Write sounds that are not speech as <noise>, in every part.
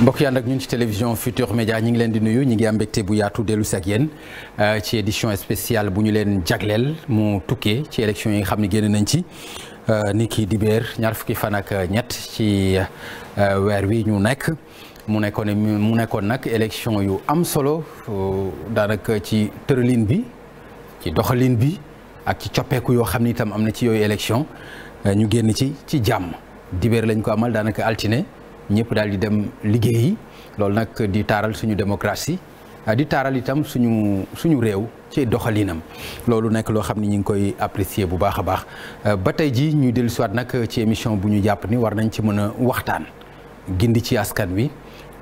mbokk yaa ànd ak ñun ci télévision Futur Média ñi ngi leen di nuyu ñi ngi am mbégte bu yaatu dellu si ak euh, ci édition spécial bu ñu leen jagleel mu tukkee ci élection yi nga xam ne génn nañ ci euh, ni ki dibéer ñaar fukki fan ak ñett ci euh, weer wi ñu nekk mu nekkoon mu nekkoon nag élection yu am solo daanaka ci tëralin bi ci doxalin bi ak ci coppeeku yoo xam ne itam am na ci yooyu élection ñu génn ci ci jàmm dibéer lañ ko amal daanaka altine ñëpp daal di dem liggéeyi loolu nag di taaral suñu démocratie ah, di taaral itam suñu suñu réew ci doxalinam loolu nekk loo xam ni ñu ngi koy apprécier bu baax a baax ah, ba tey jii ñu dellu siwaat nag ci émission bu ñu jàpp ni war nañ ci mën a waxtaan gindi ci askan wi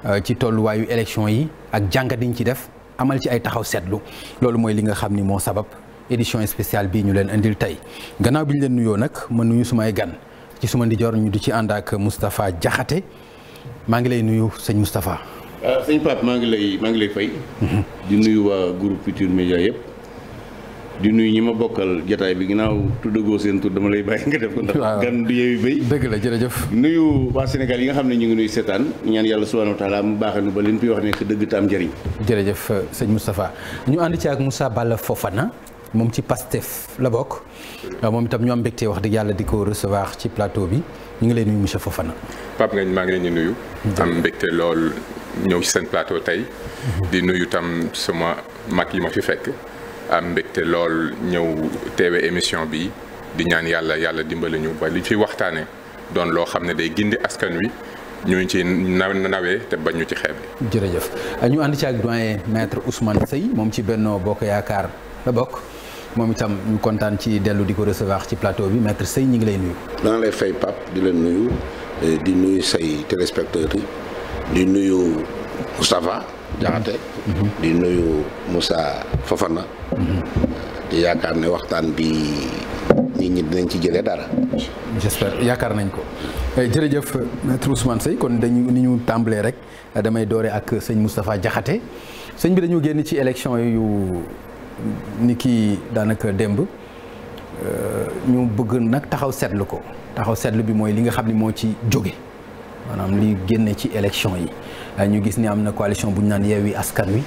ah, ci tolluwaayu élection yi ak jàngat yi ci def amal ci ay taxaw seetlu loolu mooy li nga xam ni moo sabab édition spéciale bii ñu leen indil tey gannaaw bi ñu leen nuyoo nag ma nuyu sumay gan ci suma ndijoor ñu ci ànd ak Moustapha Diakhaté maa ngi lay nuyu sëñ Moustapha. ah sëñ maa ngi lay maa ngi lay fay. Mhm. di nuyu waa groupe Futurs Médias yëpp. di nuyu ñi ma bokkal jataay bi ginnaaw tuddagoo seen tur dama lay bàyyi nga def ko ndax gan du yeewi béy dëgg la jërëjëf nuyu waa Sénégal yi nga xam ne ñu ngi nuy seetaan ñaan yàlla subhanahu wa mu baaxee nu ba leen fi wax nekk dëgg tam njëriñ jërëjëf euh, sëñ Moustapha ñu ànd ci ak Moussa Balla Fofana moom ci Pastef la bokk euh, moom itam ñu am wax dëgg yàlla di ko recevoir ci plateau bi ñu ngi lay nuyu monsieur Fofana. Pape Ngagne maa ngi leen di nuyu. am mbégte lool ñëw ci seen plateau tey. Mhm. di nuyu tam sama mag yi ma fi fekk. am mbegte lool ñëw teewe émission bi di ñaan yàlla yàlla dimbali ñu ba li fi waxtaanee doon loo xam ne day gindi askan wi. ñu ngi ci na nawee te bañ ñu ci xeeb. jërëjëf ñu ànd ci ak doyen maître Ousmane Seye moom ci Benno Bokk Yaakaar la bokk. moom itam ñu kontaan ci dellu di ko recevoir ci plateau bi maître Seye ñu ngi lay nuyu. dana lay fay Pape di la nuyu di nuyu say téléspectateurs yi di nuyu Moustapha Diakhaté mhm. di nuyu Moussa Fofana. Mhm. di yaakaar ne waxtaan bi nit ñi dinañ ci jëlee dara. yaakaar nañ ko. Eh, jërëjëf maître Ousmane Seye kon dañu ni ñu tàmbalee rek damay doore ak sëñ Moustapha Diakhaté sëñ bi dañu génn ci élection yu. ni ki daanaka démb euh, ñu bëgg nag taxaw seetlu ko taxaw seetlu bi mooy li nga xam ni moo ci jóge maanaam li génne ci élection yi euh, ñu gis ni am na coalition bu ñu naan Yewwi Askan Wi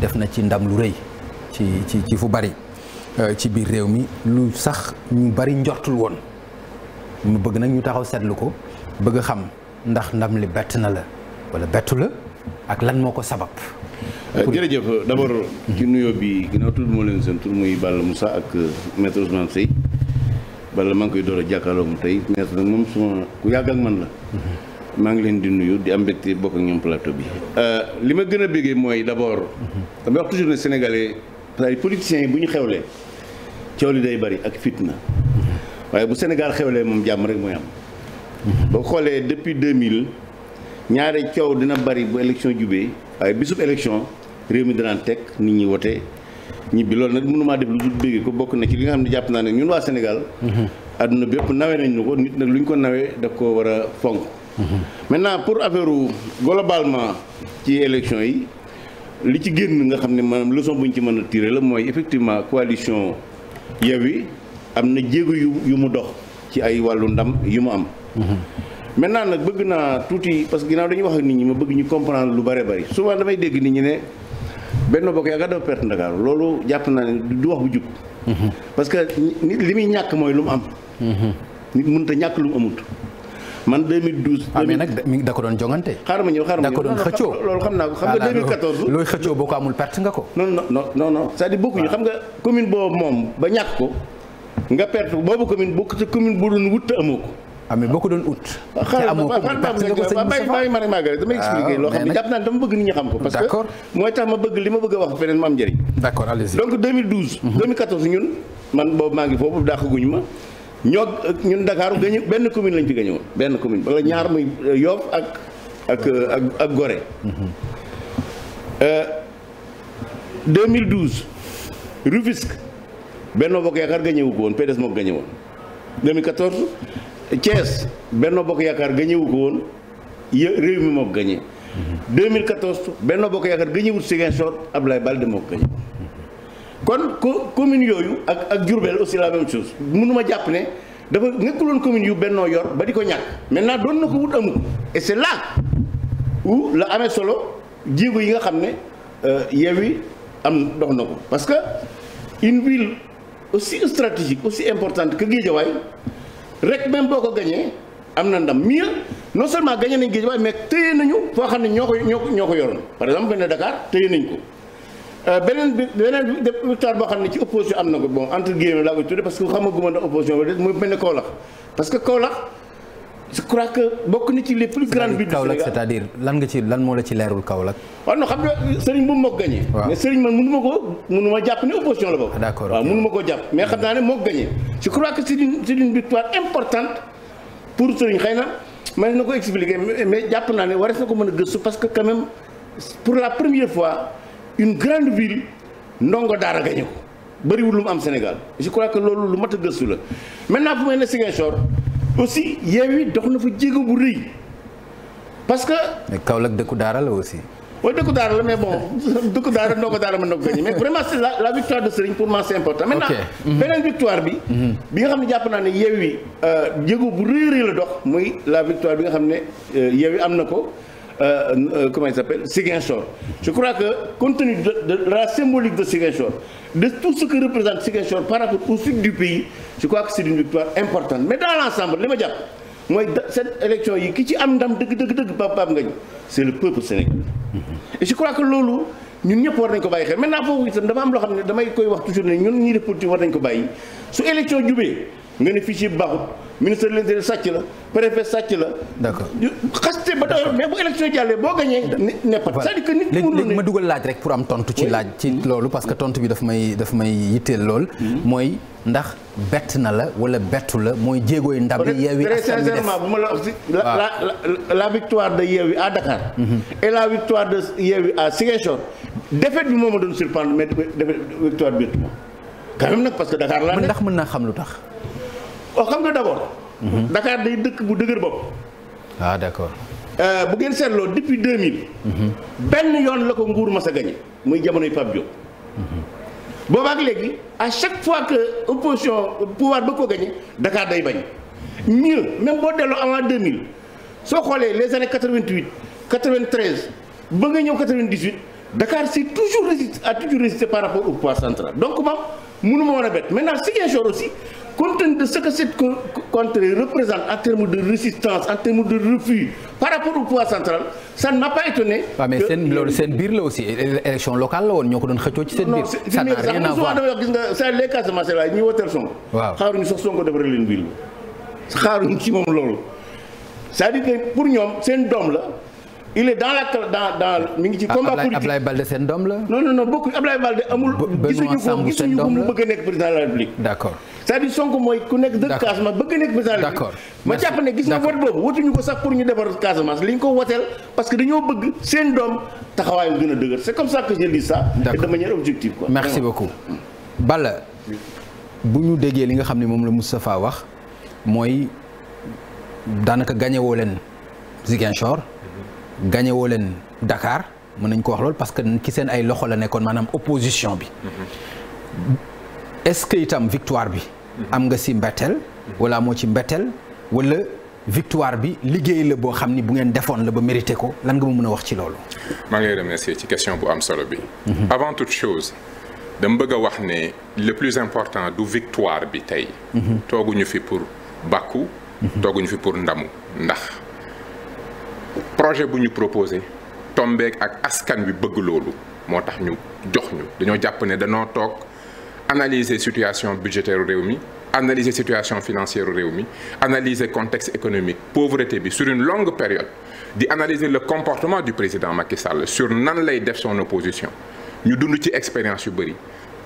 def na ci ndam lu rëy ci ci ci fu bari euh, ci biir réew mi lu sax ñu bari njortul woon mu bëgg nag ñu taxaw seetlu ko bëgg xam ndax ndam li bett na la walla bettu la ak lan moo ko sabab Euh, jërëjëf d' abord ci nuyoo bi ginnaaw tudd moo leen seen tur muy Balla Moussa ak euh, maître Ousmane Seye Balla maa ngi koy door a jàkkaarloo mu tey maître moom suma ku yàgg ak man la mhm. maa ngi leen di nuyu di am mbégte bokk ak ñoom plateau bi euh, li ma gën a béggee mooy d' abord mhm. damay wax toujours ne sénégalais cest à bu ñu xewlee coow li day bari ak fitna mhm. waaye bu Sénégal xewlee moom jàmm rek mooy am boo xoolee depuis 2000 ñaari coow dina bari bu élection jubee waaye bisub élection réew mi danaa teg nit ñi woote ñibbi loolu nag mënumaa def lu dul bëgg ko bokk na ci li nga xam ne jàpp naa ne ñun waa Sénégal. àdduna bépp nawe nañ ñu ko nit nag lu ñu ko nawee daf ko war a fonk. maintenant pour affaire globalement ci élection yi li ci génn nga xam ne maanaam leçon bu ñu ci mën a tiré la mooy effectivement coalition Yewwi am na jéego yu yu mu dox ci ay wàllu ndam yu mu am. Mhm. maintenant nag bëgg naa tuuti parce que ginnaaw dañuy wax ak nit ñi ma bëgg ñu comprendre lu bare bari souvent damay dégg nit ñi ne benn bokk yaakaar dafa perte Ndakaaru loolu jàpp naa ne du wax bu jub. Mhm. parce que nit li muy ñàkk mooy lu mu am. Mhm. nit mënut a ñàkk lu mu amut. man 2012. 2012 ah mais nag da ko doon joŋante. xaaral ma ñëw xaaral ma ñëw da ko doon xëccoo loolu xam naa ko xam nga 2014. Ah, looy xëccoo boo ko amul perte nga ko. non non non non non cest ah. xam nga commune boobu moom ba ñàkk ko nga perte commune bokk commune bu doon ko. ah mais boo ko doon ut. Ah, xaaral bàyyi Marie Marguerite damay ah, expliquer loo xam ne jàpp naa dama bëgg nit ñi xam ko. parce que mooy tax ma bëgg li ma bëgg a wax feneen ma am njëriñ. d'accord allez-y donc 2012. 2014 mhm. ñun man boobu maa ngi foofu dàqaguñu ma ñoo ñun Dakar gañu benn commune lañ fi gañewoon benn commune wala ñaar muy euh, Yoff ak ak euh, ak ak Gorée. 2012 mhm. euh, Rufisque Benno Bokk Yaakaar gañewu ko woon PDS moo ko gañewoon 2014. Thiès Benno Bokk Yaakaar gañewu ko woon yë réew mi moo ko gañee 2014 Benno Bokk Yaakaar gañewut Ziguinchor Abdoulaye Baldé moo ko gañe kon ko commune yooyu ak ak Diourbel aussi la même chose mënuma jàpp ne dafa nekkuloon commune yu bennoo yor ba ko ñàkk maintenant doon na ko wut amu et c'est là où la amee solo jéego yi nga xam ne euh, Yewwi am dox na ko parce que une ville aussi stratégique aussi importante que Guédiawaye rek même boo ko gañee am na ndam mieux non seulement gañe nañ géej waaye mais téye nañu foo xam ne ñoo ko ñoo ko ñoo ko yoroon par exemple benn Dakar téye nañ ko euh, beneen bi beneen victoire boo xam ne ci opposition am na ko bon entre guillemets laa koy tudde parce que xam nga guma ndax opposition ba de muy mel ne parce que Kaolack je crois que bokk na ci les plus grandes villes du Sénégal c'est-à-dire lan nga ci lan moo la ci leerul Kaolack. waaw ah non xam nga Serigne moom moo ko gagné. mais Serigne man mënu ma ko mënu ma jàpp ne opposition la bokk. Ah, waaw mënu ma koo jàpp mais xam naa ne moo ko gagné. je crois que c'est une c'est victoire importante pour Serigne xëy na mën na ko expliquer mais jàpp naa ne war warees na ko mën a gëstu parce que quand pour la première fois une grande ville ndongo daara gagné ko bëriwul lu am Sénégal je crois que loolu lu mat a gëstu la maintenant fu may ne aussi Yewwi dox na fa jéego bu rëy parce que. mais Kaolack dëkku daara la aussi. oui dëkku daara la mais bon <laughs> dëkku daara noo ko daara mën na ko mais vraiment c'est la la victoire de Serigne pour moi c'est important. maintenant beneen victoire bi. Mhm. bi nga xam ne jàpp naa ne Yewwi euh, jéego bu rëy rëy la dox muy la victoire bi nga xam ne euh, Yewwi am na ko. Euh, euh, comment il s'appelle je crois que compte de, de, la symbolique de Ziguinchor de tout ce que représente je crois que c'est une victoire importante mais dans l'ensemble li ma jàpp mooy cette élection yi ki ci am ndam dëgg dëgg dëgg Pape nga Ngagne c'est le peuple sénégalais et je crois que loolu ñun ñëpp war nañ ko bàyyi xel maintenant foofu itam dama am loo xam ne damay koy wax toujours ne ñun ñi def politique war nañ ko bàyyi su élection jubee nga ne fichier baaxut ministre de sàcc la préfet sàcc la. d'accord xaste ba tax mais bu élection jàllee boo gagné. neppat c'est-à-dire nit mënul ma dugal laaj rek pour am tontu ci laaj. ci mm-hmm. loolu parce que tontu bi dafa may daf may yitteel lool. Mm-hmm. mooy ndax bett na la wala bettu la mooy jéegooy ndam yi yeewi très sincèrement bu ma la aussi la la victoire de yeewi à Dakar. Mm-hmm. et la victoire de yeewi à Ziguinchor. défaite bi moo ma doon surprendre mais défaite victoire bi quand même nag parce que Dakar laa nekk ndax mën naa xam lu tax. oh xam nga d' abord. Mhm. Dakar day dëkk bu dëgër bopp. ah d' accord. Euh, bu ngeen seetloo depuis 2000. Mhm. benn yoon la ko nguur mas a gañe muy jamonoy Pape Diop. Mhm. boobaak léegi à chaque fois que opposition pouvoir ba ko gañe Dakar day bañ. mieux même boo delloo avant 2000 soo xoolee les années 88 93 ba nga ñëw 98 Dakar c' est toujours résisté a toujours résisté par rapport au pouvoir central donc moom mënu ma woon a bett maintenant Ziguinchor aussi. compte tenu de ce que cette contrée représente en termes de résistance en termes de refus par rapport au pouvoir central ça ne m'a waaw mais seen loolu seen biir la aussi élection locale la woon ñoo ko doon xëccoo ci seen biir. ça n'a rien à voir non gis nga c'est les Casamance la ñuy woteel Sonko. waaw xaaruñu sax Sonko defaree leen biir la xaaruñu ci moom loolu cest à pour ñoom seen doom la. il e dans la dans dans mi ngi ci ah, combat politique Ablaye Balde seen doom la. non non non bokkul Balde amul. gisuñu ko gisuñu ko mu bëgg a nekk président de la République. d'accord c'est-à-dire mooy ku nekk dëkk Casamance bëgg a nekk président de la République. d'accord ma jàpp ne gis nga vote boobu wotuñu ko sax pour ñu defar Casamance li ñu ko woteel parce que dañoo bëgg seen doom taxawaay bu gën a dëgër c'est comme ça que je dis ça. d'accord de manière objective quoi. merci bu ñu déggee li nga xam ne moom la Moustapha wax mooy daanaka gagné woo gañe woo leen dakaar mën nañ ko wax loolu parce que ki seen ay loxo la nekkoon maanaam opposition bi est-ce que itam victoire bi am nga si mbetteel wala moo ci mbetteel wala victoire bi liggéey la boo xam ni bu ngeen defoon la ba mérité ko lan nga ma mën a wax ci loolu maa ngi lay remercier ci question bu am solo bi avant toute chose dama bëgg a wax ne le plus important du victoire bi tey mhm. tooguñu fi pour bàkku mhm. tooguñu fi pour ndamu ndax projet bu ñu proposé tombeek ak askan bi bëgg loolu moo tax ñu jox ñu dañoo jàpp ne dañoo toog analyser situation budgétaire réew mi analyser situation financière réew mi analyser contexte économique pauvreté bi sur une longue période di analyser le comportement du président Macky Sall sur nan lay def son opposition ñu dund ci expérience yu bëri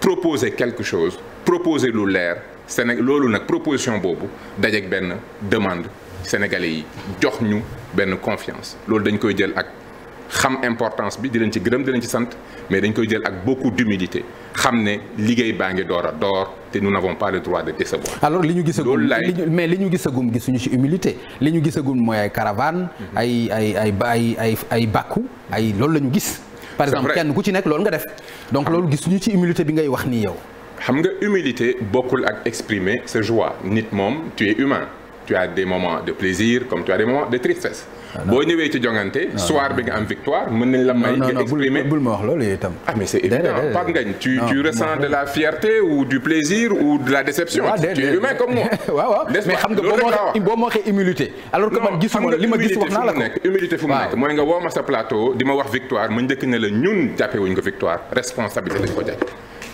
proposer quelque chose proposer lu leer Sénégal loolu nag proposition boobu dajeek benn demande sénégalais yi jox benn confiance loolu dañ koy jël ak xam importance bi di leen ci gërëm di ci sant mais dañ koy jël ak beaucoup d'humilité xam ne liggéey baa ngi door a door te nous n'avons pas le droit de décevoir. alors li ñu gisagum mais li ñu gisagum gisuñu ci humilité li ñu gisagum mooy ay caravane mhm. ay ay ay ay ay ay bàkku ay loolu la ñu gis. par exemple kenn ku ci nekk loolu nga def. donc loolu gis gisuñu ci humilité bi ngay wax nii yow. xam nga humilité bokkul ak exprimer sa joie nit moom tu es tu as des moments de plaisir comme tu as des moments de tristesse. Ah, boo ñëwee ci jongante. Ah, soir bi nga am victoire mën nañ la may. nga exprimer bul ma wax loolu itam. ah mais c'est évident Pape Ngagne tu tu ressens de la fierté ou du plaisir ou de la déception. Ah, tu es comme moi. <laughs> waaw waaw mais xam nga boo ma waxee humilité. alors que man gisuma li ma gis wax naa la ko humilité fu mu nekk mooy nga woo sa plateau di ma wax victoire ma njëkk ne la ñun jàppee wuñ ko victoire responsabilité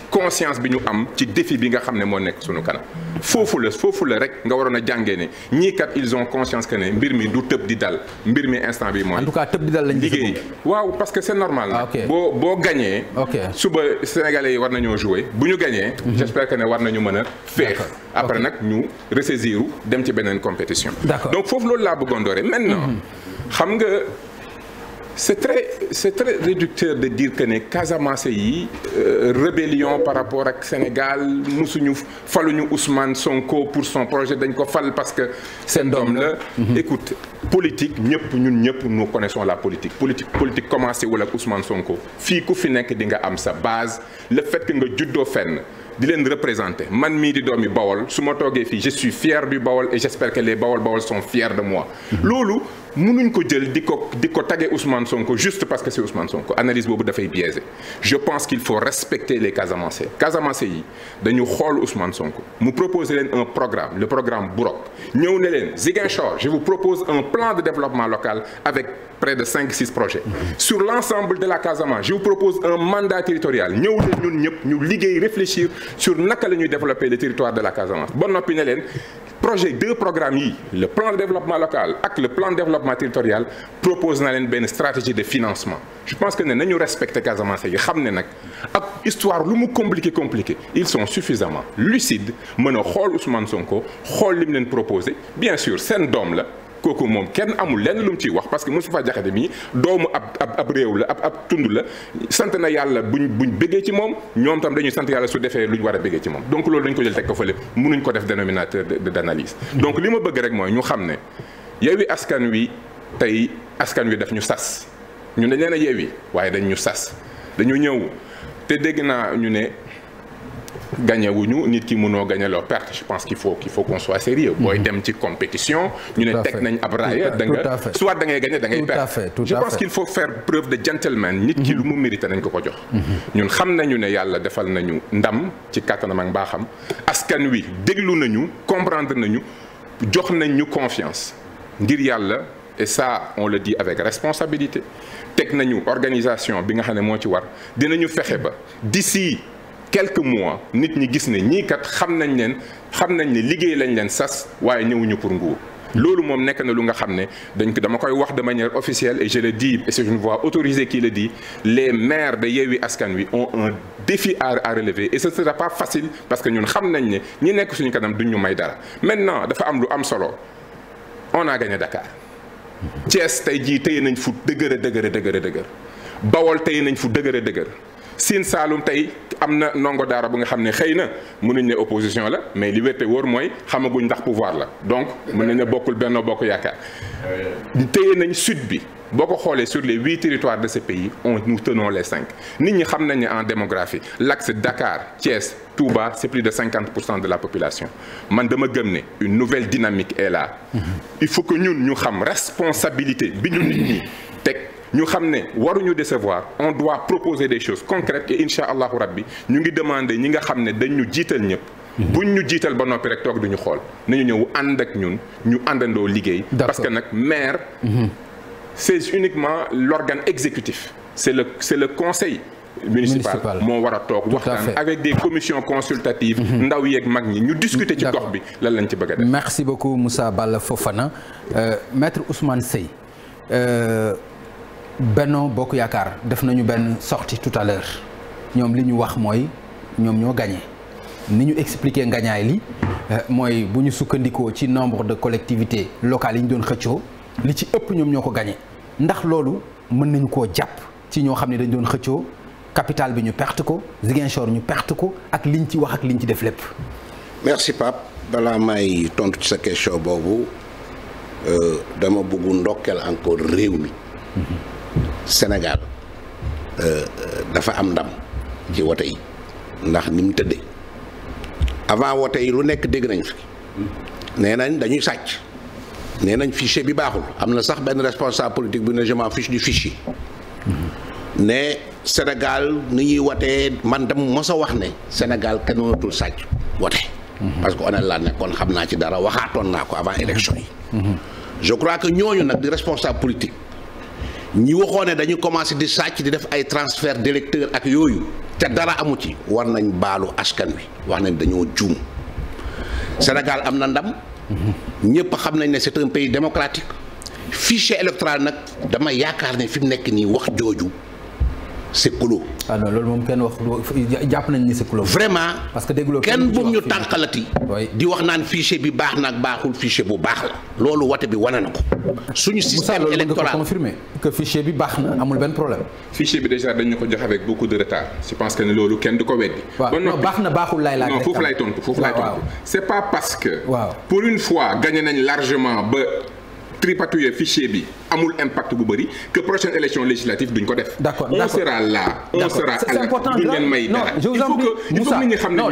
conscience bi ñu am ci défi bi nga xam ne moo nekk suñu kanam foofu la foofu la rek nga waroon a jàngee ne ñii kat ils ont conscience que ne mbir mi du tëb di dal mbir mi instant bi mooy. en tout cas tëb di dal lañ liggéey waaw parce que c' est normal. Ah, boo boo gagné. suba sénégalais yi war na ñoo jouer bu ñu gañee mhm. j' espère ne war nañu mën a. féex après nag ñu ressaisir dem ci beneen compétition. donc foofu loolu laa bëggoon doore maintenant mhm. xam nga. c'est très c'est très réducteur de dire que ne Casamance yi euh, rébellion par rapport ak Sénégal musuñu faluñu Ousmane Sonko pour son projet dañ ko fal parce que seen doom la écoute politique ñëpp ñun ñëpp nous connaissons la politique politique politique commencé wala ak Ousmane Sonko fii ku fi nekk di nga am sa base le fait que nga juddoo fenn di leen représenter man mii di doomi Bawol su ma toogee fii je suis fier du Bawol et j'espère que les Bawol Bawol de moi mhm. mënuñ ko jël di ko di ko tage Ousmane Sonko juste parce que c'est Ousmane Sonko analyse boobu dafay biaisé je pense qu'il faut respecter les Casamançais Casamançais yi dañu xool Ousmane Sonko mu proposer leen un programme le programme Burok ñëw ne leen Ziguinchor je vous propose un plan de développement local avec près de cinq six projets sur l'ensemble de la Casamance je vous propose un mandat territorial ñëw leen ñun ñëpp ñu liggéey réfléchir sur naka la ñuy développer le territoire de la Casamance ba noppi ne leen projet deux programmes yi le développement territorial propose leen benn stratégie de financement je pense que ne nañu respecté Casamance yi xam ne lu mu compliqué compliqué ils sont suffisamment lucides xool Ousmane Sonko leen proposé bien sûr seen doom la kooku moom kenn amul lenn lu mu ciy parce que Moustapha Diakhaté mii doomu ab ab ab réew la ab ab tund la sant na yàlla buñ bëggee ci moom ñoom tam dañuy sant yàlla su defee luñ war a bëggee ci moom donc loolu dañ ko jël teg ko fële mënuñ ko def dénominateur d'analyse donc li ma bëgg rek mooy ñu xam ne Yewwi Askan Wi tey askan wi daf ñu sas ñu ne leen a yewwi waaye dañ ñu sas dañu ñëw te dégg naa ñu ne gagné wuñu nit ki munoo gagné loo perte je pense qu'il faut qu'il faut qu'on soit sérieux booy mhm. dem ci compétition ñu ne teg nañ ab raaya da nga soit da ngay gagné da ngay perte je pense qu'il faut faire preuve de gentleman nit ki lu mhm. mu mérité nañ ko ko jox mhm. ñun xam nañu ne yàlla defal nañu ndam ci kattanam ak mbaaxam askan wi déglu nañu comprendre nañu jox nañ ñu confiance ngir yàlla et sa on le di avec responsabilité teg nañu organisation bi nga xam ne moo ci war dinañu fexe ba si quelque mois nit ñi gis ne ñii kat xam nañ leen xam nañ ne liggéey lañ leen sas waaye ñëwuñu pour nguur loolu moom nekk na lu nga xam ne dañ ko dama koy wax de manière officielle et je le dis et c'est une voix autorisée qui le dit les maires de Yewwi Askan Wi ont un défi à à relever et ce sera pas facile parce que ñun xam nañ ne ñi nekk suñu kanam duñ ñu may dara maintenant dafa am lu am solo. on a gagné cees tey jii tey nañ fu dëgër a dëgër a dëgër Bawol téye nañ fu dëgër a dëgër Sine Saalum tey am na ndongo daara bu nga xam ne xëy na mënuñ ne opposition la mais li wér mooy xamaguñ ndax pouvoir la donc mën nañ ne bokkul benn bokk yaakaar téye nañ sud bi boo ko xoolee sur les huit territoires de ce pays on nous tenons les nit ñi xam nañ ne en démographie l'axe Dakar Thiès Touba c'est plus de cinquante pour cent de la population man dama gëm ne une nouvelle dynamique et la il faut que ñun ñu xam responsabilité bi ñu nit ñi teg ñu xam ne waruñu décevoir on doit proposer des choses concrètes et incha allahu rabbi ñu ngi demander ñi nga xam ne dañ ñu jiital ñëpp. Mhm. bu ñu jiital ba noppi rek toog duñu xool nañu ñëw ànd ak ñun ñu àndandoo liggéey. parce que nag maire. Mhm. c'est uniquement l'organe exécutif. c'est le c'est le conseil. municipal moo war a toog waxtaan avec des commissions consultatives. Mhm. ndaw yeeg mag ñi ñu discuter ci gox bi lan lañ ci bëgg a def. merci beaucoup Moussa Balla Fofana na euh, maître Ousmane Seye. Euh, Benno Bokk Yaakaar def nañu benn sortie tout à l'heure ñoom li ñu wax mooy ñoom ñoo gagné ni ñu expliqué ngañaay li euh, mooy bu ñu sukkandikoo ci nombre de collectivités locales yi ñu doon xëccoo li ci ëpp ñoom ñoo ko gagné ndax loolu mën nañu koo jàpp ci ñoo xam ne dañ doon xëccoo capital bi ñu perte ko Ziguinchor ñu perte ko ak liñ ci wax ak liñ ci def lépp. merci Pape balaa may tontu ci sa question boobu euh, dama bëgg ndokkeel encore réew mi. Mm-hmm. Sénégal euh, dafa am ndam ci wote yi ndax ni mu tëddee avant wote yi lu nekk dégg nañ fi nee nañ dañuy sàcc nee nañ fichier bi baaxul am na sax benn responsable politique bu ne je m'en fiche du fichier ne Sénégal ni ñuy watee man dam mos a wax ne Sénégal kenn mënatul sàcc wote parce que honnête laa nekkoon xam naa ci dara waxaatoon naa ko avant élection yi mm-hmm. je crois que ñooñu nag di responsable politique ñi waxoo ne dañu commencé di sàcc di def ay transfert d'électeurs ak yooyu te dara amu ci war nañ baalu askan wi wax nañ dañoo juum Sénégal am na ndam ñëpp xam nañ ne c'est un pays démocratique fichier électoral nag damay yaakaar ne fi mu nekk nii wax jooju c'est clos. ah loolu moom kenn wax jàpp nañ ni c'est clos. vraiment parce que dégguloo kenn bu ñu tànqalati. di wax naan fichier bi baax na ak baaxul fichier bu baax la. loolu wote bi wane na ko. suñu système électoral confirmer que fichier bi baax na amul benn problème. fichier bi déjà dañ ko jox avec beaucoup de retard je pense que ne loolu kenn du ko weddi. ba noppi baax na baaxul lay tontu foofu lay que. waaw pour ba. tripatouiller fichier bi amul impact bu bëri que prochaine élection législative duñ ko def. on sera là. on sera à du ngeen may dara. non je vous en non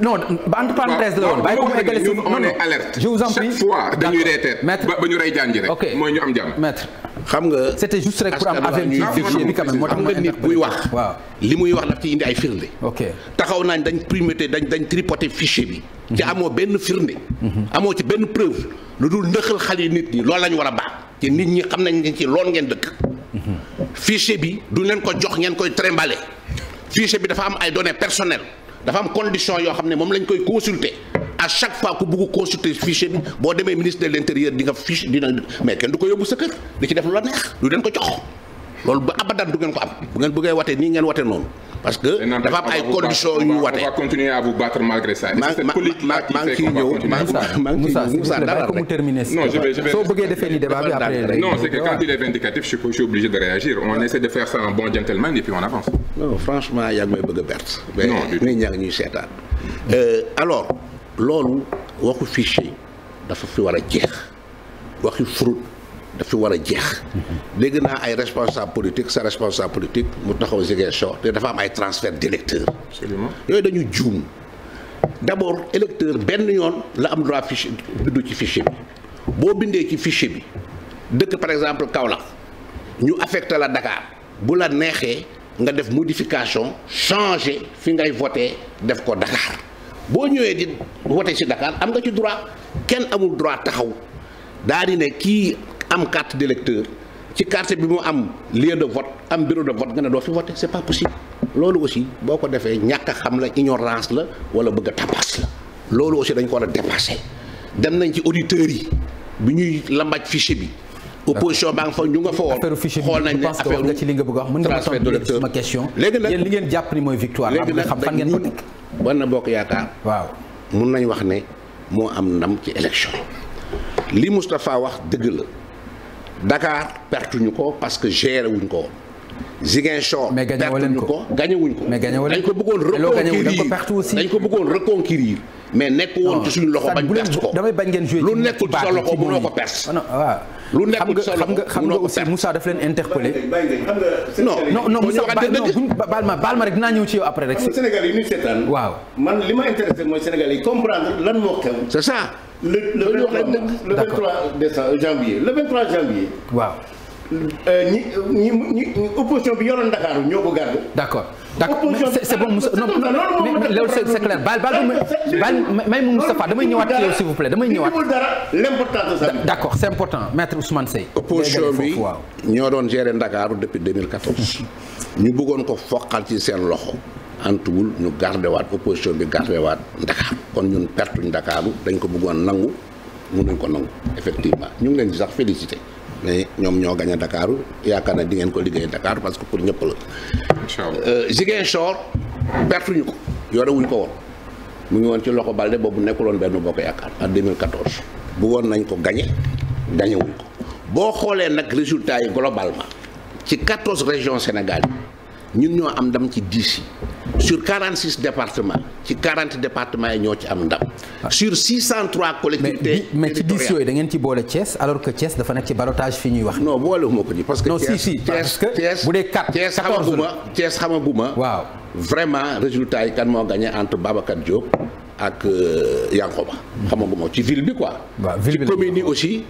non entre parenthèse la woon. bàyyi ko égale si non non alerte. chaque fois dañuy reeteet. maître ba ñu rey jaan ji mooy ñu am jàmm xam nga. c'était juste rek pour am avenir moo tax xam nga nit buy wax. li muy wax daf ci indi ay firnde. ok taxaw nañ dañ primité dañ dañ tripoté fichier bi. ci amoo benn firnde. amoo ci benn preuve lu dul ndëxal xal yi nit ñi loolu lañ war a baax te nit ñi xam nañ ne ci lool ngeen dëkk. fichier bi du leen ko jox ngeen koy trimbalé fichier bi dafa am ay données personnelles dafa am condition yoo xam ne moom lañ koy consulter. à chaque fois ku bugg consulter fichier bi boo demee ministre de l' intérieur di fiche dina mais kenn du ko yóbbu sa kër di ci def lu la neex du leen ko jox loolu ba abadan du ngeen ko am bu ngeen bëggee watee nii ngeen wate noonu parce que dafa am ay conditions yu wate on va continuer à vous battre malgré ça. maa ngi ciy ñëw maa ngi ciy ñëw soo bëggee defee ni débat bi après non c'est que de réagir on essaie de faire ça en bon gentleman loolu waxu fichier dafa fi war a jeex waxi fraude dafa war a jeex dégg naa ay responsable politique sa responsable politique mu taxaw Ziguinchor te dafa am ay transfert d'électeurs yooyu dañu juum d'abord électeur benn yoon la am droit fichier bindu bi boo bindee ci fichier bi dëkk par exemple Kaolack ñu affecté la Dakar bu la neexee nga def modification changer fi ngay voter def ko Dakar boo ñëwee di wote si Dakar am nga ci droit kenn amul droit taxaw daa di ne kii am carte d'électeur ci carte bi mu am lieu de vote am bureau de vote nga ne doo fi vote c'est pas possible loolu aussi boo ko defee ñàkk a xam la ignorance la wala bëgg a tapas la loolu aussi dañ ko war a dépasser dem nañ ci auditeurs yi bi ñuy lambaaj fichier bi opposition baa nga fa ñu nga fa woon. xool nañ ne affaire nga ci li nga bëgg a wax mën nga ma tontu sama question. léegi nag li ngeen jàpp ni mooy victoire. léegi nag xam fan ngeen ko teg. Benno Bokk Yaakaar. waaw mun nañ wax ne moo am ndam ci élection. li Moustapha wax dëgg la Dakar pertuñu ko parce que géré wuñ ko Ziguinchor. mais gagné wuñ ko gagné wuñ ko. mais gagné wuñ dañ ko bëggoon reconquérir dañ ko bëggoon reconquérir. mais nekk woon ci suñu loxo bañ perte ko damay bañ ngeen joué ah ah. lu nekkul ci sa loxo mënoo ko perte. lu nekkul ci sa loxo xam nga aussi Moussa daf leen interpellé. non non non Moussa baal ma baal ma rek dinaa ñëw ci yow après rek. Sénégal yi ñuy seetaan. waaw. ñi ñi ñi opposition bi yoroon Dakar ñoo ko gardé. d'accord d'accord c'est bon Moussa non non mais loolu c'est clair baal baal ma may ma Moustapha damay ñëwaat ci yow de ça. d'accord c'est important maître Ousmane Seye. opposition bi ñoo doon gérer Dakar depuis 2014. ñu bëggoon ko foqal ci seen loxo. antuwul ñu garde waat opposition bi garde waat kon ñun pertuñ Dakar dañ ko bëggoon nangu mënuñ ko nangu effectivement ñu ngi leen sax félicité. mais ñoom ñoo gañ a Dakar yaakaar na di ngeen ko liggéey Dakar parce que pour ñëpp la. incha allah euh, Ziguinchor pertuñu ko yore wuñ ko woon mu ngi woon ci loxo Balde boobu nekkuloon benn boo ko yaakaar en 2014 bu woon nañ ko gañe gañe wuñ ko boo xoolee nag résultat yi globalement ci 14 régions Sénégal ñun ñoo am ndam ci dix yi sur 46 départements ci 40 départements yi ñoo ci am ndam. Ah. sur 603 collectivités. mais mais ci dix yooyu da ngeen ci boole Thiès alors que Thiès dafa nekk ci ballottage fi ñuy wax. non boolewuma ko ci parce que. non si bu dee 4 Thiès xamaguma waaw vraiment résultat yi kan moo gagné entre Babacar Diop ak euh, Yankoba. Hmm. xamaguma ci ville bi quoi. ci commune yi aussi.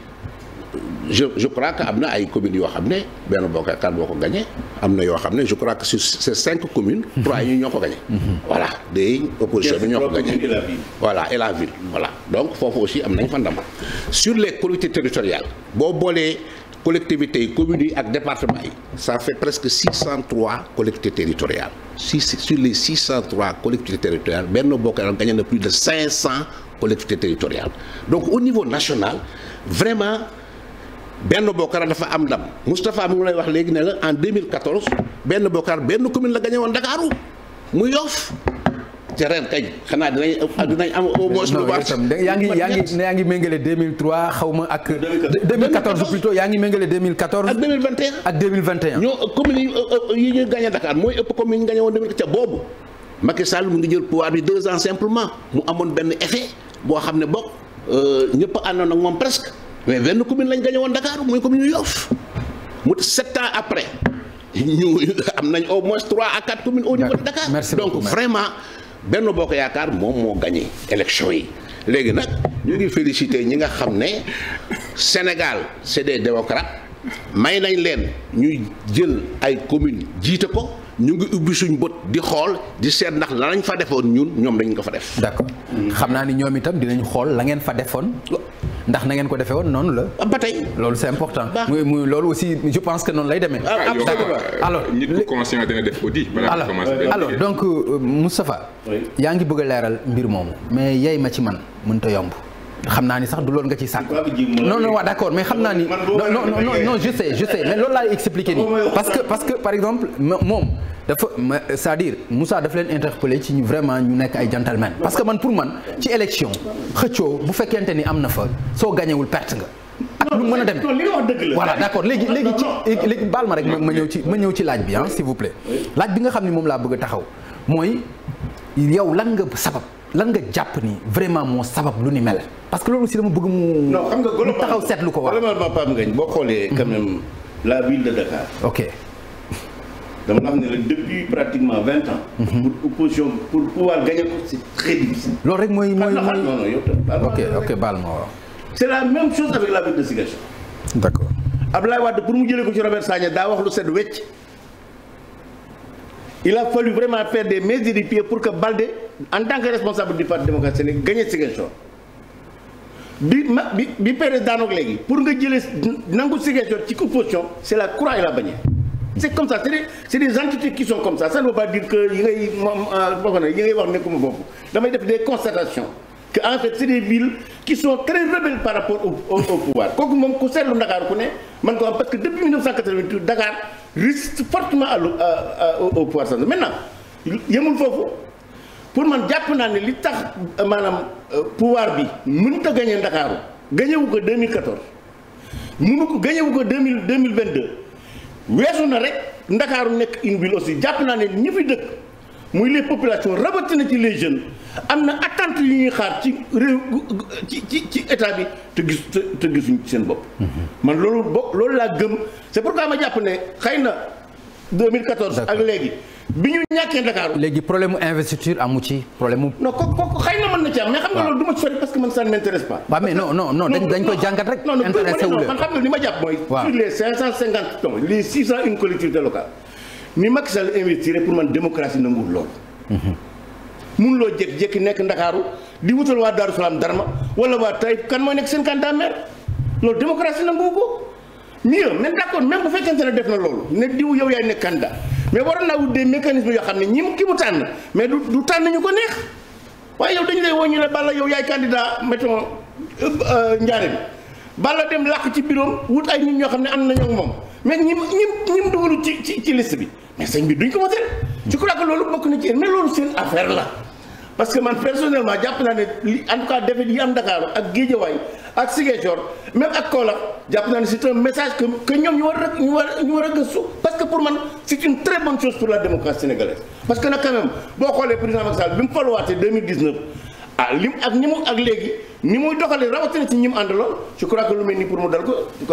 je je crois que am na ay communes yoo xam ne benn boo ko kan boo ko gagné am na yoo xam ne je crois que sur ces cinq communes. Mhm. trois yi ñoo ko gagné. Mhm. voilà day opposition bi ko gagné. voilà la ville donc foofu aussi am nañ fan ndam. sur les collectivités territoriales boo boolee collectivités yi yi ak département yi. ça presque six cent trois collectivités territoriales. si sur les six cent trois collectivités territoriales benn boo ko gagné na plus de cinq cent collectivités territoriales donc au niveau national vraiment. benn ak dafa am ndam Moustapha mi mu lay wax léegi ne la en 2014 benn bokkaar benn commune la gagné woon Ndakaaru mu Yoff te ren kañ xanaa dinañ ah, dinañ am yaa ngi yaa ngi yaa ngi méngale 2003 xaw ma ak. 2014 plutôt yaa ngi méngale 2014. ak 2021 ak 2021. ñoo commune euh, euh, yi ñuy gagné Dakar mooy ëpp commune yi ñu gagné woon mu amoon benn effet boo xam ne bokk euh, ñëpp àndoon na moom presque. mais benn commune lañ gañe woon Dakar mooy commune Yoff mu sept ans après ñu am nañ au moins trois à quatre communes au niveau de Dakar donc vraiment Benno Bokk Yaakaar moom moo gañe élection yi léegi nag ñu ngi félicité ñi nga xam ne Sénégal c'est des démocrates may nañ leen ñuy jël ay communes jiite ko ñu ngi ubbi suñ bët di xool di seet ndax la lañ fa defoon ñun ñoom lañ ko fa def. d'accord xam naa ni ñoom itam dinañ xool la ngeen fa defoon. ndax na ngeen ko defee woon noonu la. ba tey loolu c'est important. muy muy loolu aussi je pense que noonu lay demee. Ah, ah, ah, alors nit ku conscient dina def audit. balaa alors donc euh, Moustapha. yaa ngi bëgg a leeral mbir moomu mais yey ma ci man mënut a yomb. xam naa ni sax du lool nga ciy sàkk non non waaw d'accord mais xam naa ni non non non laay expliquer nii parce que parce que par exemple moom dafa c'est-à-dire Moussa leen interpellé ci ñu vraiment ñu nekk ay gentleman parce que man pour man ci élection xëccoo bu fekkente ni am na fa soo gañewul perte nga ak lu mën a demee voilà d'accord léegi léegi ci baal ma rek ma ñëw ci ma ñëw ci laaj bi ah s'il vous plaît laaj bi nga xam ne moom laa bëgg a taxaw mooy yow lan nga sabab lan nga jàpp ni vraiment moo sabab lu ni mel parce que loolu aussi dama bëgg mu. no xam nga globalement taxaw seetlu ko waaw globalement Pape Ngagne boo xoolee. quand même la ville de Dakar. ok pratiquement vingt ans. Mhm. pour opposition ko c' loolu rek mooy mooy non non yow tam. ok ok baal ma waaw. la même chose avec la ville de Ziguinchor. d' accord Abdoulaye Wade pour mu jëlee ko ci Robert Sagna daa wax lu set wecc. il a fallu vraiment faire des mesures du pied pour que Baldé en tant que responsable du parti démocratique sénégalais gagné Ziguinchor bi ma bi bi PDS daanoog léegi pour nga jëlee nangu Ziguinchor ci opposition c' est la croix et la bannière. c' est comme ça c' est des c' est des qui sont comme ça ça ne veut pas dire que yi ngay moom euh, bokk na yi ngay wax nekkuma boobu damay def des constatations. que en fait c'est des villes qui sont très par rapport au, au, pouvoir kooku moom ku seetlu Dakar ku ne man ko xam parce que depuis 1988 Dakar résiste fortement à, à, à, au, au pouvoir central maintenant yemul foofu pour man jàpp naa ne li tax euh, maanaam euh, pouvoir bi mënut a gagné Ndakaaru gagné wu ko 2014 mënu ko gagné wu ko 2000 2022 weesu na rek Ndakaaru nekk une ville aussi jàpp naa ne ñu fi dëkk. muy les populations rawatina ci les jeunes am na attente yu ñuy xaar ci réew ci ci ci état bi te gis te gisuñ seen bopp. Mhm. man loolu bo loolu laa gëm c' est pourquoi ma jàpp ne xëy na 2014. ak léegi bi ñu ñàkkee Dakar. léegi problème investiture amu ci problème mu. ko ko xëy na mën na ci am. mais xam nga loolu du ma parce que man ça ne intéresse pas. waaw mais non non non dañ dañ ko jàngat rek. intéressé wu man xam nga li ma jàpp mooy. ni Macky Sall investir pour man na nanguwul loolu. mun loo jékki jekki nekk Ndakaaru di wutal waa Daaru dara ma wala waa Taïf kan mooy nekk seen candidat maire loolu démocratie nanguwu ko. mieux mais d'accord même bu fekkente ne def na loolu ne diw yow yaay nekk candidat mais waroon naa wut des yoo xam ne ñi ki mu tànn mais du du tànn ñu ko neex waaye yow dañu lay woo ñu ne Balla yow yaay candidat mettons euh, euh, Ndiarène. Balla dem làq ci biroom wut ay nit ñoo xam ne am nañoo ak moom mais ñi ñi ñi mu dugalu ci ci ci liste bi mais sëñ bi duñ ko voté. je crois que loolu bokk na ci yéen mais loolu seen affaire la. parce que man personnellement jàpp naa ne li en tout yi am Dakar ak Guédiawaye ak Ziguinchor même ak Kaolack jàpp naa ne c'est un message que que ñoom ñu war a ñu war a ñu war a gëstu parce que pour man c'est une très bonne chose pour la démocratie sénégalaise. parce que nag ah lim ak ni mu ak léegi ni muy doxalee rawatina ci ñim àndaloon je crois lu mel ni pour mu dal ko je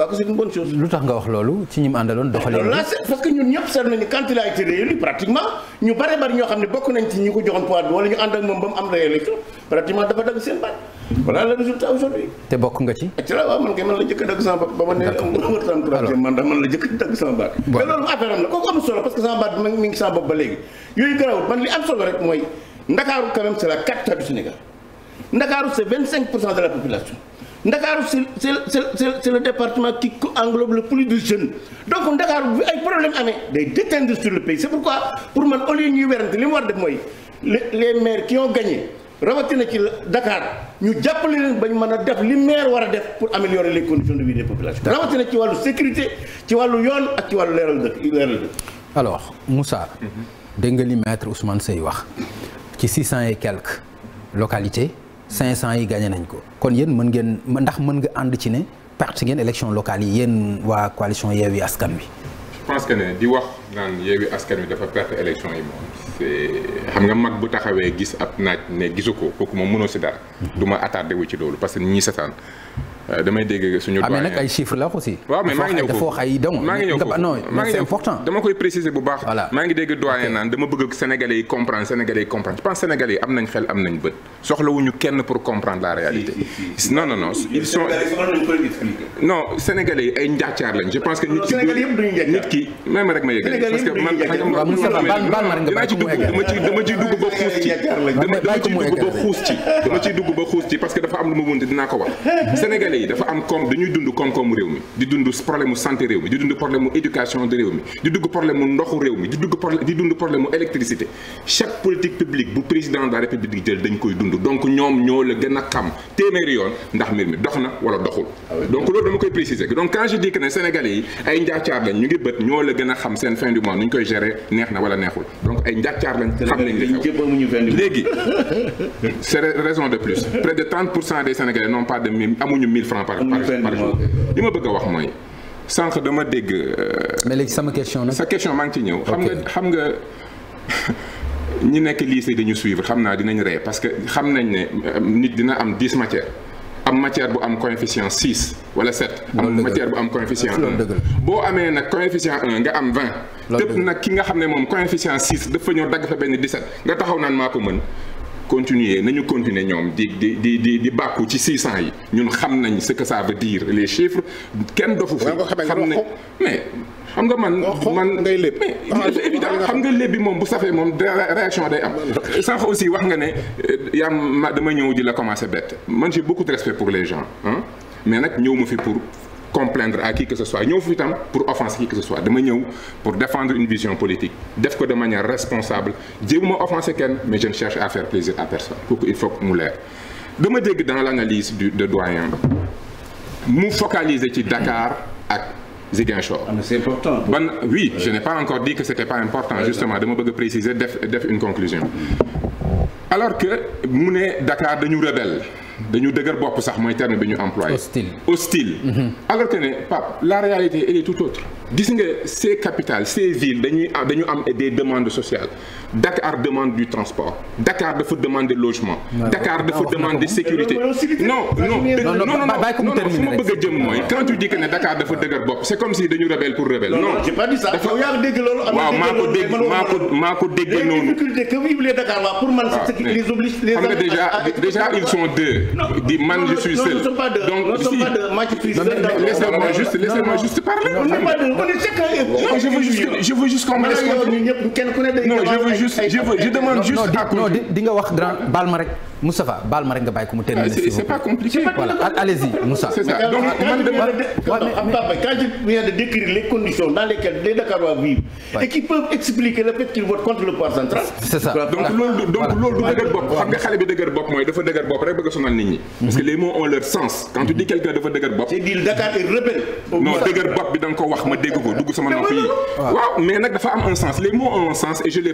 a été réélu pratiquement ñu bare bari ne bokk nañ ci ñi ko joxoon pouvoir bi wala ak seen baat. voilà ah, ma ngi sama bopp ba léegi yooyu garawul man li am solo rek mooy Ndakaaru quand même c'est la capitale du Sénégal Ndakaaru c'est 25 pour cent de la le département qui englobe le plus de jeunes donc Ndakaaru bu ay problème amee day déteindre sur le pays c'est pourquoi pour man au lieu ñuy werante li mu war def mooy les maires qui ont gagné rawatina ci Dakar ñu jàppale leen ba ñu mën a def li maire war a def pour améliorer les conditions de vie des populations rawatina ci wàllu sécurité ci wàllu yoon ak ci wàllu leeral dëkk leeral dëkk alors Moussa dégg nga li maître Ousmane Seye wax ci six cent et quelques localités 500 yi gagné nañ ko kon yéen mën ngeen ndax mën nga ànd ci ne perte ngeen élection locale yi yéen waa coalition Yewwi Askan Wi. je pense que ne di wax naan Yewwi Askan Wi dafa perte élection yi moom c'est xam nga mag bu taxawee gis ab naaj ne gisu ko kooku moom mënoo si dara. Mm-hmm. du ma attardé wu ci loolu parce que nit ñi setaan Euh, damay dégg suñu. Ah, doyen nag ay chiffres la aussi. waaw mais maa ngi ñëw ko dafa wax ay dong. dégg doyen naan dama bëgg sénégalais yi comprendre sénégalais yi am nañ xel am nañ bët soxlawuñu kenn pour comprendre la réalité. non non non ils sont. non sénégalais yi ay njaacaar lañ je pense que nit ki. nit ki même rek ma yëgal. parce que man dinaa ci dugg dama ci dama ciy dugg ba xuus ci. dugg ba xuus ci dama ciy parce que dafa am lu ma wunte dinaa ko wax sénégalais sénégalais dafa am koom dañuy dund koom-koomu réew mi di dund problème santé réew mi di dund problème éducation de réew mi di dugg problème ndoxu réew mi di dugg problème di dund problème électricité chaque politique publique bu président de république jël dañ koy dund donc ñoom ñoo la gën a xam téeméeri yoon ndax mbir mi dox na wala doxul ah donc loolu dama koy préciser donc quand je que ne sénégalais yi ay njaacaar lañ ñu ngi bët ñoo la gën a xam seen mille francs par par li ma bëgg a wax mooy san sànq dama dégg. Euh, mais sama question nag. sa question maa ngi ci ñëw. xam nga xam nga <laughs> ñi nekk lycée dañu suivre xam naa dinañ ree parce que xam nañ ne euh, nit dina am dix matières. am matière bu am coefficient 6 wala set am matière bu am coefficient 1 boo amee nag coefficient 1 nga am 20. tëpp nag ki nga xam ne moom coefficient 6 dafa ñëw dagg fa benn 17 nga taxaw naan maa ko mën. continuer nañu continuer ñoom di di di di di bàkku ci 600 yi ñun xam nañ ce que ça veut dire les chiffres kenn dofu fi xam nañ mais xam nga man man ngay lépp mais ah, évident xam nga lépp moom bu safee moom réaction day am <laughs> sànq aussi wax nga ne euh, yaa ma dama ñëw di la commencer bête man j'ai beaucoup de respect pour les gens ah mais nag ñëw ma fi pour complaindre à qui que ce soit ñëw fi pour offenser qui que ce soit dama ñëw pour défendre une vision politique def ko de manière responsable jéemuma offenser kenn mais je ne cherche à faire plaisir à personne dama dégg dans l'analyse de doyen mu focaliser ci Dakar ak Ziguinchor. ah mais c'est important. ban oui je n'ai pas encore dit que c'était pas important. justement dama bëgg a def def une conclusion. alors que mu ne Dakar dañu rebelle. dañu dëgër bopp sax mooy terme bi ñu employé. hostile hostile. Mhm. alors que ne Pape la réalité elle est tout autre. gis nga ces capitales ces villes dañuy dañu am des demandes sociales Dakar demande du transport Dakar dafa demande logement Dakar dafa demande sécurité non non non non fu ma bëgg a jëm mooy quand tu dis que ne Dakar dafa dëgër bopp c'est comme si dañu rebelle pour rebelle non dafa waaw maa ko dégg maa ko maa ko dégg noonu ah, xam nga déjà déjà ils sont deux di man je suis seul donc si laissez-moi juste laissez-moi juste parler je veux juste je veux juste qu'on me laisse continuer. non je veux juste je veux je demande juste. non di nga wax grand baal ma rek. Moustapha baal ma rek nga bàyyi ko mu terminer. Ah, c'est c'est pas compliqué. je décrire les conditions dans lesquelles les Dakarois vivent. et qui peuvent expliquer le fait c'est ça donc loolu donc loolu du dëgër bopp xam nga xale bi dëgër que mhm. les mots ont leur sens. quand tu dis quelqu'un dafa dëgër bopp. c'est dire Dakar est rebelle. non dëgër bopp bi da nga wax ma dégg ko dugg sama nopp yi. mais nag dafa am les mots ont sens et je les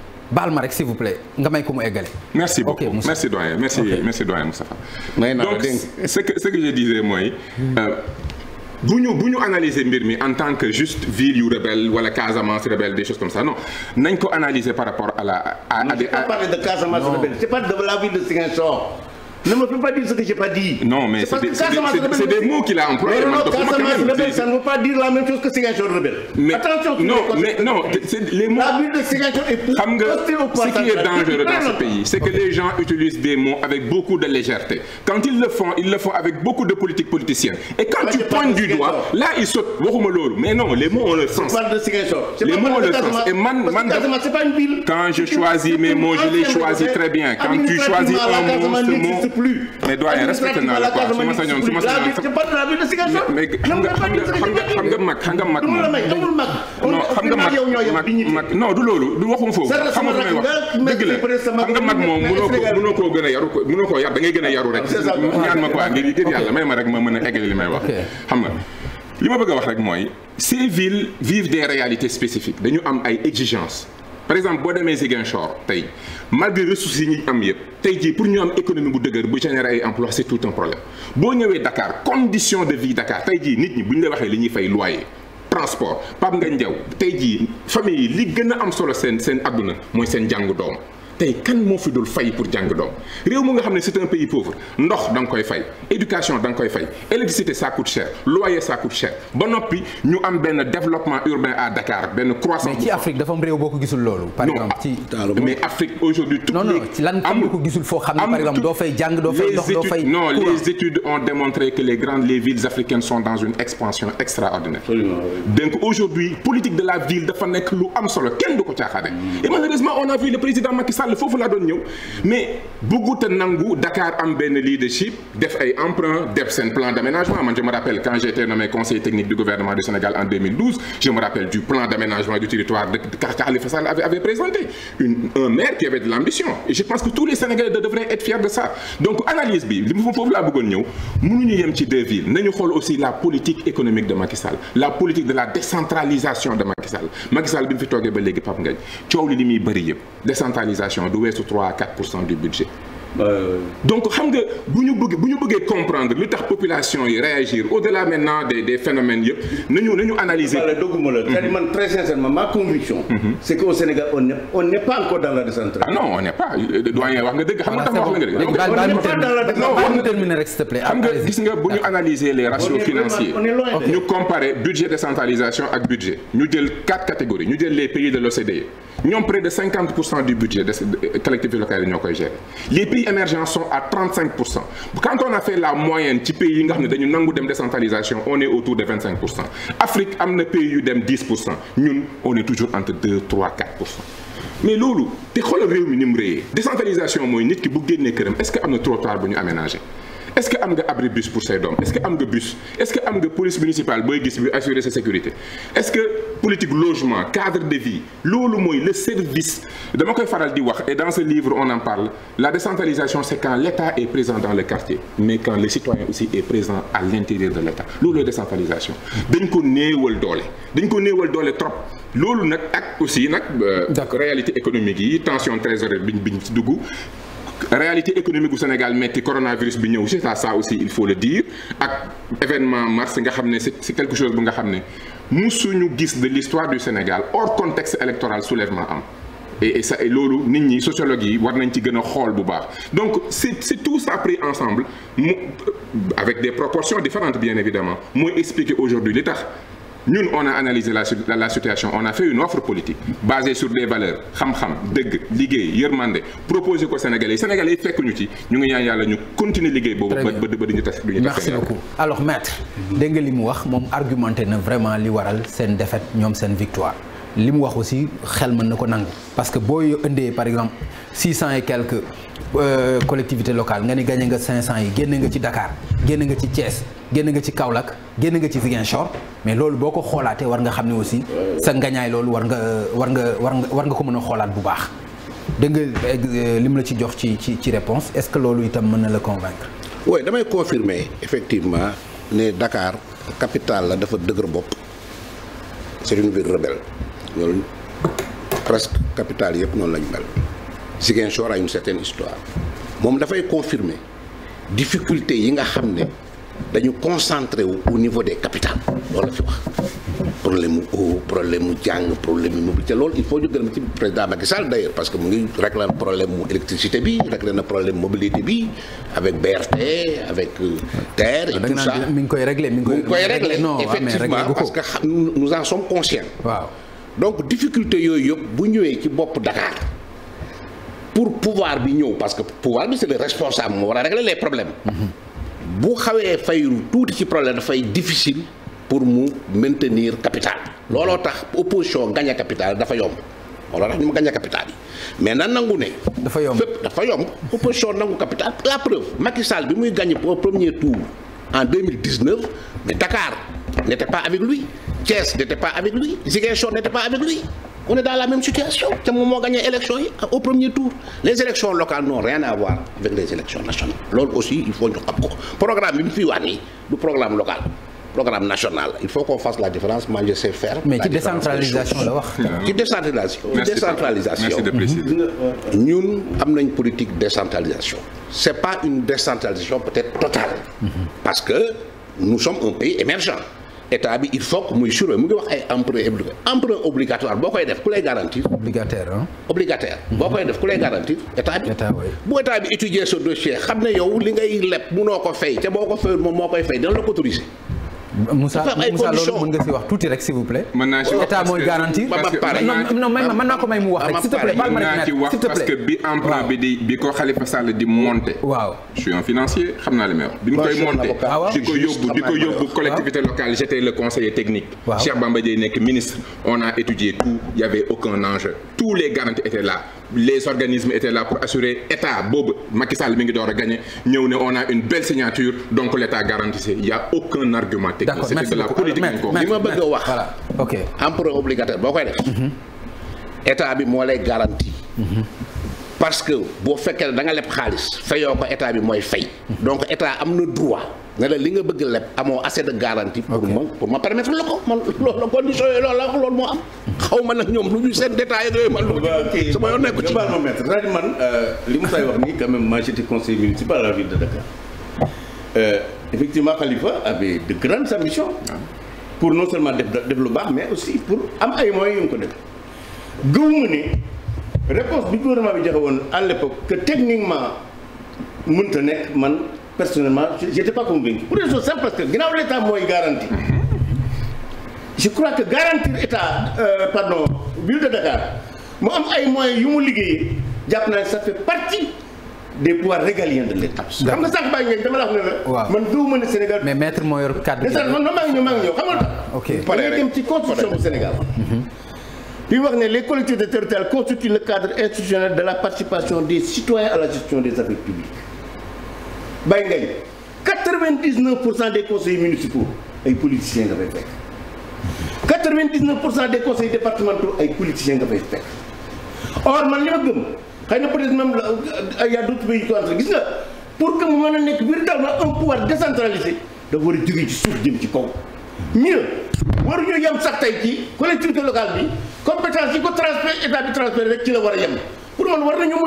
baal ma rek s'il vous plaît nga may ko mu eggale. merci beaucoup okay, merci doyen merci okay. merci doyen Moustapha. may donc ce que je disais mooy. Euh, bu ñu bu ñu analyser mbir mi en tant que juste ville yu rebelle wala Casamance rebelle des choses comme ça non nañ ko analyser par rapport à la. Casamance rebelle c'est pas de la ville de Ziguinchor. ne non mais c'est des, mots qu'il a employés. non non Casamance rebelle que ce qui est dangereux dans ce pays c'est que les gens utilisent des mots avec beaucoup de légèreté. quand ils le font avec beaucoup de politique politicienne et quand tu pointes du doigt là ils sautent waxuma mais non les mots ont le sens. les mots ont le sens et quand je choisis mes mots je les choisis très bien quand tu choisis un mot plus. mais doyen respecté naa la quoi su ma sañoon su ma sañoon mais xam xam nga xam nga mag xam nga mag mag non loolu du waxum foofu xam wax dëgg la xam nga mag moom mënoo ko mënoo koo gën a yaru ko mënoo koo yar da gën a yaru rek ñaan ma ko ngir ngir yàlla may ma rek ma mën a eggali li wax xam nga li ma bëgg wax rek mooy ces villes vivent des réalités spécifiques dañu am ay exigences par exemple boo demee Ziguinchor tey malgré ressources yi ñu am yëpp tey jii pour ñu am économie bu dëgër bu générer ay emploi c'est tout un problème boo ñëwee Dakar condition de vie Dakar tey jii nit ñi bu ñu la waxee li ñuy fay loyer transport Pape nga Ndiaye tey jii famille yi li gën a am solo seen seen adduna mooy seen jàngu doom tey kan moo fi dul fay pour jàng doom réew mu nga xam ne c'est un pays pauvre ndox da nga koy fay éducation da nga koy fay électricité ça coûte cher loyer ça coûte cher ba noppi ñu am benn développement urbain à Dakar benn croissance. mais ci Afrique dafa am réew boo ko gisul loolu. par exemple ci Afrique aujourd'hui tout non non ci lan am ko gisul foo xam ne par exemple doo fay jàng doo fay ndox doo fay. non les études ont la la foofu laa doon ñëw mais bëggut a nangu Dakar am benn leadership def ay emprunt def seen plan d' aménagement je me rappelle quand j' étais nommé conseiller technique du gouvernement du Sénégal en je me rappelle du plan d' aménagement du territoire de Khalifa Sall avait, avait présenté une un maire qui avait de l'ambition et je pense que tous les Sénégalais devraient être fiers de ça donc analyse bi li mu foofu laa bëggoon ñëw mënuñu yem ci deux villes consommation du weesu pour cent du euh. donc xam nga bu ñu buggee bu ñu bëggee comprendre lu tax population yi réagir au-delà maintenant des des phénomènes yëpp nañu nañu analyser. voilà dogguma la. Mhm. c'est-à-dire man très sincèrement ma conviction. Mhm. c'est qu'au Sénégal on n'est pas encore dans la décentralisation. Ah non on n'est pas euh, doyen xam nga tax wax nga dëgg. on n'est pas dans la décentralisation. xam nga gis nga bu budget décentralisation ak budget. ñu jël quatre catégories ñu jël les pays de l'OCDE. ñoom près de 50 pour cent du budget des collectivités locales yi ñoo koy gérer les pays émergents sont à 35 a fait la moyenne ci pays yi nga xam ne dañu nangu dem décentralisation on est autour de 25 pour cent Afrique am na pays yu dem 10 pour cent ñun on est toujours entre 2 3 4 loolu te xoolal réew mi ni mu décentralisation mooy nit ki bu génnee këram est-ce que am na trottoir bu ñu aménagé. est-ce que am nga abri bus pour say doom est-ce que am nga bus est-ce que am nga police municipale booy gis bi assurer sa sécurité est-ce que politique logement cadre de vie loolu mooy le service dama koy faral di wax et dans livre on en parle la décentralisation c'est quand l'État est présent dans le quartier mais quand le citoyen aussi est présent à l'intérieur de l'État loolu la décentralisation dañ ko néewal doole dañ ko néewal doole trop loolu nag ak aussi nag euh, réalité économique yi tension trésorière biñ biñ ci dugg réalité économique bu Sénégal metti coronavirus bi ñëw si ça ça aussi il faut le dire ak événement mars nga xam ne c'est quelque chose bu nga xam ne ñu gis de l'histoire du Sénégal hors contexte électoral soulèvement am et ça et loolu nit ñi sociologue yi war nañ ci gën a xool bu baax donc si tout ça pris ensemble mu avec des proportions différentes bien évidemment mooy expliquer aujourd'hui li tax ñun on a analysé la la situation on a fait une offre politique basée sur des valeurs xam-xam dëgg liggéey yërmande proposé ko Sénégalais yi Sénégalais yi fekk ñu ci ñu ngi ñaan yàlla ñu continuer liggéey boobu. ba ba duñu tas duñu tas merci beaucoup alors maître. dégg nga li mu wax moom argumenté na vraiment li waral seen défaite ñoom seen victoire li mu wax aussi xel mën na ko nangu. parce que boo indee par exemple six cent et quelques euh, collectivités locales nga ni gagné nga cinq cent yi génne nga ci dakaar génne nga ci Thiès. génn nga ci Kaolack génn nga ci Ziguinchor mais loolu boo ko xoolaatee war nga xam ne aussi sa ngañaay loolu war nga war nga war nga war nga ko mën a xoolaat bu baax dëgg nga euh, li mu la ci jox ci ci ci réponse est-ce que loolu itam mën na la convaincre. oui damay confirmer effectivement ne Dakar capitale la dafa dëgër bopp c'est une ville rebelle loolu presque capitale yëpp noonu lañu mel Ziguinchor a une certaine histoire moom dafay confirmer difficulté yi nga xam ne. dañu concentré wu au niveau des capitales loolu la fi wax problème mu eau problème mu jàng problème mu mobilité loolu il faut ñu gërëm ci président Macky Sall d' parce que mu ngi réglé na problème mu électricité bi réglé na problème mobilité bi avec BRT avec euh, TER et ah, tout ça mi ngi koy réglé mi ngi koy réglé effectivement parce que nous en sommes conscients waaw donc difficulté yooyu yëpp bu ñëwee ci bopp Dakar pour pouvoir bi ñëw parce que pouvoir bi c' est le responsable moo war a régler les bu xawee fayru tuuti ci problème dafay difficile pour mu maintenir capital looloo tax opposition gañe capital dafa yomb looloo tax ñu mu gañ capital yi mais nan nangu ne. dafa yomb fépp dafa yomb opposition nangu capital la preuve Macky Sall bi muy gagné au premier tour en 2019 mais Dakar. n'était pas avec lui Thiès n'était pas avec lui Ziguinchor on est dans la même situation te moom moo élection yi au premier tour les élections locales n'ont rien à avec les élections nationales loolu aussi il faut ñu xam ko programme bi mu fi wax nii du programme local programme national il faut qu'on fasse la différence moi je sais faire. mais ci décentralisation la wax. ci décentralisation. décentralisation euh, ñun am nañ politique décentralisation. c'est pas une décentralisation peut-être totale. Mhm. parce que nous sommes état bi il faut muy suré mu ngi wax ay emprunt obligé emprunt obligatoire boo koy def ku lay garantir. obligataire ah. obligataire boo koy def ku lay garantir état bi. état bu état bi étudier sa dossier xam ne yow li ngay leb munoo ko fay te boo ko fayul moom moo koy fay dina la ko autoriser. Moussa Moussa loolu mën nga si wax tuuti rek s'il vous plaît. mën naa si wax état mooy garantir. non may ma mën naa ko wax rek. te plaît baal ma te plaît parce que bi emprunt bi di ko Khalifa Sall di monter. waaw suis un financier xam naa li may wax. ñu koy monter ah di ko yóbbu di ko yóbbu collectivité ah. locale j'étais le conseiller technique. waaw Cheikh Bamba Dièye nekk ministre on a étudié tout y avait aucun enjeu tous les garanties étaient là. les organismes étaient là pour assurer état boobu Macky Sall mi ngi door a gagné ñëw ne on a une belle signature donc l' état garantissait il a aucun argument technique c'était de ko ma bëgg wax ok emprunt obligataire boo koy def mhm. état bi moo lay garantie mhm. parce que boo fekkee da nga leb xaalis fayoo ko état bi mooy fay mhm. donc état am na droit ne la li nga bëgg leb amoo assez de garantie. pour ma pour ma permettre la ko man loolu condition yooyu loolu la wax loolu moo am. xaw ma nag ñoom lu ñu seen détail ak man. lu ma euh, mu say wax nii quand même maa j'étais municipal à la ville de Dakar euh, effectivement Khalifa avait de grandes ambitions. Ah. pour non seulement def lu baax mais aussi pour am ay moyens yu mu ko def gëwuma ne réponse bi gouvernement bi joxe woon à l'époque que nekk man. personnellement, je n'étais parce que Ginao l'État, moi, il Je crois que garanti l'État, euh, pardon, ville de Dakar, moi, j'ai des moyens, je ça fait partie des pouvoirs régaliens de l'État. xam nga sànq bàyyi ngeen dama la wax ne la. man doo mën a Sénégal. mais maître moo yor cadre bi. man maa ngi ñëw maa ngi ñëw xam nga. ok dañuy dem ci constitution bu Sénégal. bi mhm. wax ne les collectivités territoriales constituent le cadre institutionnel de la participation des citoyens à la gestion des affaires publiques. Baye Ngaye 99 pour cent des conseillers municipaux ay politiciens nga fay fekk 99 pour cent des conseillers départementaux ay politiciens nga fay fekk or man li ma gëm xëy na peut-être même euh, y a d'autres pays gis nga pour que mu a nekk véritablement ma pouvoir décentralisé dafa war a jóge ci suuf jëm ci kaw mieux waruñoo yem sax tey ci collectivité locale bi compétence yi ko transfert état bi transfert rek ci la war a yem pour man war nañoo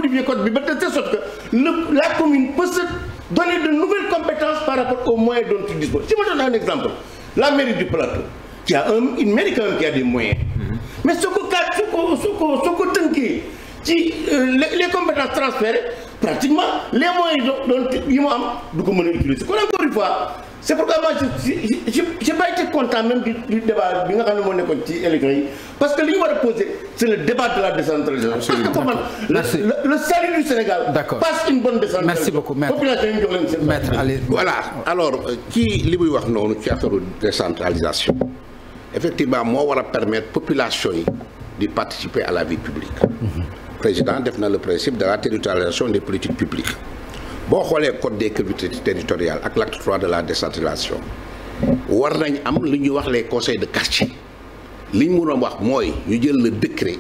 donner de nouvelles compétences par rapport aux moyens dont tu disposes. Si je me donne exemple, la mairie du plateau, qui a un, une mairie quand même qui a des moyens. Mm -hmm. Mais ce que ci les compétences transférées pratiquement les moyens yi doon yi mu am du ko mën a utiliser kon encore une fois c'est pourquoi moi je je j'ai pas été content débat bi nga xam ne moo nekkoon ci élections yi parce que li ñu war a poser c'est le débat de la décentralisation. parce que pour le salut du Sénégal. d'accord passe une bonne décentralisation. merci beaucoup maître population yi ñu jox voilà alors kii euh, li muy wax noonu ci affaire décentralisation effectivement moo war a permettre population yi di participer à la vie publique. Mhm. président def na le principe de la territorialisation des politiques publiques. boo xoolee code des collectivités territoriales ak l'acte 3 de la décentralisation war nañ am lu ñuy wax les conseils de quartier li ñu mënoon wax mooy ñu jël le décret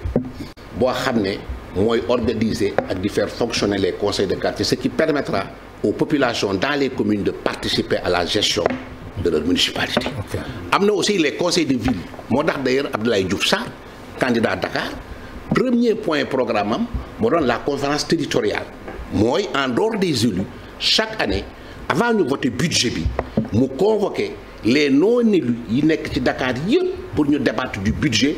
boo xam ne mooy organiser ak di faire fonctionner les conseil de quartier ce qui permettra aux populations dans les communes de participer à la gestion de leur municipalité am na aussi les conseil de ville moo tax d'ailleurs Abdoulaye Diouf Sarr candidat Dakar premier point programme am moo doon la conférence territoriale mooy en dehors des élus chaque année avant ñu voter budget bi mu convoquer les non élus yi nekk ci Dakar yëpp pour ñu débattre du budget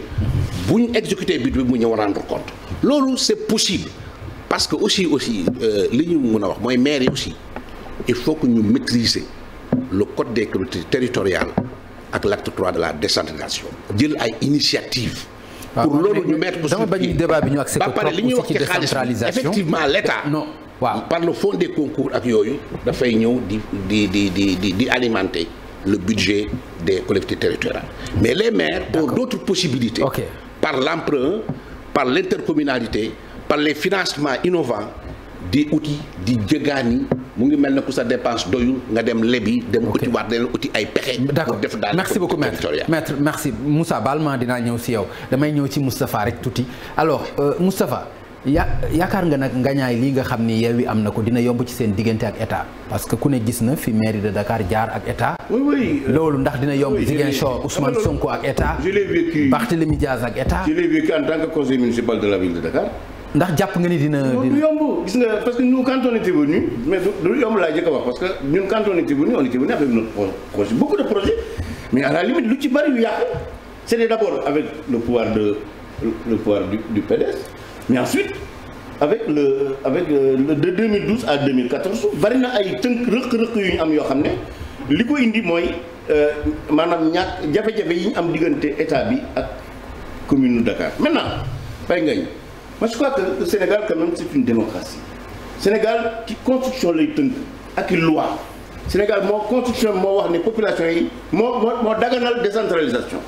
bu ñu exécuter budget bi mu ñëw rendre compte loolu c'est possible parce que aussi aussi euh, li ñu mun a wax mooy maire aussi il faut que ñu maitriser le code des collectivités territoriales ak l'acte 3 de la décentralisation jël ay initiative pour loolu ñu mettre ko ñu ba pare li ñuy wax ci xaalis effectivement l'État waaw par le fond des concours ak yooyu dafay ñëw di di di di di di alimenter le budget des collectivités territoriales mais les maires ont d'autres possibilités okay. par l'emprunt par l'intercommunalité par les financement innovants di uti di jëgaani mu ngi mel ne ku sa dépense doyul nga dem lebi dem uti waat dana uti ay pexe. d'accord def daal merci beaucoup maître maître merci musa Balma dinaa ñëw si yow damay ñëw si Moustapha rek tuuti alors euh, Moustapha. ya yaakaar nga nag ngañaay lii nga xam ni Yewwi am na ko dina yomb ci seen diggante ak état parce que ku ne gis na fi mairie de Dakar jaar ak état. loolu ndax dina yomb Ziguinchor Ousmane Sonko ak état. je l'ai vécu Barthélémy Diaz ak état. je l'ai vécu en tant ndax jàpp nga ni dina du yomb gis nga parce que nous quand on était venu mais du yomb laa jëkk a wax parce que ñun quand on était venu on était venu avec notre projet beaucoup de projets mais à la limite lu ci bari yu yàqu c' était d' avec le pouvoir de le pouvoir du du mais ensuite avec le avec euh, le de 2012 à 2014 bari na ay tënk rëq-rëq yu ñu am yoo xam ne li ko indi mooy euh, maanaam ñàkk jafe-jafe yi ñu am diggante état bi ak commune Dakar maintenant Baye Ngagne moi je crois que le Sénégal quand même c'est une démocratie Sénégal ki constitution lay tënk ak i loi Sénégal moo constitution moo wax ne population yi moo moo moo daganal décentralisation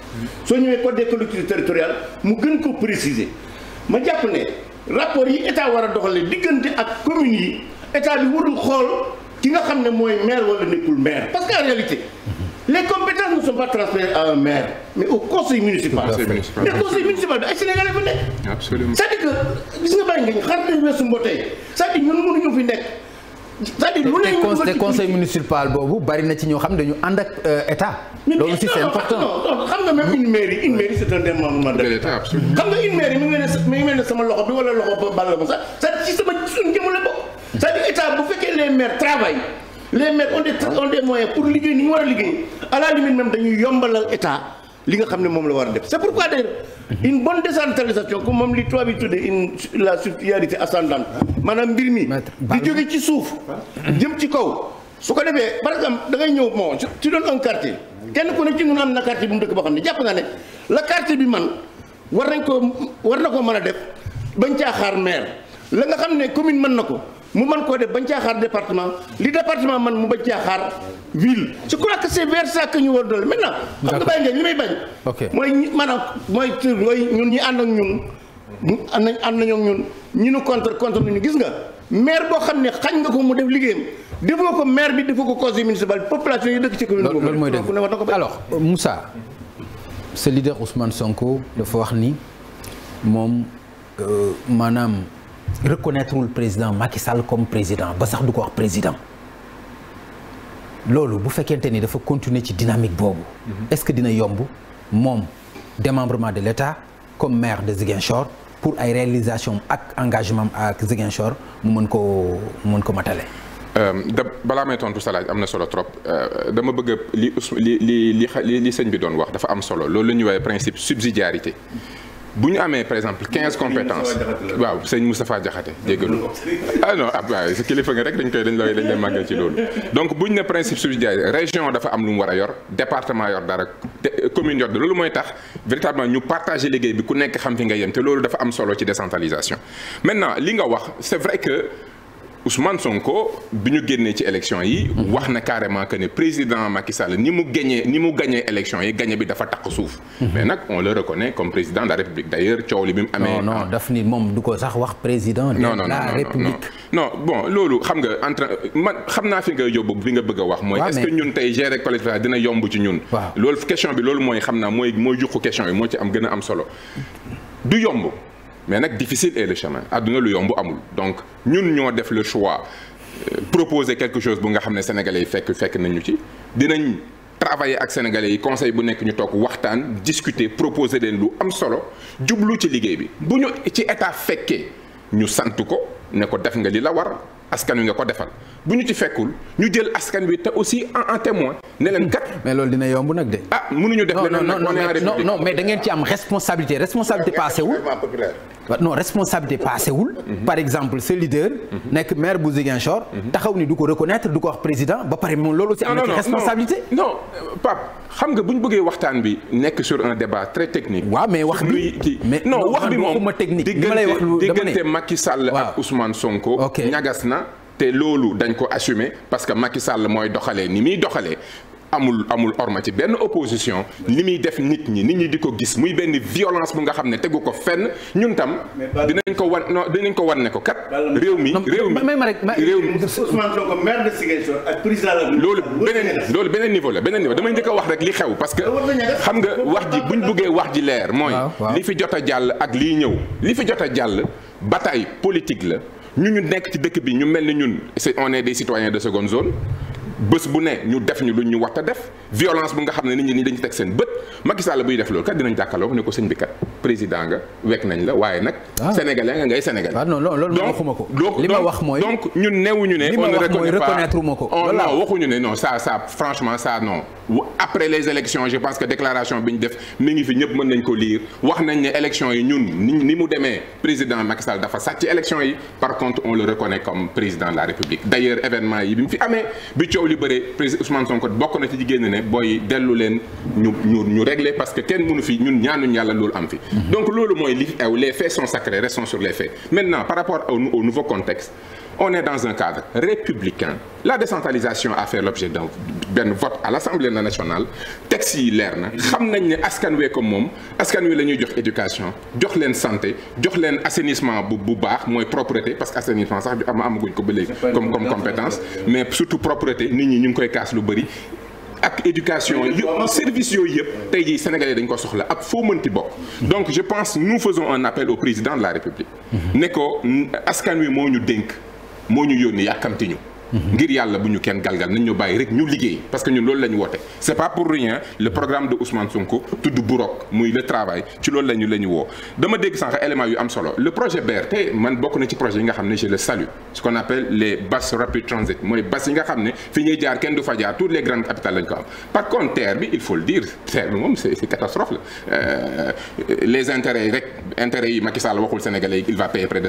soo ñëwee code des collectivités territoriales mu gën ko préciser ma jàpp ne rapport yi état war a doxalee diggante ak commune yi état bi warul xool ki nga xam ne mooy maire wala nekkul maire parce qu'en réalité les compétences ne sont maire mais au conseil municipal. mais conseil municipal bi ay Sénégalais fa nekk. absolument cest gis nga bàyyi nga ñu xar nañu weesu mbootee c'est-à-dire ñun mënuñu fi nekk. c'est-à-dire lu ne ñu te conseil municipal boobu bari na ci ñoo xam ne dañu ànd ak euh, état. loolu si c'est important xam nga même une mairie une mairie c'est un démembrement de l'état. xam nga une mairie mi ngi mel ne sama loxo bi wala loxo ba bàll ba sax ci sama suñu jëmm la bokk. cest à état bu fekkee les maires travaillent les maires ont des ont pour liggéey ni ñu war a liggéey à la limite dañuy yombalal état. li nga xam ne moom la war a def c'est pourquoi d'ailleurs une bonne décentralisation comme moom li tubaab yi tuddee une la subsidiarité ascendante a mbir mi di jóge ci suuf jëm ci kaw su ko defee par exemple da ngay ñëw moo ci doon un quartier kenn ko ne ci ñun am na quartier bu mu dëkk boo xam ne jàpp nga ne la quartier bi man war nañ ko war na ko mën a def bañ caa xaar meer la nga xam ne commune mën na ko mu mën koo def bañ caa xaar département li département man mu bañ caa xaar ville je crois que c'est vers ça que ñu war doole maintenant xam nga bàyyi ngeen li may bañ mooy maanaam mooy mooy ñun ñi ànd ak ñun am nañoo ak ñun ñu nu contre contre nañu gis nga maire boo xam ne xañ nga ko mu def liggéeyam defoo ko maire bi defoo ko conseil municipal population yi dëkk ci commune boobu loolu mooy dëgg alors Moussa sa leader Ousmane Sonko dafa wax ni moom euh, reconnaître wul président Macky Sall comme président ba sax du ko wax président loolu bu fekkente ni dafa continuer ci dynamique boobu. Mhm. est-ce que dina yomb moom démembrement de l'État comme maire de Ziguinchor pour ay réalisation ak engagement ak Ziguinchor mu mën ko mën ko matale. Euh, da balaa may tontu sa laaj am na solo trop euh, dama bëgg li li li li li sëñ bi doon wax dafa am solo loolu la ñuy woowee principe subsidiarité. bu ñu amee par exemple quinze compétences waaw sëñ Moustapha Diakhaté jéggalu ah non ah waaye sa kilifa nga rek dañ koy dañ lay dañ lay ci loolu donc bu ñu ne principe subsidiarité région dafa am lu mu war a yor département yor dara commune yor loolu mooy tax véritablement ñu partager liggéey bi ku nekk xam fi nga yem te loolu dafa am solo ci décentralisation maintenant li nga wax c'est vrai que Ousmane Sonko bi ñu génnee ci élection yi. wax na carrément que ne président Macky Sall ni mu gagné ni mu gagné élection yi gagné bi dafa takk suuf. Mhm. mais nag on le reconnaît comme président de la république d' ailleurs coow li bi mu amee. non non daf ni moom du ko sax wax président. de la république non bon loolu xam nga entre man xam naa fi nga yóbbu bi nga bëgg a wax. mooy est ñun tey gérer collectivité dina yomb ci ñun. loolu question bi loolu mooy xam naa mooy mooy juqu question bi moo ci am gën am solo du yomb. mais nag difficile est le chemin àdduna lu yomb amul donc ñun ñoo def le choix euh, proposer quelque chose bu nga xam ne sénégalais yi fekk fekk nañu ci dinañ travailler ak sénégalais yi conseil bu nekk ñu toog waxtaan discuter proposer leen lu am solo jublu ci liggéey bi bu ñu ci état fekkee ñu sant ko ne ko def nga li la war askan wi nga ko defal bu ñu ci fekkul ñu jël askan wi te aussi en en témoin ne leen kat. mais loolu dina yomb nag de. ah mënuñu def. non non non non am responsabilité non responsabilité passé wul. Mhm. par exemple ce mhm. nekk maire bu Ziguinchor. Mhm. taxaw ni du ko reconnaître du ko wax président ba pare moom loolu. aussi am na ci responsabilité. non Pape xam nga bu ñu bëggee waxtaan bi nekk sur un débat très technique. waaw mais wax bi mais non wax bi moom technique li ma lay wax lu dama ne diggante Macky Sall ak Ousmane Sonko. ñagas na te loolu dañ ko assumer parce que Macky Sall mooy doxalee ni muy doxalee amul amul orma ci benn opposition li muy def nit ñi nit ñi di ko gis muy benn violence bu nga xam ne tegu ko fenn ñun tam dinañ ko wan non dinañ ko wan ne ko kat réew mi réew mi réew mi loolu beneen loolu beneen niveau la beneen niveau damay njëkk a wax rek li xew parce que xam nga wax ji buñ bëggee wax ji leer mooy li fi jot a jàll ak lii ñëw li fi jot a jàll bataille politique la ñu ñu nekk ci dëkk bi ñu mel ni ñun c'est on est des citoyens de seconde zone bés bu ne ñu def ñu lu ñu war def violence bu nga xam ne nit ñi dañu teg seen bët Macky Sall buy def loolu kat dinañ jàkkaarloo ne ko sëñ bi kat président nga wekk nañ la waaye nag. Ah. sénégalais nga ngay sénégalais. ah loolu moom waxuma ko. donc ma wax mooy ne. li ma wax mooy reconnaître ma ko. on oh, non waxuñu ne non ça ça franchement ça non. après les élections je pense que déclaration bi ñu def mi ngi fi ñëpp mën nañ ko lire wax nañ ne élections yi ñun ni mu demee président Macky Sall dafa sàcc élections yi par contre on le reconnaît comme président de la République d'ailleurs yi bi li bëre président Ousmane Sonko bokk na ci jigéen ne booy dellu leen ñu ñu ñu régler parce que kenn mënu fi ñun ñaanuñ yàlla loolu am fi mhm. donc loolu mooy li ew les faits sont sacrés restons sur les faits maintenant par rapport au nouveau contexte on est dans un cadre républicain la décentralisation a fait l'objet d'un benn vote à l'Assemblée nationale texte yi leer na xam nañ ne askan wee ko moom askan wi la ñuy jox éducation jox leen santé jox leen assainissement bu bu baax mooy propreté parce que assainissement sax bi am amaguñ ko ba léegi comme comme compétence mais surtout propreté nit ñi ñu ngi koy kaas lu bëri ak éducation service yooyu yëpp tey jii sénégalais dañ ko soxla ak foo mënti bokk donc je pense nous faisons un appel au président de mm-hmm. ne ko askan wi moo ñu dénk moo ñu yónni yàkkamti ñu ngir yàlla bu ñu kenn galgal nañ ñu bàyyi rek ñu liggéey parce que ñun loolu la ñu woote c'est pas pour rien le programme de Ousmane Sonko tudd Burok muy le travail ci loolu la ñu la ñu woo dama dégg sànq élément yu am solo le projet BRT man bokk na ci projet yi nga xam ne je le salue ce qu'on appelle les bus rapid transit mooy bus yi nga xam ne fi ñuy jaar kenn du fa jaar toutes les grandes capitales lañ ko am par contre terre bi il faut euh, yi rek intérêts yi Macky Sall waxul Sénégalais il va payer près de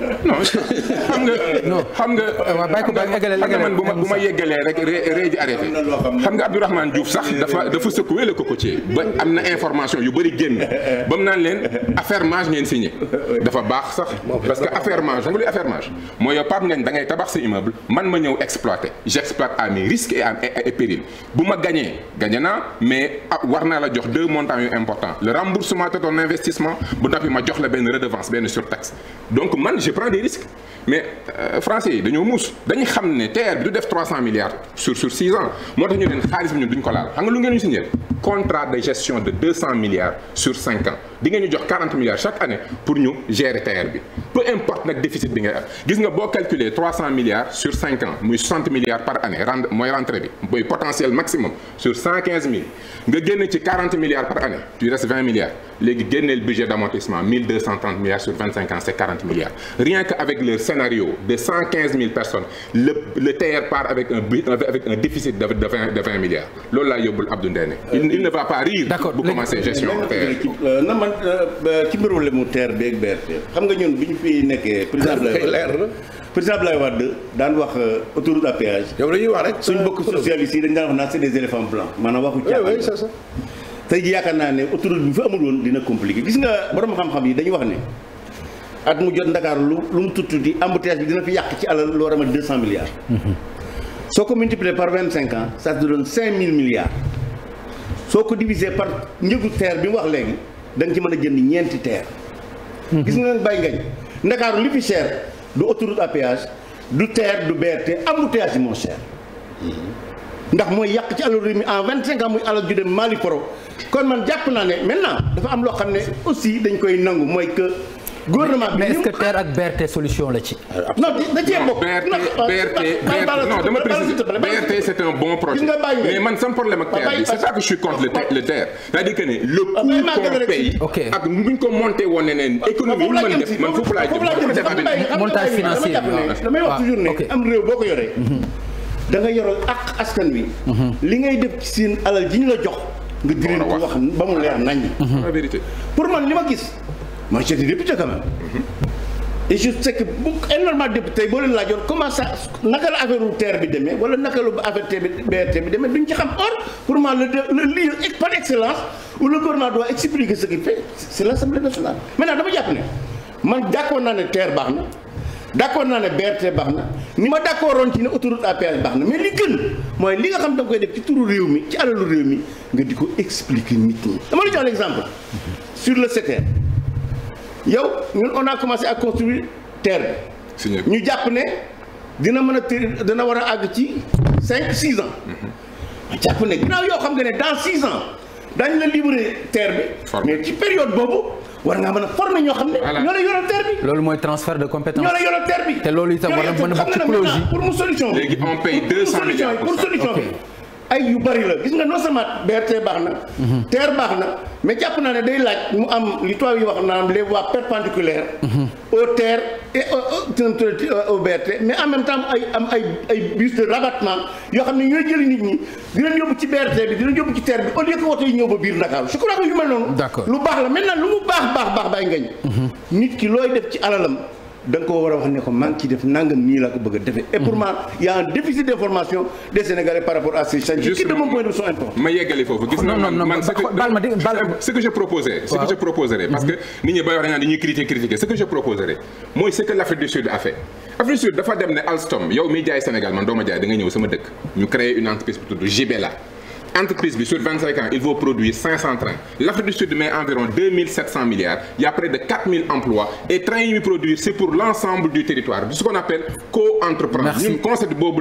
non <laughs> xam nga. non xam nga. Euh, man bu ma bu ma yeggalee rek ree ji arrêté. xam nga Abdourahmane Diouf sax <laughs> dafa dafa secoué le cocotier ba am na information yu bëri génn ba mu naan leen affermage ngeen signé. dafa baax sax parce que affermage xam nga luy affermage mooy yow Pape Ngagne da ngay tabax sa immeuble man ma ñëw exploité j'exploite à mes risques et à bu ma gañee gañe naa mais ah, war naa la jox deux montants yu importants le remboursement de ton investissement bu noppi ma jox la benn redevance benn surtaxe donc man je prends des mais euh, français yi dañoo muus dañu xam ne TER bi du def milliards sur sur 6 moo tax ñu leen xaalis bi ñun duñ ko laal xam nga lu ngeen ñu signé contrat de gestion de milliards sur 5 di ngeen ñu jox 40 milliards chaque année pour ñu gérer TER bi peu importe nag déficit bi ngay am gis nga boo calculer 300 milliards sur 5 ans muy 60 milliards par année rend mooy rentrée bi mooy potentiel maximum sur 115 000 nga génn ci milliards par année tu restes 20 rien qu'avec leur scénario de 115 000 personnes le le TR part avec un avec un déficit de de milliards loolu laa yóbbul Abdou il ne va pas rire. bu commencer gestion TR. Euh, na euh, ci problème mu TR beeg BRT xam nga ñun bi ñu fi nekkee. président <laughs> président Abdoulaye Wade daan wax euh, autoroute à péage. yow dañuy wax rek suñ bokk socialiste yi dañ daan wax naan c'est des éléphants blancs maanaam waxu caaxaan. tey ji yaakaar naa ne autoroute bi fa amul woon dina compliqué gis nga borom xam-xam yi dañu wax ne. ak mu jot Ndakaaru lu lu mu tuttu di embouteillage bi dina fi yàq ci alal loo ramat deux cent milliards mhm. soo ko multiplier par vingt cinq ans ça te donne soo ko diviser par njëgu terre bi mu wax léegi da ci mën a jënd ñeenti terre mhm. gis nga nag bàyyi ngañ Ndakaaru li fi cher du autoroute à du terre du BRT embouteillage yi moo cher mhm. ndax mooy yàq ci alal réew mi en vingt cinq ans muy alal ju dem Mali Poro kon man jàpp naa ne maintenant dafa am loo xam ne aussi dañ koy nangu mooy que gouvernement bi mais est-ce que TER ak BRT solution la ci. non da cee bokk non dama préciser BRT c'est un bon projet. mais man sama problème ak TER bi c'est ça que je suis contre le TER. c'est-à-dire que ne le ah, coût qu'on paye ak buñ ko monté woon ne neen ah, économie bi mën def man foofu laa jëm montage financier bi damay wax ah, toujours ne am réew boo ko yoree. Mhm. da nga yoral ak askan wi. Mhm. li ngay def ci seen alal ji ñu la jox. nga jëriñ ko wax ba mu leer nañ. Mhm. pour man li ma gis. Moi, j'étais député quand même. et je sais que bu énormément boo leen laajoon comment ça naka la affaire u bi demee wala naka la affaire terre bi BRT demee duñ ci xam or pour moi le le lieu par excellence où le gouvernement doit expliquer ce qu'il fait c'est l'Assemblée nationale. maintenant dama jàpp ne man d'accord naa ne terre baax na d'accord naa ne BRT baax na ni ma d'accordoon ci ne autoroute à baax na mais li gën mooy li nga xam da nga koy def ci turu réew nga di ko expliquer nit ñi. dama la jox sur le secteur. yow ñun on a commencé à construire terre bi. ñu jàpp ne dina mën a tëri dina war a àgg ci cinq six ans. Mhm. jàpp ne ginnaaw yoo xam nga ne dans six ans dañ la libéré terre bi. mais ci période boobu. war ngaa mën a former ñoo xam ne. ñoo la yoroon terre bi. loolu mooy transfert de compétence. ñoo la yoroon terre bi. te loolu itam war na mën a bokk ci projet pour mu solution. léegi on paye deux cent milliards pour solution bi. ay yu bari la gis nga non seulement BRT baax na. Mhm. TER baax na mais jàpp naa ne day laaj mu am li tubaab yi wax naan les voies perpendiculaires. Mhm. au TER et au au BRT mais en même temps ay am ay ay bus de yoo xam ne ñooy jëli nit ñi di leen yóbbu ci BRT bi di leen yóbbu ci TER bi au lieu que woto ba biir Dakar je crois que yu mel noonu. lu baax la maintenant lu mu baax baax baax bàyyi ngañ mhm. nit ki looy def ci alalam. da nga ko war a wax ne ko maa ngi ciy def nangam nii laa ko bëgg a defee. et pour mhm. moi y' a un information des Sénégalais par rapport à ces changements. juste qui ma yeggali foofu gis na man ce que baal ma euh, ce que je proposais. parce que mhm. nit ñi bay wax dañu naan dañuy critiquer critiquer ce que je proposerais mooy ce que l' Afrique du Sud a fait. Afrique du dafa dem ne Alstom yow miy jaay Sénégal man doo jaay da ñëw sama dëkk ñu créer une entreprise bu tudd entreprise bi sur vingt cinq ans il faut produire cinq cent trains l'Afrique du Sud met environ deux mille milliards il a près de emplois et trains yi produire c'est pour l'ensemble du territoire du ce boobu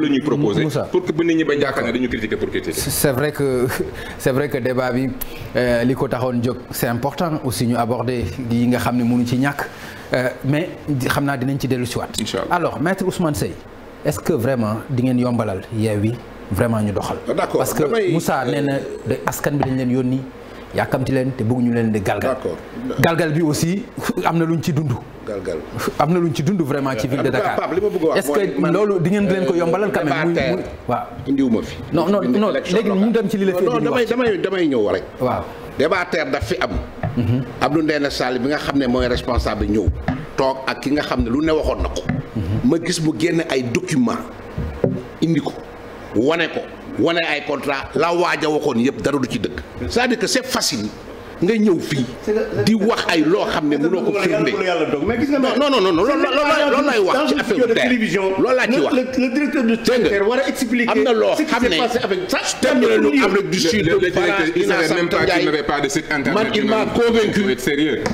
la proposer pour que bu nit ñi ba jàkkaar ne dañu critiquer pour critiquer c'est vrai que <laughs> c'est bi euh, li ko taxoon jóg c'est important aussi ñu aborder yi nga xam ne mënu ci ñàkk euh, mais xam naa dinañ ci dellu si waat alors maître Ousmane Seye est-ce que vraiment di ngeen yombalal yeew wi vraiment ñu doxal. Ah, parce que Moussa euh, nee na askan bi dañ leen yoon yónni yàkkamti leen te ñu leen di galgal. galgal bi aussi am na luñ ci dund. galgal am na luñ ci dund vraiment ci ville de Dakar. est-ce que loolu di ngeen leen ko euh, yombalal quand même. muy waaw indiwuma fi. non non ñu dem ci li la fi indi wax damay ñëw rek. waaw débatteur daf fi am. am mhm. Abdou Ndéné Sall bi nga xam ne mooy responsable ñëw. toog ak ki nga xam ne lu ne waxoon na ko. Mhm. ma gis mu génn ay document indi ko. wane ko wane ay contrat la waaj a waxoon yëpp dara du ci dëkk c'est-à-dire que c'est facile nga ñëw fii di wax ay loo xam ne mënoo ko firnde non non non loolu loolu lay wax ci affaire bi loolu laa ci wax dégg nga am na loo xam ne termine du Sud man il m'a convaincu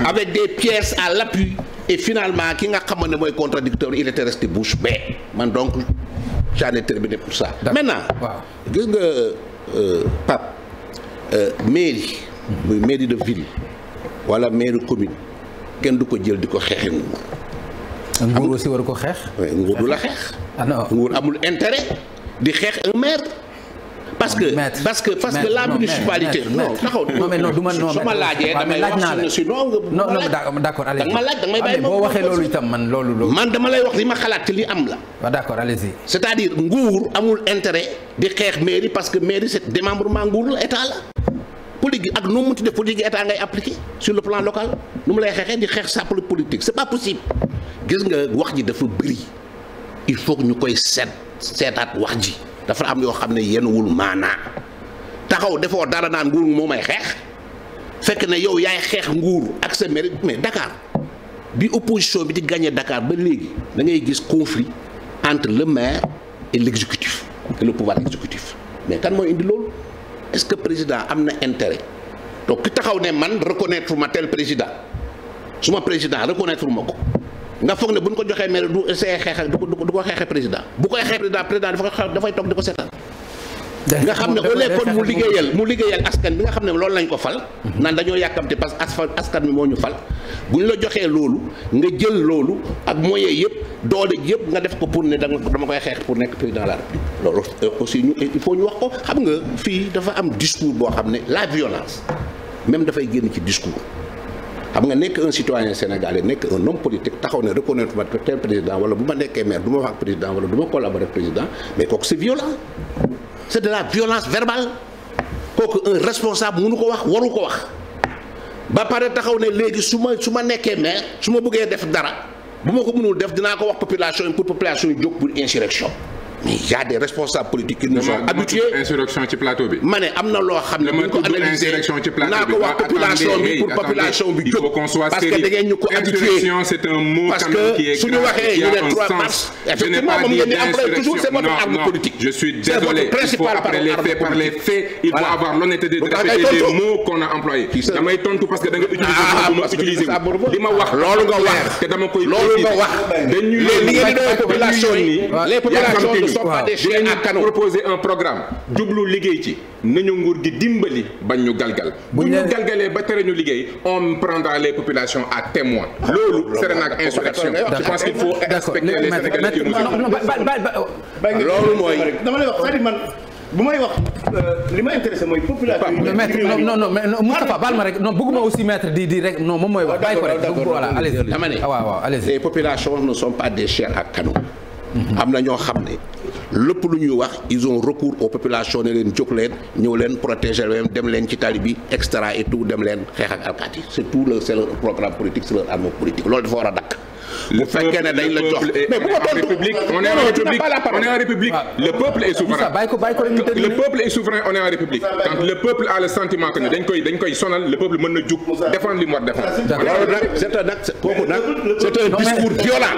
avec des pièces à l'appui et finalement ki nga xamoon ne mooy contradicteur il était resté bouche bée man donc j'en ai terminé pour ça. maintenant gis nga euh, Pape euh, mairie. Hmm. muy mairie de ville. wala mairie commune. kenn du ko jël di ko xeexi nguur. nguur aussi war ko xeex. nguur du la xeex. Ah nguur amul intérêt di xeex un maire. parce que parce que parce que la municipalité. non ma non su ma laajee damay wax suñu si non non non d'accord allez-y bàyyi boo waxee man dama lay wax li ma xalaat ci li am la. cest c'est-à-dire nguur amul intérêt di xeex mairie parce que mairie c'est démembrement nguur état la. politique ak nu mu munti def politique état lay xeexee di xeex sa politique c'est pas possible gis nga wax ji dafa bëri il faut ñu koy seet seetaat wax ji. dafa am yoo xam ne yenuwul maanaa taxaw defoo dara naan nguur moo may xeex fekk ne yow yaay xeex nguur ak sa mérite mais Dakar bi opposition bi di gagné Dakar ba léegi da ngay gis conflit entre le maire et l' exécutif et le pouvoir exécutif mais kan mooy indi loolu est ce que président am na intérêt donc ki taxaw ne man reconnaître ma tel président ma président reconnaître ma ko nga foog ne bu ñu ko joxee maire du essayé xeex du ko du ko xeexee président bu koy xeex président président dafa koy dafay di ko seetaan. nga xam ne au lieu kon mu liggéeyal mu liggéeyal askan bi nga xam ne loolu lañ ko fal. Mm-hmm. naan dañoo yàkkamte parce que askan bi moo ñu fal bu ñu la joxee loolu nga jël loolu ak moyen yëpp doole yëpp nga def ko pour ne dama koy xeex pour nekk président de la république loolu euh, aussi ñu il faut ñu wax ko xam nga fii dafa am discours boo xam ne la violence même dafay génn ci discours. xam nga nekk un citoyen sénégalais nekk un homme politique taxaw ne reconnaître ma tel président wala bu ma nekkee maire du ma wax ak président wala du ma collaborer président mais kooku c'est violent c'est de la violence verbale kooku un responsable mënu ko wax waru ko wax ba pare taxaw ne léegi su ma su ma nekkee maire su ma bëggee def dara bu ma ko mënul def dinaa ko wax population yi pour population yi jóg pour insurrection mais y' a des responsables politiques qui nous sont habitués insurrection ci plateau bi. ma ne am na loo xam ne bu ñu ko analysé naa ko wax population bi pour population bi jóg parce que da ngeen ñu ko habitué parce que suñu waxee ñu ne 3 mars effectivement moom ngeen di employé toujours c' est votre arme politique. je suis désolé il faut après les faits par les faits il faut avoir l'honnêteté de répéter les mots qu'on a employé. damay tontu parce que da nga utiliser ma ah, utilisé li ma wax. loolu nga wax te dama koy. loolu nga wax dañuy les populations yi les populations sont pas des chairs à canon proposer un programme jublu liggéey ci nañu nguur gi dimbali bañ ñu galgal bu ñu galgalee ba tere ñu liggéey on prendra les populations à témoin loolu sere naag insurrection je pense qu'il faut respecter les Sénégalais qui nous écoutent mooy wax c'est-à-dire man bu may wax euh, li ma intéressé mooy population yi. maître non non non Moustapha baal ma rek non bëgguma aussi maître di di rek non moom mooy wax. bàyyi ko rek voilà allez-y dama ne. Ah, waaw waaw allez-y les populations ne sont pas des chairs à canon. Mhm. am na ñoo xam ne. lépp lu ñuy wax ils ont recours aux populations ne leen jóg ñëw leen protéger leen dem leen ci tali bi extra et tout dem leen xeex ak alkaati c'est tout le c'est leur programme politique c'est leur arme politique loolu dafa war a dakk bu fekkee ne dañ la jox mais bu ma tontu on est en république on est en république ah. le peuple est souverain le peuple est souverain on est en république quand le peuple a le sentiment que ne dañ koy dañ koy sonal le peuple mën na jug défendre li mu war défendre loolu nag c'est nag kooku nag c'est un discours violent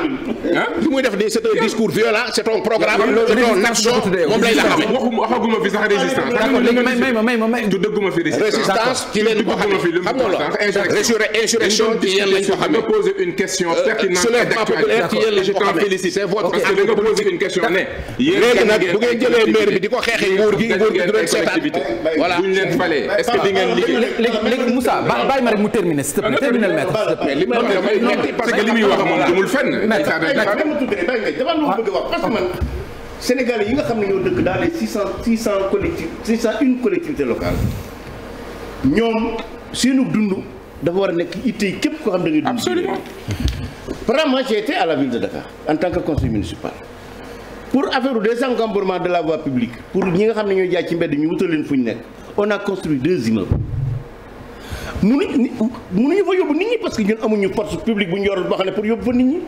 ah fi muy def nii c'est un discours violent c'est un programme c'est un action moom lay la xamee waxuma waxaguma fi sax résistance tuddaguma fi résistance ci leen ko xamee xam nga loolu insurrection ci yéen lañ ko xamee poser une question euh, pertinente populaire je t'en félicite c'est votre parce que da nga posé une léegi nag bu ngeen jëlee maire bi di ko xeexee nguur nguur gi du leen seetaan voilà bu ñu leen mu terminal maître s'il te plaît parce que li muy wax moom jumul fenn Sénégalais yi nga xam ne ñoo dëkk dans les six cent six cent collectif six cent une collectivité locale ñoom seenu dund dafa war a nekk ittey képp koo xam da ngay Par moi, j'ai été à la ville de Dakar en tant que conseiller municipal. Pour affaire des encombrements de la voie publique, pour ñi nga xam ne ñooy jaay ci mbedd ñu wutal leen fu ñu nekk on a construit deux immeubles. mënuñu mënuñu fa yóbbu nit ñi parce que ñun amuñu force publique bu ñu yorul boo xam ne pour yóbbu fa nit ñi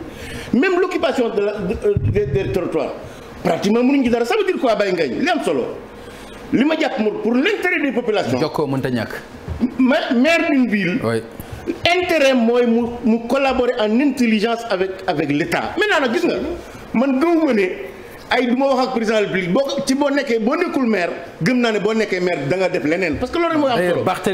même l' occupation de la euh, des territoires pratiquement mënuñu ci dara ça veut dire quoi Baye Ngagne li am solo li ma jàpp moom pour l' intérêt des populations. jokkoo mënta ñàkk. maire d'une intérêt mooy mu mu collaborer en intelligence avec avec l'État maintenant nag gis nga man gëw ma ay du wax ak président de boo ci boo nekkee boo nekkul maire gëm naa ne boo nekkee maire da def leneen parce que loolu waxu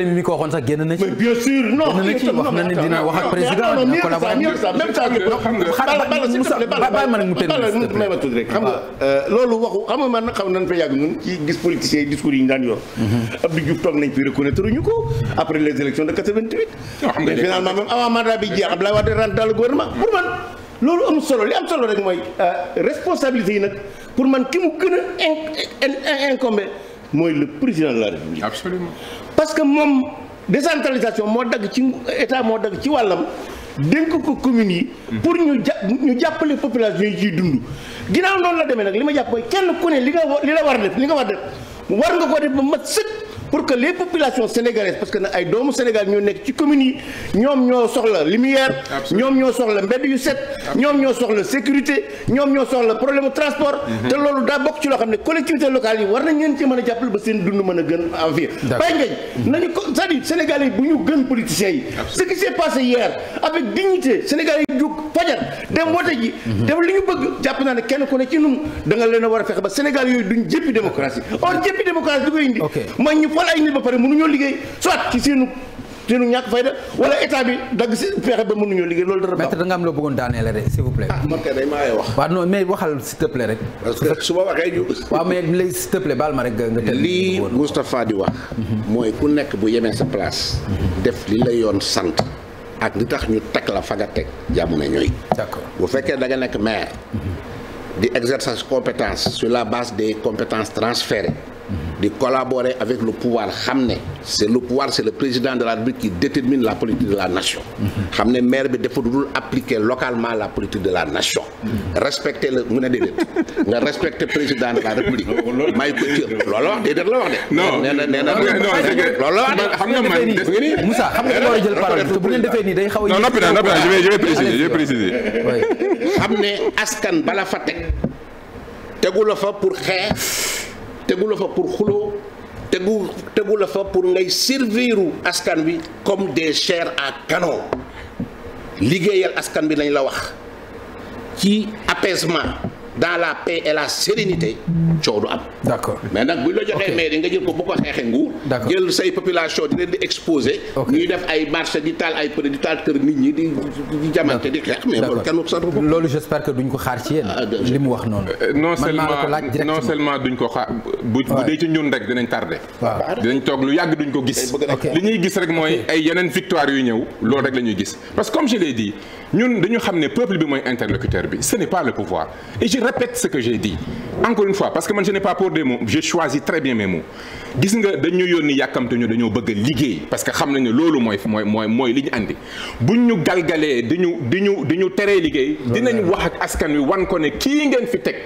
xam nga xam nañ fa yàgg ñun ci gis politiciens yi discours yi ñu daan yor mhm. Abdou Diouf toog nañ fi reconnaître ñu ko après les élections de 88 mais finalement même avant mandat bi jeex Abdoulaye Wade rentre dans le gouvernement pour man loolu am solo li am solo rek mooy euh, responsabilité yi nag pour man ki mu gën a incombé mooy le président de la république. absolument parce que moom décentralisation moo dagg ci état moo dagg ci wàllam dénk ko commune yi. Hmm. pour ñu ja ñu jàppale population yi ciy dund. ginnaaw noonu la demee nag li ma jàpp mooy kenn ku ne li nga li la war def li nga war a def war nga koo def ba mat sëkk. pour que les populations sénégalaises parce que nag ay doomu Sénégal ñoo nekk ci communes yi ñoom ñoo soxla lumière. ñoom ñoo soxla mbedd yu set. ñoom ñoo soxla sécurité ñoom ñoo soxla problème transport. Mhm. te loolu daa bokk ci loo xam ne collectivité locale yi war nañ leen ci mën a jàppale ba seen dund mën a gën en vie. bay ngeen mhm. nañu ko c'est-à-dire bu ñu gën politiciens yi. ce qui s'est passé hier avec dignité sénégalais yi jóg. fajar dem wote ji mhm. def li ñu bëgg jàpp naa ne kenn ku ne ci nun da nga leen a war a fexe ba Sénégal yooyu duñ jëppi démocratie mhm. or jëppi démocratie du koy indi mooy bi dagg si fexe ba mënuñoo liggéey loolu dara maître da nga am loo bëggoon daaneel rek s'il vous plaît ah man kay day maa wax waaw non mais waxal s'il rek parce waxee ñu waaw mais léegi s'il baal ma rek nga teel lii Moustapha di wax mhm. mooy ku nekk bu yemee sa place def li la yoon sant ak li tax ñu teg la fa teg jàmm na ñooy. bu fekkee da nekk maire. di exercer compétence su la base des compétences transférées. di collaborer avec le pouvoir xam ne c'est le pouvoir c'est le président de la République qui détermine la politique de la nation xam ne maire bi dafa dul appliquer localement la politique de la nation respecter la mu ne déedéet nga respecter président de la République may ko cër loolu wax déedéet la wax de non nee na nee na loolu wax de xam nga man Moussa xam nga loolu jël parole te bu ngeen defee nii day xaw a non noppi naa noppi naa je vais je vais préciser je vais préciser xam ne askan bala fa teg tegu la fa pour xeex tegu la fa pour xuloo tegu tegu fa pour ngay serviru askan bi comme des chairs à canon liggéeyal askan bi lañ la wax ci apaisement dans la paix et la sérénité coow du am. mais nag bu ñu la joxee mairie nga jël ko bu ko xeexee nguur. jël say population di leen di exposé. ñuy def ay marché di taal ay pré di taal kër nit ñi di di jamante di xeex. mais loolu kenn sant ko. loolu duñ ko xaar ci yéen. Ah, li mu wax noonu. Euh, non seulement non duñ ko xaar bu bu dee ci ñun rek dinañ tardé. waaw dinañ toog lu yàgg duñ ko gis. li ñuy gis rek mooy ay yeneen victoire yu ñëw loolu rek la ñuy gis parce que comme je l'ai dit ñun dañu xam ne peuple bi mooy interlocuteur bi ce n'est pas répète ce que j'ai dit encore une fois parce que man je n'ai pas peur des mots je choisis très bien mes mots gis nga dañu yónni yàkkamte ñu dañoo bëgg a liggéey parce que xam nañ ne loolu mooy mooy li ñu andi buñ ñu galgalee di ñu di ñu di ñu wax askan wi wan ko ne kii ngeen fi teg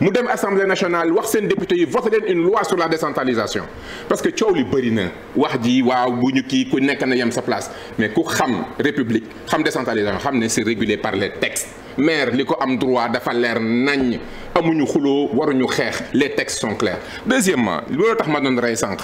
mu dem assemblée nationale wax seen député yi voté une loi sur la décentralisation parce que coow li bëri wax ji waaw bu ñu kii ku nekk na yem sa place mais ku xam république naññ amuñu xuloo waruñu xeex les textes sont clairs deuxièmement loolu tax ma doon rey sànq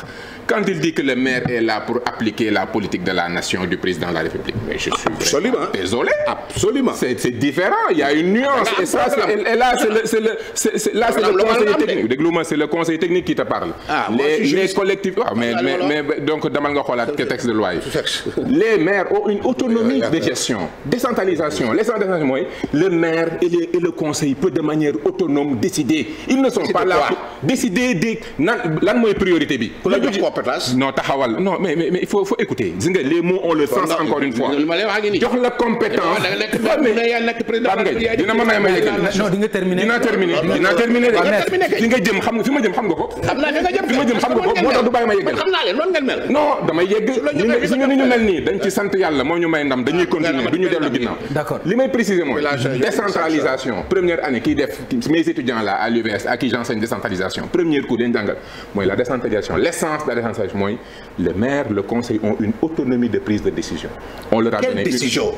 quand il dit que le maire est là pour appliquer la politique de la nation du président de la République mais je suis absolument désolé absolument c'est c'est différent il y a une nuance et ça et là c'est le c'est le c'est là c'est le conseil technique déglu ma c'est le conseil technique qui te parle ah, les les collectifs waaw ah, mais mais donc damal nga xoolaat que texte de loi yi <laughs> les maires ont une autonomie de gestion décentralisation décentralisation mooy le maire et le conseil peut de manière manière autonome décider. ils ne sont pas là décider de nan lan mooy priorité bi. ku la jox compétence non taxawal non mais mais il faut faut écouter. gis nga les mots ont le sens encore une fois. jox la compétence. dina ma may ma yeggali. non di nga terminer dina terminer dina terminer de. fi nga jëm xam nga fi ma jëm xam nga ko. xam naa fi nga jëm fi ma jëm xam nga ko moo tax du bàyyi ma yeggali. xam naa leen noonu ngeen mel. non damay yegg. ñu ne ñu ne ñu mel nii dañ ci sant yàlla moo ñu may ndam dañuy ah, continuer du ñu dellu ginnaaw. d'accord li may préciser mooy euh, décentralisation première année kii def mes étudiants là à l'UVS à qui j'enseigne décentralisation premier cours dañ jàngal mooy la décentralisation l'essence de la décentralisation mooy le maire le conseil ont une autonomie de prise de décision on leur a donné décision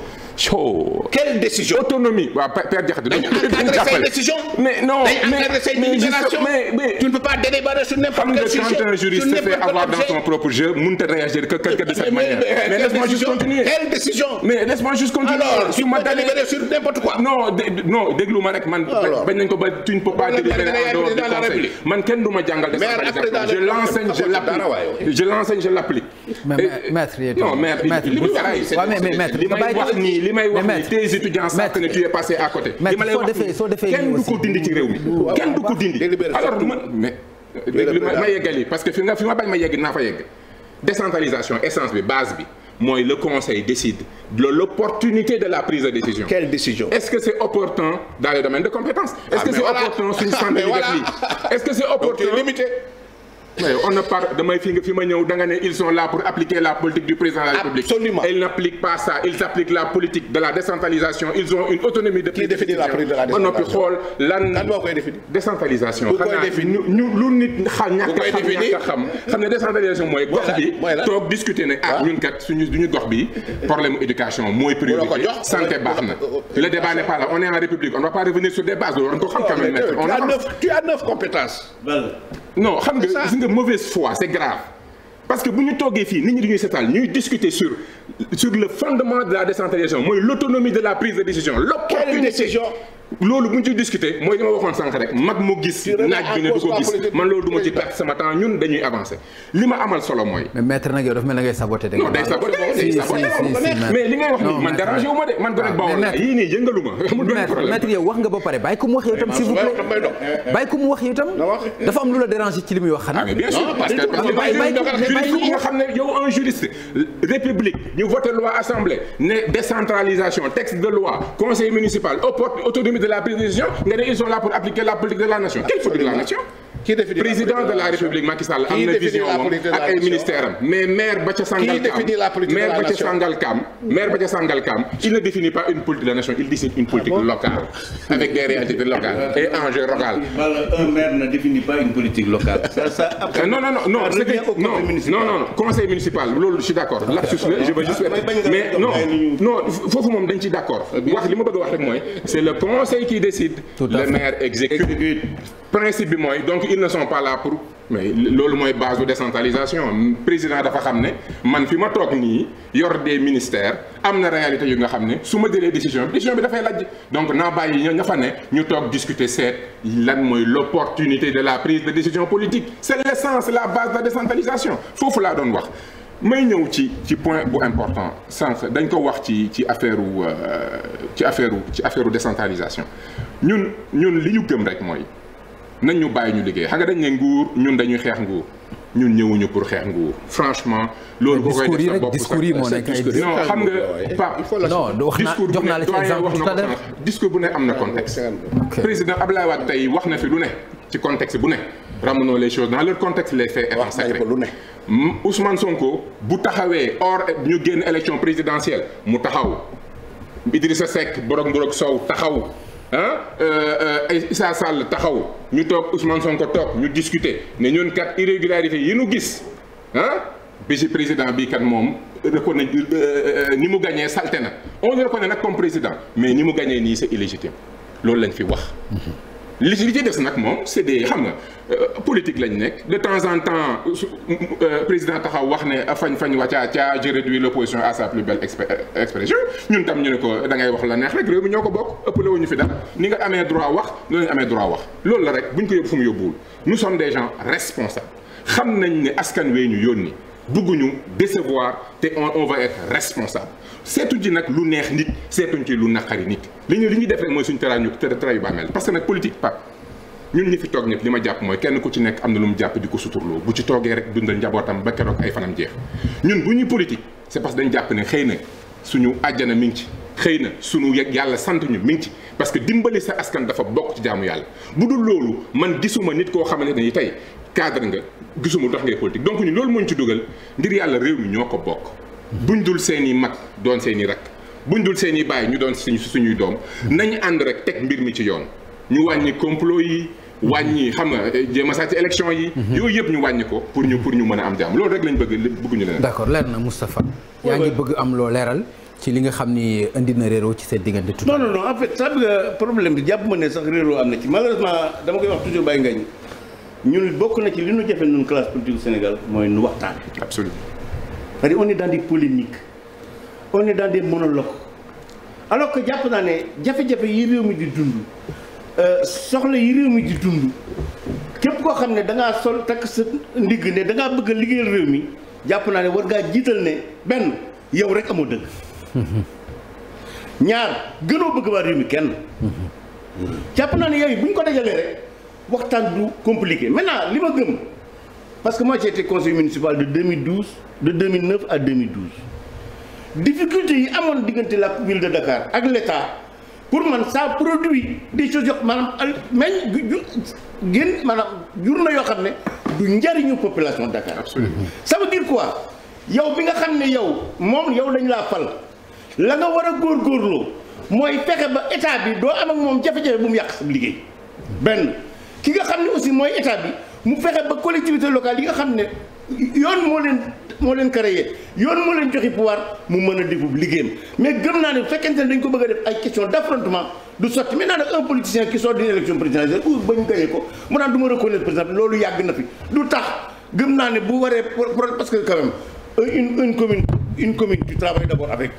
oh. quelle décision autonomie waaw Père Diakhaté. dañu encadré say décision. mais non mais mais mais mais. tu ne peux pas débattre sur n'importe quel sujet xam nga quand un juriste se fait avoir dans son propre jeu mënut a réagir que quelqu'un de cette manière. mais laisse-moi juste continuer quelle décision. mais laisse-moi juste continuer. alors tu peux délibérer sur n'importe quoi. non dé non déglu ma rek man. bañ nañ ko ba tu ne peux pas délibérer en dehors du conseil man kenn du ma jàngal décentralisation. je l'enseigne je l'applique je l'enseigne je l'applique. mais maître non maître li may wax nii li may wax ni tes étudiants sàkk ne tu es passé à côté. li ma lay wax kenn du ko dindi ci réew mi. kenn du ko dindi alors du ma mais. ma yeggal parce que fi ma bañ ma yegg naa fa yegg. décentralisation essence bi base bi mooy le conseil décide de l'opportunité de la prise de décision. quelle décision est-ce que c'est opportun dans le domaine de compétence. est-ce ah, que c'est opportun suñu santé yi est-ce que c'est mais on ne parle fi nga fi ma ñëw ils sont là pour appliquer la politique du président de la République. absolument ils n'appliquent pas ça ils appliquent la politique de la décentralisation ils ont une autonomie de. qui définit la de la décentralisation lu nit xal ñàkk a xam ñàkk a xam. xam ne décentralisation mooy. gox bi toog discuter ne ah, ah ñun kat suñu duñu gox bi problème éducation mooy priorité santé baax na. le débat de mauvaise foi c'est grave parce que bu ñu toogee fii nit ñi dañuy seetaan ñuy discuter sur sur le fondement de la décentralisation mooy l'autonomie de la prise de décision l'opportunité décision loolu bu ñu ci discuter mooy li ma waxoon sànq rek mag mu gis naaj bi ne du ko gis man loolu du ma ci perte sama temps ñun dañuy avancer li ma amal solo mooy. mais maître nag yow dafa mel ni ngay saboter de. non day saboter day saboter mais li ngay wax nii man dérangé wu ma de man dara ah, bawoo la yii nii yëngalu ma <laughs> amul benn problème maître yow wax nga ba pare bàyyi ko mu wax yow tam s'il vous plaît bàyyi ko mu wax yow tam dafa am lu la déranger ci li muy wax xanaa. Ah, bien sûr parce que bàyyi nga xam ne yow un juriste république ñu voté loi assemblée ne décentralisation texte de loi conseil municipal autonomie de la prise de décision nga ne ils sont là pour appliquer la politique de la nation quelle politique de la nation président de la république Macky am na vision ak ay mais maire ba ca Sangalkam maire ba Sangalkam il ne définit pas une politique la nation il dessine une politique ah locale avec des réalités locales euh, et enjeux locaux. <laughs> Euh, non non conseil municipal loolu suis d'accord. Ah, lapsus ah, wax li ma c'est le conseil qui décide. le maire exécute principe bi ils ne sont pas pour mais loolu mooy base bu décentralisation président dafa xam ne man fi ma toog nii yor des ministères am na réalité yu nga xam ne su ma jëlee décision bi décision bi dafay lajj donc naa bàyyi ña fa ne ñu toog discuter seet lan mooy l'opportunité de la prise de décision politique c'est l'essence la base de la décentralisation foofu laa doon wax may ñëw ci ci point bu important sànq dañ ko wax ci ci affaire euh, ci affaire ci affaire décentralisation ñun ñun li ñu gëm rek mooy nañ ñu bàyyi ñu liggéey xam nga dañ ne nguur ñun dañuy xeex nguur ñun ñëwuñu pour xeex nguur franchement. loolu boo koy def sa bopp discours xam nga Pape. non naa jox naa la ci exemple tout à l'heure discours bu ne am na contexte. président Abdoulaye Wade tey wax na fi lu ne ci contexte bu ne. ramenons les choses dans leur contexte les faits étant sacrés Ousmane Sonko bu taxawee or ñu génn élection présidentielle mu taxaw sa Seck borog borog soow taxaw. ah Issa Sall taxaw ñu toog Ousmane Sonko toog ñu discuter ne ñun kat irrégularité yi ñu gis ah bi ci président bi kat moom reconnaît euh, ni mu gañee salte na on reconnaît nag comme président mais ni mu gañee nii c'est illégitime loolu lañ fi wax. Mhm. li li ci des nag moom c'est des xam na euh, politique lañ nekk de temps en temps euh, président taxaw wax ne ah, fañ fañ wàccaa caa je réduis l'opposition à sa plus belle euh, expression ñun tam ñu ne ko da ngay wax la neex rek réew mi ñoo ko bokk ëppale wuñu fi dara ni nga amee droit wax loolu lañ amee droit wax loolu la rek bu ñu ko yóbbu fu mu yóbbuwul nous sommes des gens responsables xam nañ ne askan wee ñu yónni bugguñu décevoir te on on va être responsable seetu ji nag lu neex nit seetuñ ci lu naqari nit li ñuy def rek mooy suñu tara ñu tara yu bàmmeel parce que nag politique pap ñun ñi fi toog ñëpp li ma jàpp mooy kenn ku ci nekk am na lu mu jàpp di ko suturloo bu ci toogee rek dundal njabootam ba keroog ay fanam jeex ñun bu ñuy politique c'est parce que dañ jàpp ne xëy na suñu àjjana mi ngi ci xëy na suñu yeg yàlla sant ñu mi ngi ci parce que dimbali sa askan dafa bokk ci jaamu yàlla bu dul loolu man gisuma nit koo xamante ne tey cadre nga gisuma tax ngay politique donc ñu loolu moo ci dugal ngir yàlla réew mi ñoo ko bokk buñ dul seen i mag doon seen i rakk buñ dul seen i bàyyi ñu doon suñ suñuy doom nañ ànd rek teg mbir mi ci yoon ñu wàññi complot yi wàññi xam nga jéem a sàcc élection yi mhm. yooyu yëpp ñu wàññi ko pour ñu pour ñu mën a am jàmm loolu rek lañ bëgg bëgguñu leneen d'accord leer na Moustapha yaa ngi bëgg am loo leeral ci li nga xam ni indi na réeroo ci seen diggante tout non non non en fait sax problème bi jàpp ma ne sax réeroo am na ci malheureusement dama koy wax toujours bàyyi ñun bokk na ci li ñu jafe ñun classe politique Sénégal mooy nu waxtaan absolument C'est-à-dire on est dans des polémiques on est dans jàpp naa ne jafe-jafe yi réew mi di dund euh, soxla yi réew mi di dund képp koo xam ne da sol takk sa ndigg ne da bëgg a liggéeyal réew mi jàpp naa ne war ngaa jiital ne benn yow rek amoo dëgg. ñaar gënoo bëgg waa réew mi kenn. jàpp naa ne yooyu bu ñu ko dajalee rek waxtaan du compliqué maintenant li ma gëm. parce que moi j'ai été conseiller municipal de 2012 de 2009 à 2012 difficulté yi amoon diggante la ville de Dakar ak l'État pour man ça produit des choses yoo maanaam meñ gën maanaam jur na yoo xam ne du njariñu population Dakar. absolument ça veut dire quoi yow bi nga xam ne yow moom yow dañ laa fal la nga war a góorgóorloo mooy fexe ba état bi doo am ak moom jafe-jafe bu mu yàq sa liggéey benn ki nga xam ne aussi mooy état bi. mu fexe ba collectivité locale yi nga xam ne yoon moo leen moo leen créé yoon moo leen joxe pouvoir mu mën a déglu liggéeyam mais gëm naa ne bu fekkente ne dañ ko bëgg a def ay question d' affrontement du sotti maintenant nag un politicien qui sort d'une élection présidentielle ou ba ñu gagné ko mu naan du ma reconnaître président loolu yàgg na fi du tax gëm naa ne bu waree pro parce que quand même une une commune. une commune, tu travailles d'abord avec,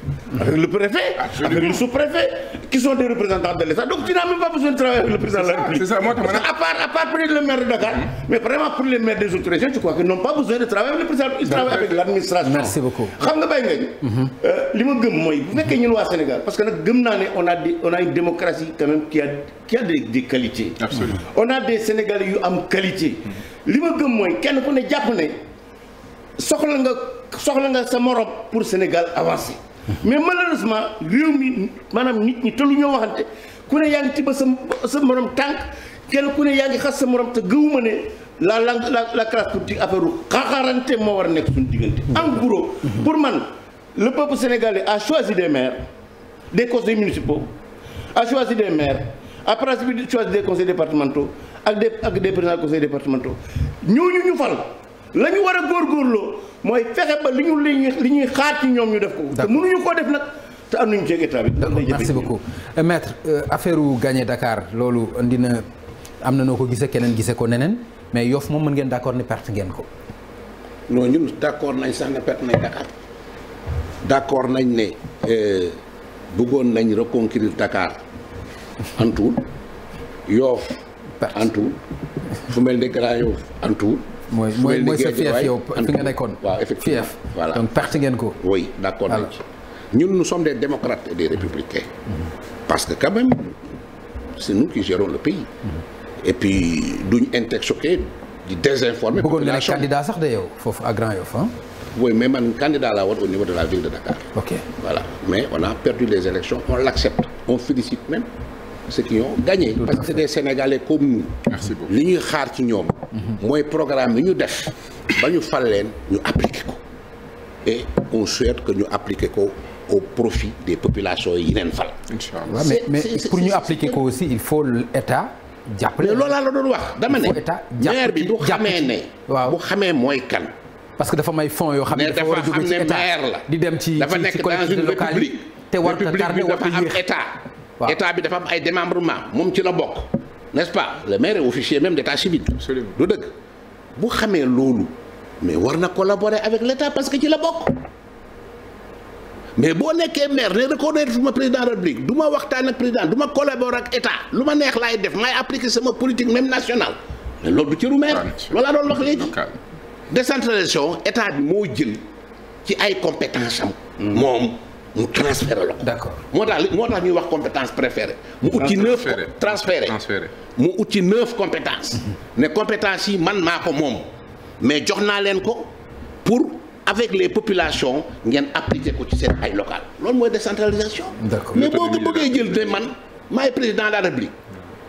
le préfet, avec le sous-préfet, qui sont des représentants de l'État. Donc tu n'as même pas besoin de travailler avec le président de la République. C'est ça, moi, Parce à de le maire de mais vraiment pour les maires des autres régions, tu crois qu'ils pas besoin de travailler avec le président, ils travaillent avec l'administration. Merci nga bay nga mhm. euh, li ma gëm mooy bu fekkee ñun waa Sénégal parce que nag ne on a soxla nga sa morom pour Sénégal avancé mais malheureusement réew mi maanaam nit ñi te lu ñoo waxante ku ne yaa ngi tibb sa morom tànk kenn ku ne yaa ngi xas sa morom te gëwuma ne la la la classe politique affaire u moo war a nekk suñu diggante en gros pour man le peuple sénégalais a choisi de maire des conseils municipaux a choisi des maire après a choisi des conseils départementaux ak des ak des présidents conseils départementaux ñu fal lañu war a góorgóorloo mooy fexe ba li ñu li ñuy xaar ci ñoom ñu def ko. te mënuñu koo def nag te am nañu ceeg état bi. merci beaucoup euh, maître euh, affaire u gagné Dakar loolu indi na am na noo ko gisee keneen gisee ko neneen mais Yoff moom mën ngeen d'accord ni perte ngeen ko. non ñun d'accord nañ sax ne perte nañ Dakar d'accord nañ ne euh, bëggoon nañ reconquérir Dakar antuwul Yoff antuwul fu mel ne Grand Yoff antuwul mooy mooy mooy sa fief yow fi nga nekkoon. waaw effectivement fief voilà donc perte ngeen ko. oui d' accord nañ ci ñun nous sommes des démocrates et des républicains. parce que quand même c' est nous qui gérons le pays. et puis duñ intoxiqué di désinformer. population bëggoon nga ne candidat sax de yow foofu à Grand Yoff ah. oui mais man candidat laa woon au niveau de la ville de Dakar. ok voilà mais on a perdu les élections on l' accepte on félicite même. ceux qui ont gagné parce que c'est des Sénégalais comme li ñuy xaar ci ñoom mhm. mooy programme yi ñu def ba ñu fal leen ñu appliquer ko et on souhaite ñu appliquer ko au profit des populations yi neen fal inchallah mais mais pour ñu appliquer ko aussi il faut l'État jàppale loolu laa la doon wax dama ne maire bi bu xamee ne waaw bu xamee mooy kan parce que dafa may fonds yoo xam ne dafa jóge ci état di dem ci dafa nekk dans te war république bi dafa am état état bi dafa am ay démembrement moom ci la bokk n'est-ce pas le maire est officier même d'état civil du dëgg bu xamee loolu mais war na collaborer avec l'état parce que ci la bokk mais boo nekkee maire ne reconnaître ma président de la République du ma waxtaan ak président du ma collaborer ak état lu ma neex laay def maay appliquer sama politique même national mais loolu du cëru loolu loolaa doon wax léegi décentralisation état bi moo jël ci ay compétence am mm. moom mu transféré la ko. d'accord moo tax moo tax ñuy wax compétence préférée. mu ut ci neuf transféré mu ut ci neuf compétence mm-hmm. ne compétence yi man maa ko moom mais jox naa leen ko pour avec les populations ngeen appliquer ko ci seen ay local loolu mooy décentralisation. d'accord mais boo ko bëggee jël ne man maay président de la république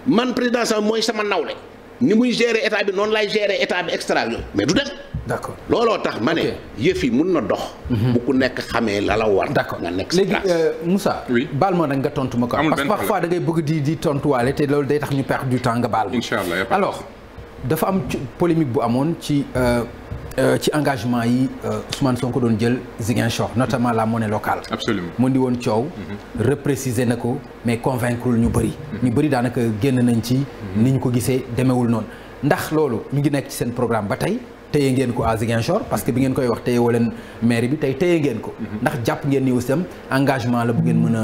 man président sax mooy sama nawle. ni muy gérer état bi noonu lay gérer état bi extra yooyu mais du dem. d'accord looloo tax ma ne. yëf mun na dox. Mhm. bu ku nekk xamee la la war. d'accord nga nekk léegi euh, Moussa. oui baal ma nag nga tontu ma ko. parce que parfois da ngay bëgg di di tontuwaale te loolu day tax ñu perdre du temps nga baal ma. incha dafa am polémique bu amoon ci. Euh, Euh, ci engagement yi euh, Ousmane ko doon jël Ziguinchor notamment la monnaie locale. absolument mu di woon coow. Mhm. repréciser na ko mais convaincre ñu bëri. ñu bëri daanaka génn nañ ci. ni ñu ko gisee demewul noonu ndax loolu ñu ngi nekk ci seen programme ba tey. téye ngeen ko à Ziguinchor parce que bi ngeen koy wax téye woo leen maire bi téye ngeen ko mhm. ndax jàpp ngeen ni aussi tam engagement la bu ngeen mën a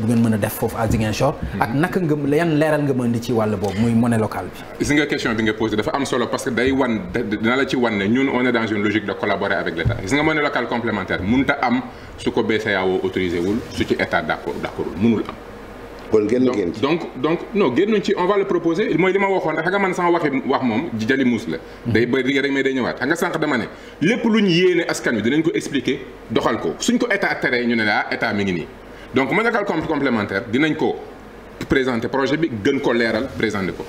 bu ngeen mën a def foofu à Ziguinchor mhm. ak naka nga yan leeral nga mën di ci wàll boobu muy monnaie locale bi gis nga question bi nga posé dafa am solo parce que day wan dina la ci wan ne ñun on logique de collaborer avec l'État gis nga monnaie locale complémentaire mënut a am su ko BCEAO autorisé wul su ci état kon génn ngeen ci donc donc non génnuñ ci on va le proposer mooy li ma waxoon rek xam nga man sama waxi wax moom jali muus la. day bëri rek mais day ñëwaat xam nga sànq dama ne lépp lu ñu yéene askan wi dinañ ko expliqué doxal ko suñ ko état tere ñu ne laa ah, état mi ngi nii. donc mëneekal complémentaire dinañ ko présenter projet bi gën ko leeral présenter ko.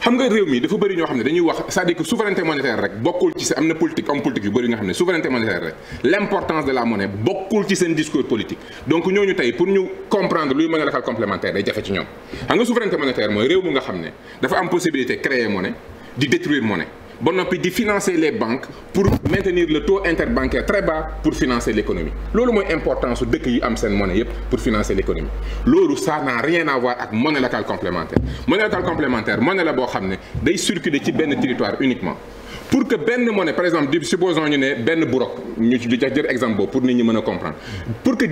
xam nga réew mi dafa bëri ñoo xam ne dañuy wax c'est-à-dire que souveraineté monétaire rek bokkul ci sa am na politique am politique yu bëri nga xam ne souveraineté monétaire rek l'importance de la monnaie bokkul ci seen discours politique donc ñooñu tey pour ñu comprendre luy mën a defal complémentaire day jafe ci ñoom xam nga souveraineté monétaire mooy réew mu nga xam ne dafa am possibilité créer monnaie di détruire monnaie ba noppi di financer les banques pour maintenir le taux interbancaire très bas pour financer l'économie loolu mooy importance su dëkk yi am seen monnaie yépp pour financer l'économie loolu ça n'a rien à ak monnaie locale complémentaire monnaie locale complémentaire monnaie la boo xam ne day circuler ci benn territoire uniquement pour que benn monnaie par exemple di supposons ñu ne benn burok ñu di jox exemple boobu pour nit ñi mën a comprendre pour que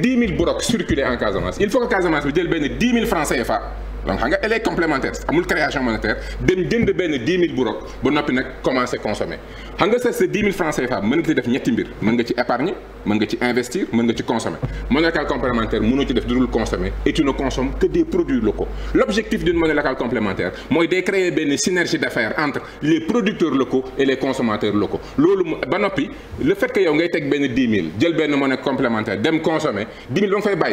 donc xam nga elle est complémentaire amul création monétaire dem jënd benn 10 000 bu rog ba noppi nag commencer consommer xam nga sa sa 10 000 francs CFA mën nga ci def ñetti mbir mën nga ci épargner mën nga ci investir mën nga ci consommer monnaie locale complémentaire mënoo ci def dudul consommer et tu ne que des produits locaux l'objectif d'une monnaie locale complémentaire mooy day créer benn synergie d'affaires entre les producteurs locaux et les consommateurs yow ngay teg benn 10 000 jël benn monnaie complémentaire dem consommer 10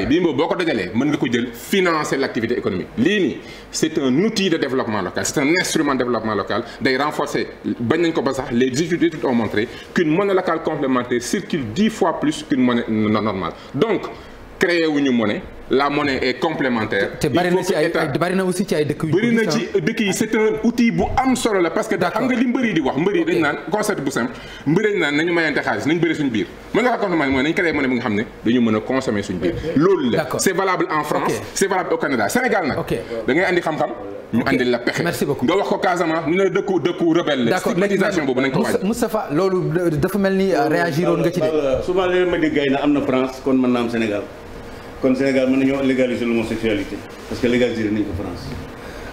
000 boo ko dajalee mën nga ko jël financer l'activité économique nii c'est un outil de développement local c'est un instrument de développement local day renforcer bañ nañ ko ba sax ont montré qu'une monnaie locale complémentaire circule dix fois plus qu'une monnaie normale donc créer wuñu monnaie la monnaie est complémentaire. te bari na ci ay bari na aussi ci ay dëkk yu. bari ci dëkk c'est un outil bu am solo la parce que. xam nga li mbëri di wax mbëri dañ naan concept bu simple. mbëri dañ naan nañu mayante xaalis nañu bëri suñu biir mën nga xam ne dañu mën a consommer suñu biir. loolu la c'est valable en France. c'est valable au Canada Sénégal nag. da andi xam-xam. ñu andil la pexe merci beaucoup nga wax ko Casamance ñu ne dëkku dëkku rebelle la stigmatisation ko waaj Moustapha loolu euh, dafa mel euh, kon Sénégal mën nañu légaliser l'homosexualité parce que légaliser nañ ko France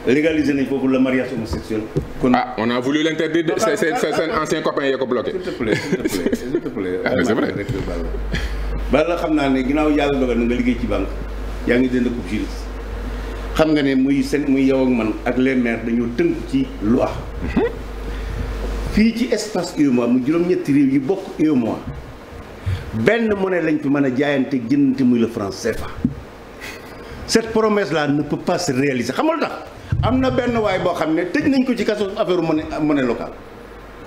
légaliser nañ foofu le mariage homosexuel. kon ah on a voulu l'interdire de c'est seen ancien copain yee ko bloqué. Ah, bala xam naa ne ginnaaw yàlla dogal na nga liggéey ci banque yaa ngi dënd coupe juriste xam nga ne muy seen muy yow ak man ak les maires dañoo tënk ci loi mhm. fii ci espace UEMOA mu juróom-ñetti réew yi bokk UEMOA benn monnaie lañ fi mën a jaayante jëndante muy le franc CFA cette promesse là ne peut pas se réaliser xam nga lu tax am na benn waay boo xam ne tëj nañ ko ci kaso affaire monnaie monnaie local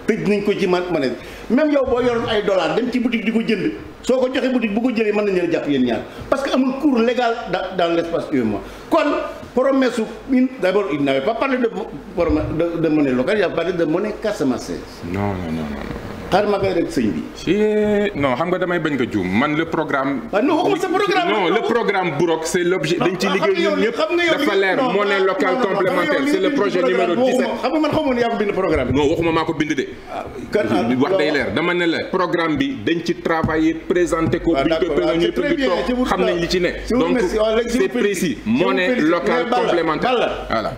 tëj nañ ko ci man monnaie même yow boo yoroon ay dollars dem ci boutique di ko jënd soo ko joxee boutique bu ko jëlee mën nañ leen jàpp yéen ñaar parce que amul cours légal dans l' espace UEMOA kon promesse une d' abord il n' avait pas parlé de de monnaie locale il a parlé de monnaie casamançaise. non non non xaaral ma koy rek sëñ bi. Eh, non xam nga damay bañ ko juum man le programme. ah non waxuma sa dañ ci ah, ah, liggéey ñun ñëpp dafa leer monnaie locale complémentaire c' est le projet numéro 17. xam nga man xamoon yaa ko bind programme bi. waxuma maa ko bind de. Ah, wax day leer dama ne la programme bi dañ ci travailler présenté ko. buñ ko présenté ñëpp di toog xam nañ li ci ne. donc c' est précis monnaie locale complémentaire voilà.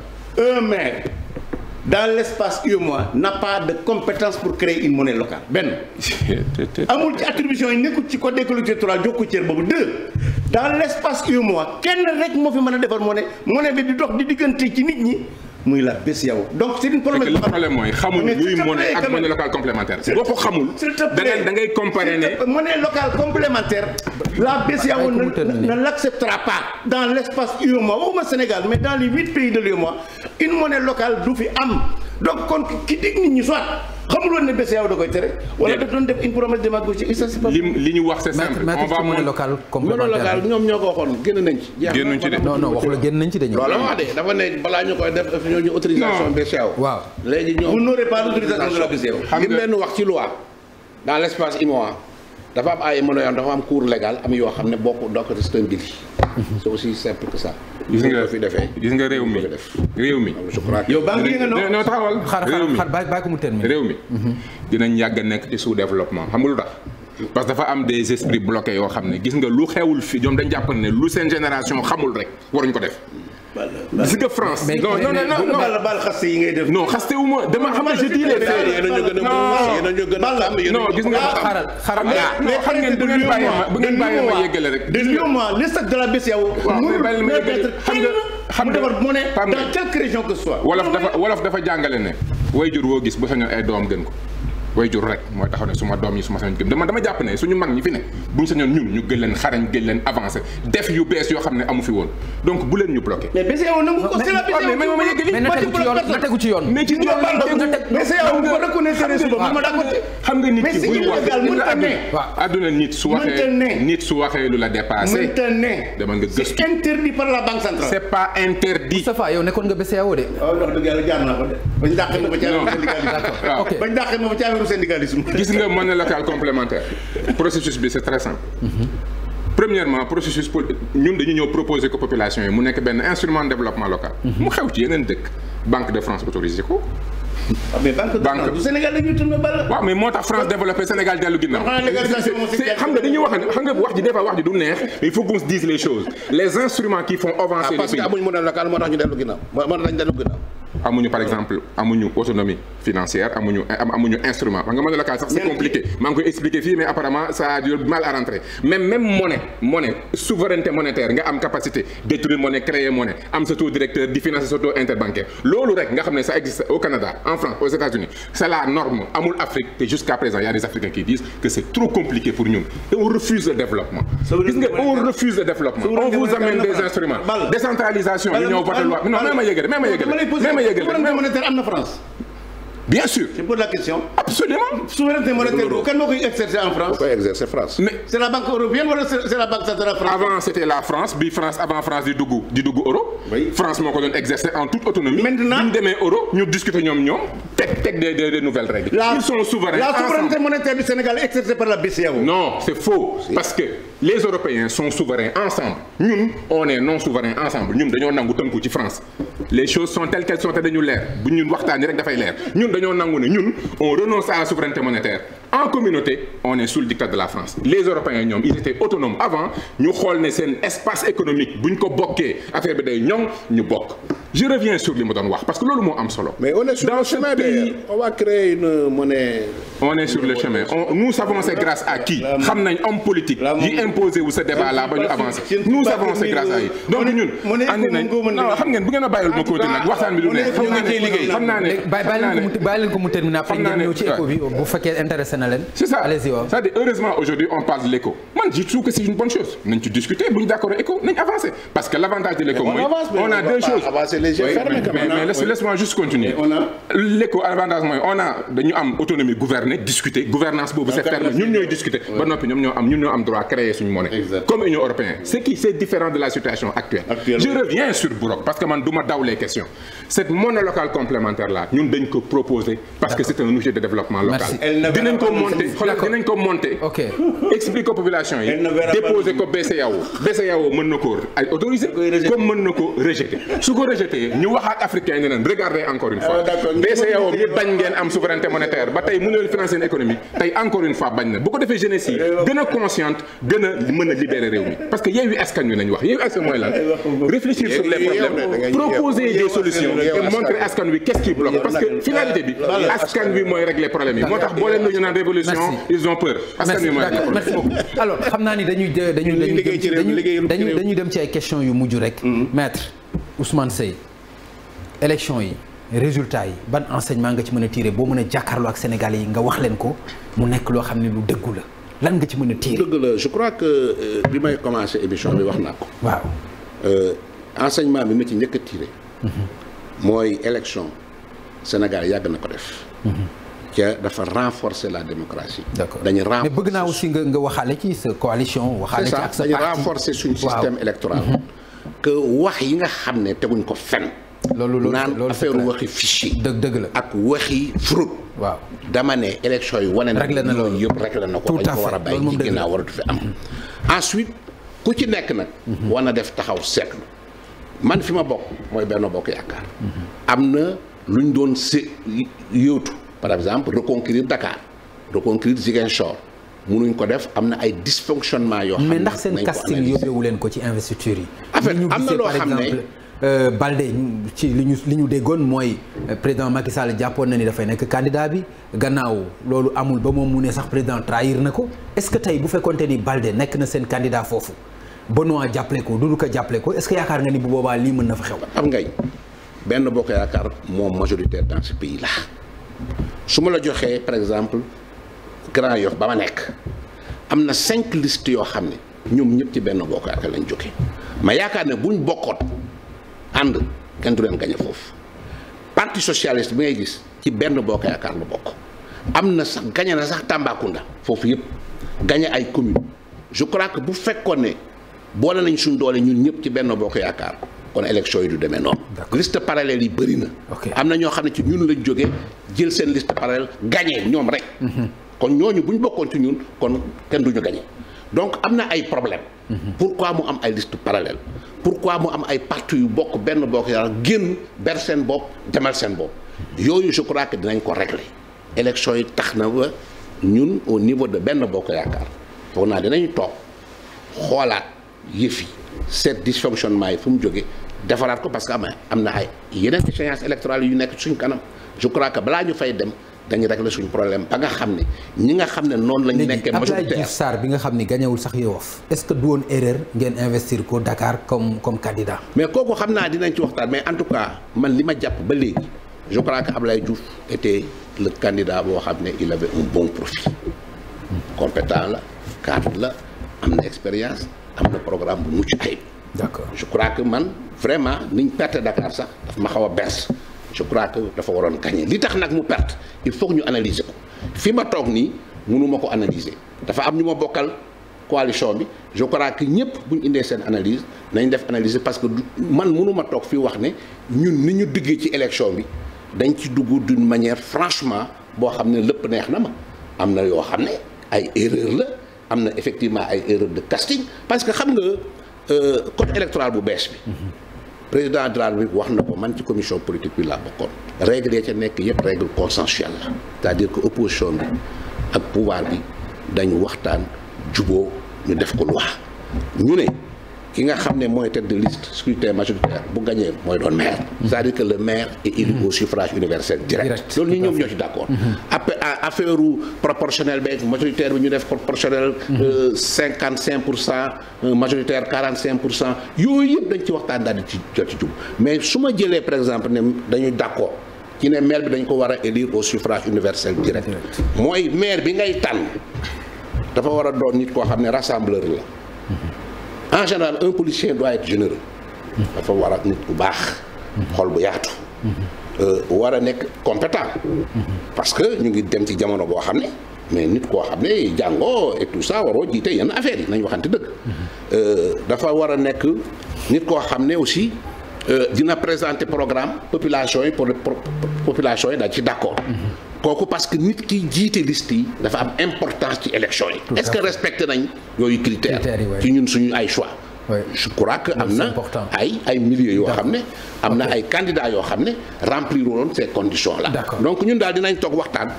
dans l'espace UEMOA n'a pas de compétence pour créer une monnaie locale benn <laughs> amul ci attribution yi nekkul ci code des collectivités territoriales jokku cër boobu deux dans l'espace UEMOA kenn rek moo fi mën a defar monnaie monnaie bi di dox di diggante ci nit ñi muy la BCEAO donc c'est une problème le problème mooy xamuñu luy monnaie ak monnaie locale complémentaire boo ko xamul da ngay comparer ne monnaie locale complémentaire la BCEAO ne l'acceptera pas dans l'espace UEMOA waxuma Sénégal mais dans les huit pays de l'UEMOA une monnaie locale du fi am donc kon ki dig nit ñi soit xamul ne BCEAO da koy tere. wala daf doon def une promesse démagogique li ñu wax c'est simple. on va monnaie locale complémentaire ñoom ñoo ko waxoon génn nañ ci. de non non génn nañ ci de. loolu wax de dafa ne balaa ñu koy def dafa ñu autorisation BCEAO. waaw léegi ñoom vous n'aurez pas l'autorisation de xam nga leen wax ci loi dans l'espace IMOA dafa am ay mëno yoon dafa am cours légal am yoo xam ne bokk doog a c'est aussi simple que ça. gis nga gis nga réew mi réew mi. yow baa ngi nga non taxawal. réew mi xaar xaar bàyyi ko mu terminer réew mi. Mhm. dinañ yàgg a nekk ci sous développement xam nga lu tax. parce que dafa am des esprits bloqués yoo xam ne gis nga lu xewul fii ñoom dañ jàpp ne lu seen génération xamul rek waruñ ko def. gis nga France. non non non non Balla Balla xaste yi ngay def. non xaste wu dama xam ne je dis les faits. yéen a ñu gën a mën yéen a ñu gën a xam. de l' humour le de la bés yow. waaw mais bàyyi la xam nga xam dans quelque région que ce wolof dafa jàngale ne. way jur woo gis bu sañoon ay doom gën ko wayjur rek mooy taxaw ne su ma doom yi su ma sañoon gëm dama dama jàpp ne suñu mag ñi fi ne buñu sañoon ñun ñu gën leen xarañ gën leen avancé def yu bees yoo xam ne amu fi woon donc bu leen ñu bloqué. mais bés yow nangu ko c'est la bés ah, yow mais ma yeggali. mais na tegu ci yoon na tegu ci yoon. mais ci yoon bi tegu mais c'est yow ko reconnaître ne suba ma d'accord xam nga nit ki buy wax àdduna nit su waxee nit su waxee lu la dépassé dama nga gëstu. c'est interdit par la banque centrale. c'est pas interdit. Moustapha yow nekkoon nga BCEAO de. waaw oh, wax dëgg yàlla jaar naa ko de. bañ dàqee ma ba ci du syndicalisme. gis nga monnaie locale complémentaire processus bi c'est très simple. premièrement processus po ñun dañu ñëw proposer ko yi mu nekk benn instrument de développement local. mu xew ci yeneen dëkk Banque de France autorisé ko. Ah, banque du France développé Sénégal dellu ginnaaw. Ah, xam nga dañuy wax xam nga wax ji des wax du neex. il faut qu'on se les choses les instruments qui font avancer. Ah, le pays parce que local moo tax ñu dellu ginnaaw amuñu par exemple amuñu autonomie financière amuñu eh, amuñu instrument wax nga monnaie locale sax c'est compliqué maa ngi koy expliquer fii mais apparemment ça a du mal à rentrer mais même monnaie monnaie souveraineté monétaire nga am capacité détruire monnaie créer monnaie am sa taux directeur di financer sa taux interbancaire loolu rek nga xam ne ça existe au Canada en France aux États-Unis c'est la norme amul Afrique te jusqu'à présent y a des Africains qui disent que c'est trop compliqué pour ñun et on refuse le développement gis nga on refuse le développement on vous amène des instruments décentralisation li ñëw voté loi non même ma yëgale même ma yëgale sénégalais. problème monétaire am na France. bien sûr. absolument. monétaire boobu kan moo koy exercer en France. mais c'est la banque européenne avant c'était la France bi France avant France di dugg di dugg euro. France moo ko doon exercer en toute autonomie. maintenant bi ñu demee euro ñu discuter ñoom ñoom teg teg des nouvelles règles. la souveraineté monétaire du Sénégal exercée par la BCEAO. non c'est faux parce que les Européens sont souverains ensemble ñun on est non souverains ensemble ñun dañoo nangu tënku ci France dañoo nangu ne ñun on renonce à la souveraineté monétaire en communauté on est sous le dictat de la France les européens ñoom ils étaient autonomes avant ñu xool ne seen espace économique bu ñu ko bokkee affaire bi day ñoŋ ñu bokk je reviens sur li ma doon wax parce que loolu moo am solo. dans le chemin pays, nous savons c'est grâce à qui. xam nañ homme politique. yi imposé wu ce débat là ba ñu avancé. nous savons c'est grâce à yi donc ñun. andi nañ non xam ngeen bu ngeen a bàyyi leen ko mu terminer après bi bu fekkee intéressé na c'est ça heureusement aujourd'hui on parle de l'éco man je trouve que c'est discuter bu d'accord on a deux choses mais laisse-moi juste continuer l'éco avantage mooy on a dañu am autonomie gouverner discuter gouvernance boobu c'est ferme discuter ba noppi ñoom ñoo am ñun créer comme Union européenne ce qui c'est différent de la situation actuelle je reviens sur Burok parce que man duma poser parce que c'est un outil de développement local. dinañ ko monter explique population yi. déposer ko BCEAO BCEAO mën na ko autoriser. comme mën na ko rejeter su ko rejeter ñu waxaat africain ne leen encore une fois. BCEAO bi bañ ngeen am souveraineté monétaire ba tey mënu leen financer économique tey encore une fois bañ na bu ko defee jeunesse yi gën consciente gën a mën réew mi parce que Yewwi Askan Wi nañ wax Yewwi Askan mooy lan réfléchir sur bi askan bi mooy régler problème yi moo tax boo leen ñu naan révolution ils ont peur askan bi mooy régler merci beaucoup alors xam naa ni dañuy dañuy dañuy dañuy dem ci ay questions yu mujj rek mm-hmm. maître Ousmane Seye élection yi résultat yi ban enseignement nga ci mën a tirer boo mën a jàkkaarloo ak Sénégalais yi nga wax leen ko mu nekk loo xam ne lu dëggu la lan nga ci mën a tirer. dëgg la je crois que euh, bi may commencé émission bi wax naa ko. waaw euh, enseignement bi ma ci njëkk a mm-hmm. mooy élection. Sénégal yàgg na ko def. Mhm. ca dafa renforcer la démocratie. d'accord dañu renforcer mais bëgg naa aussi nga nga waxaale ci sa coalition. waxaale ci ak sa parti dañu renforcer suñu système électoral. Mhm. que wax yi nga xam ne teguñ ko fen loolu loolu naan affaire waxi fichier. dëgg dëgg la ak waxi fraude. waaw dama ne élection yi wane na. réglé na loolu yëpp réglé na ko. tout à fait dañ ko war a bàyyi ci ginnaaw waratu fi ci nekk nag. Mhm. war na def taxaw seetlu man fi ma bokk mooy benn bokk yaakaar. am na. lu ñu doon si yóotu par exemple reconquérir Dakar reconquérir Ziguinchor mënuñ ko def am na ay dysfonctionnement yoo xam ne mais ndax seen casting yóbbeewu leen ko ci investiture yi. en fait am na loo xam euh, ci li ñu li ñu déggoon mooy euh, président Macky Sall jàppoon na ni dafay nekk candidat bi gannaaw loolu amul ba moom mu ne sax président trahir na ko est-ce que tey bu fekkonte ni Balde nekk na seen candidat foofu Benoît jàppale ko Doudou Ka jàppale ko est-ce que yaakaar nga ni bu boobaa lii mën na fa xew. am ngay benn bokk yaakaar moom majoritaire dans ce pays là su ma la joxee par exemple Grand Yoff ba ma nekk am na cinq listes yoo xam ne ñoom ñëpp ci benn bokk yaakaar lañ jóge ma yaakaar ne buñ bokkoon ànd kenn du foofu parti socialiste bi ngay gis ci benn bokk yaakaar bokk am na sax gañe na sax Tambacounda foofu yëpp gañe ay commune je crois que bu fekkoon ne boole nañ suñ doolee ñun ñëpp ci benn bokk yaakaar kon élection yi du demee noonu. liste parallèle yi bëri na. am na ñoo xam ne ci ñun lañ jógee jël seen liste parallèle gagné ñoom rek. Mhm. kon ñooñu bu ñu bokkoon ci ñun kon kenn du ñu gagné donc am na ay problème mhm. pourquoi mu am ay liste parallèle pourquoi mu am ay parti yu bokk benn bokk yàlla génn ber seen bopp demal seen bopp yooyu je crois que dinañ ko régler élection yi tax na ba ñun au niveau de benn bokk yaakaar foog naa dinañ toog xoolaat yëf yi seet yi fu mu jógee defaraat ko parce que am am na ay yeneen échéance électorale yu nekk suñ kanam je crois que balaa ñu fay dem dañu régler suñu problème ba nga xam ne ñi nga xam ne noonu lañu nekkee Abdoulaye Diouf Sarr bi nga xam ne gañewul sax Yoff est-ce que du woon erreur ngeen investir ko Dakar comme comme candidat mais kooku xam naa dinañ ci waxtaan mais en tout cas man li ma jàpp ba léegi je crois que am lay Diouf était le candidat boo xam ne il avait un bon profil hmm. compétent la cadre la am na expérience am na programme bu mucc ayib d'accord je crois que man vraiment niñ perte Dakar sax daf ma xaw a bees je crois que dafa waroon gagné li tax nag mu perte il faut ñu analyser ko fi ma toog nii munuma ko analyser dafa am ñu ma bokkal coalition bi je crois que ñëpp bu ñu indee seen analyse nañ def analyse parce que man munuma toog fii wax ne ñun ni ñu diggee ci élection bi dañ ci dugg d'une manière franchement boo xam ne lépp neex na ma am na yoo xam ne ay erreur la am na effectivement ay erreur de casting Euh, code électoral bu bees bi. président de la wax na ko man ci commission politique bi laa bokkoon. règle ya ca nekk yëpp règle consensuelle la. c'est-à-dire que opposition bi ak pouvoir bi dañu waxtaan juboo ñu def ko loi ñu ne. ki nga xam ne mooy tête de liste scrutin bu gagné mooy doon maire. c'est-à-dire que le maire est élu mhm. au suffrage universel direct. loolu ñun ñoom ñoo ci d'accord. Mhm. après affaire proportionnel beeg majoritaire bi ñu def proportionnel. 55 mhm. euh, pour cent euh, majoritaire 45 pour yooyu yëpp dañ ci waxtaan daal di ci jot ci jub mais su ma jëlee par exemple ne dañuy d'accord ci ne maire bi dañ ko war a élire au suffrage universel direct. mooy maire bi ngay tànn dafa war a doon nit koo xam ne rassembleur la. en général un policier doit être généreux. dafa war a nit bu baax. xol bu yaatu. Euh, war a nekk compétent. parce que ñu ngi dem ci jamono boo xam ne mais nit koo xam ne jàngoo et tout ça waroo jiite yenn affaires yi nañu waxante dëgg. Euh, dafa war a nekk nit koo xam ne aussi. Euh, dina présenter programme population yi pour population yi daal ci d' accord. Mhm. kooku parce que nit ki jiite liste yi dafa am importance ci élection yi. est ce que respecté nañ yooyu critères ci ñun suñu ay choix. je crois que am na ay ay milieux yoo xam ne am na ay candidats yoo xam ne remplir woon ces conditions la là donc ñun daal dinañ toog waxtaan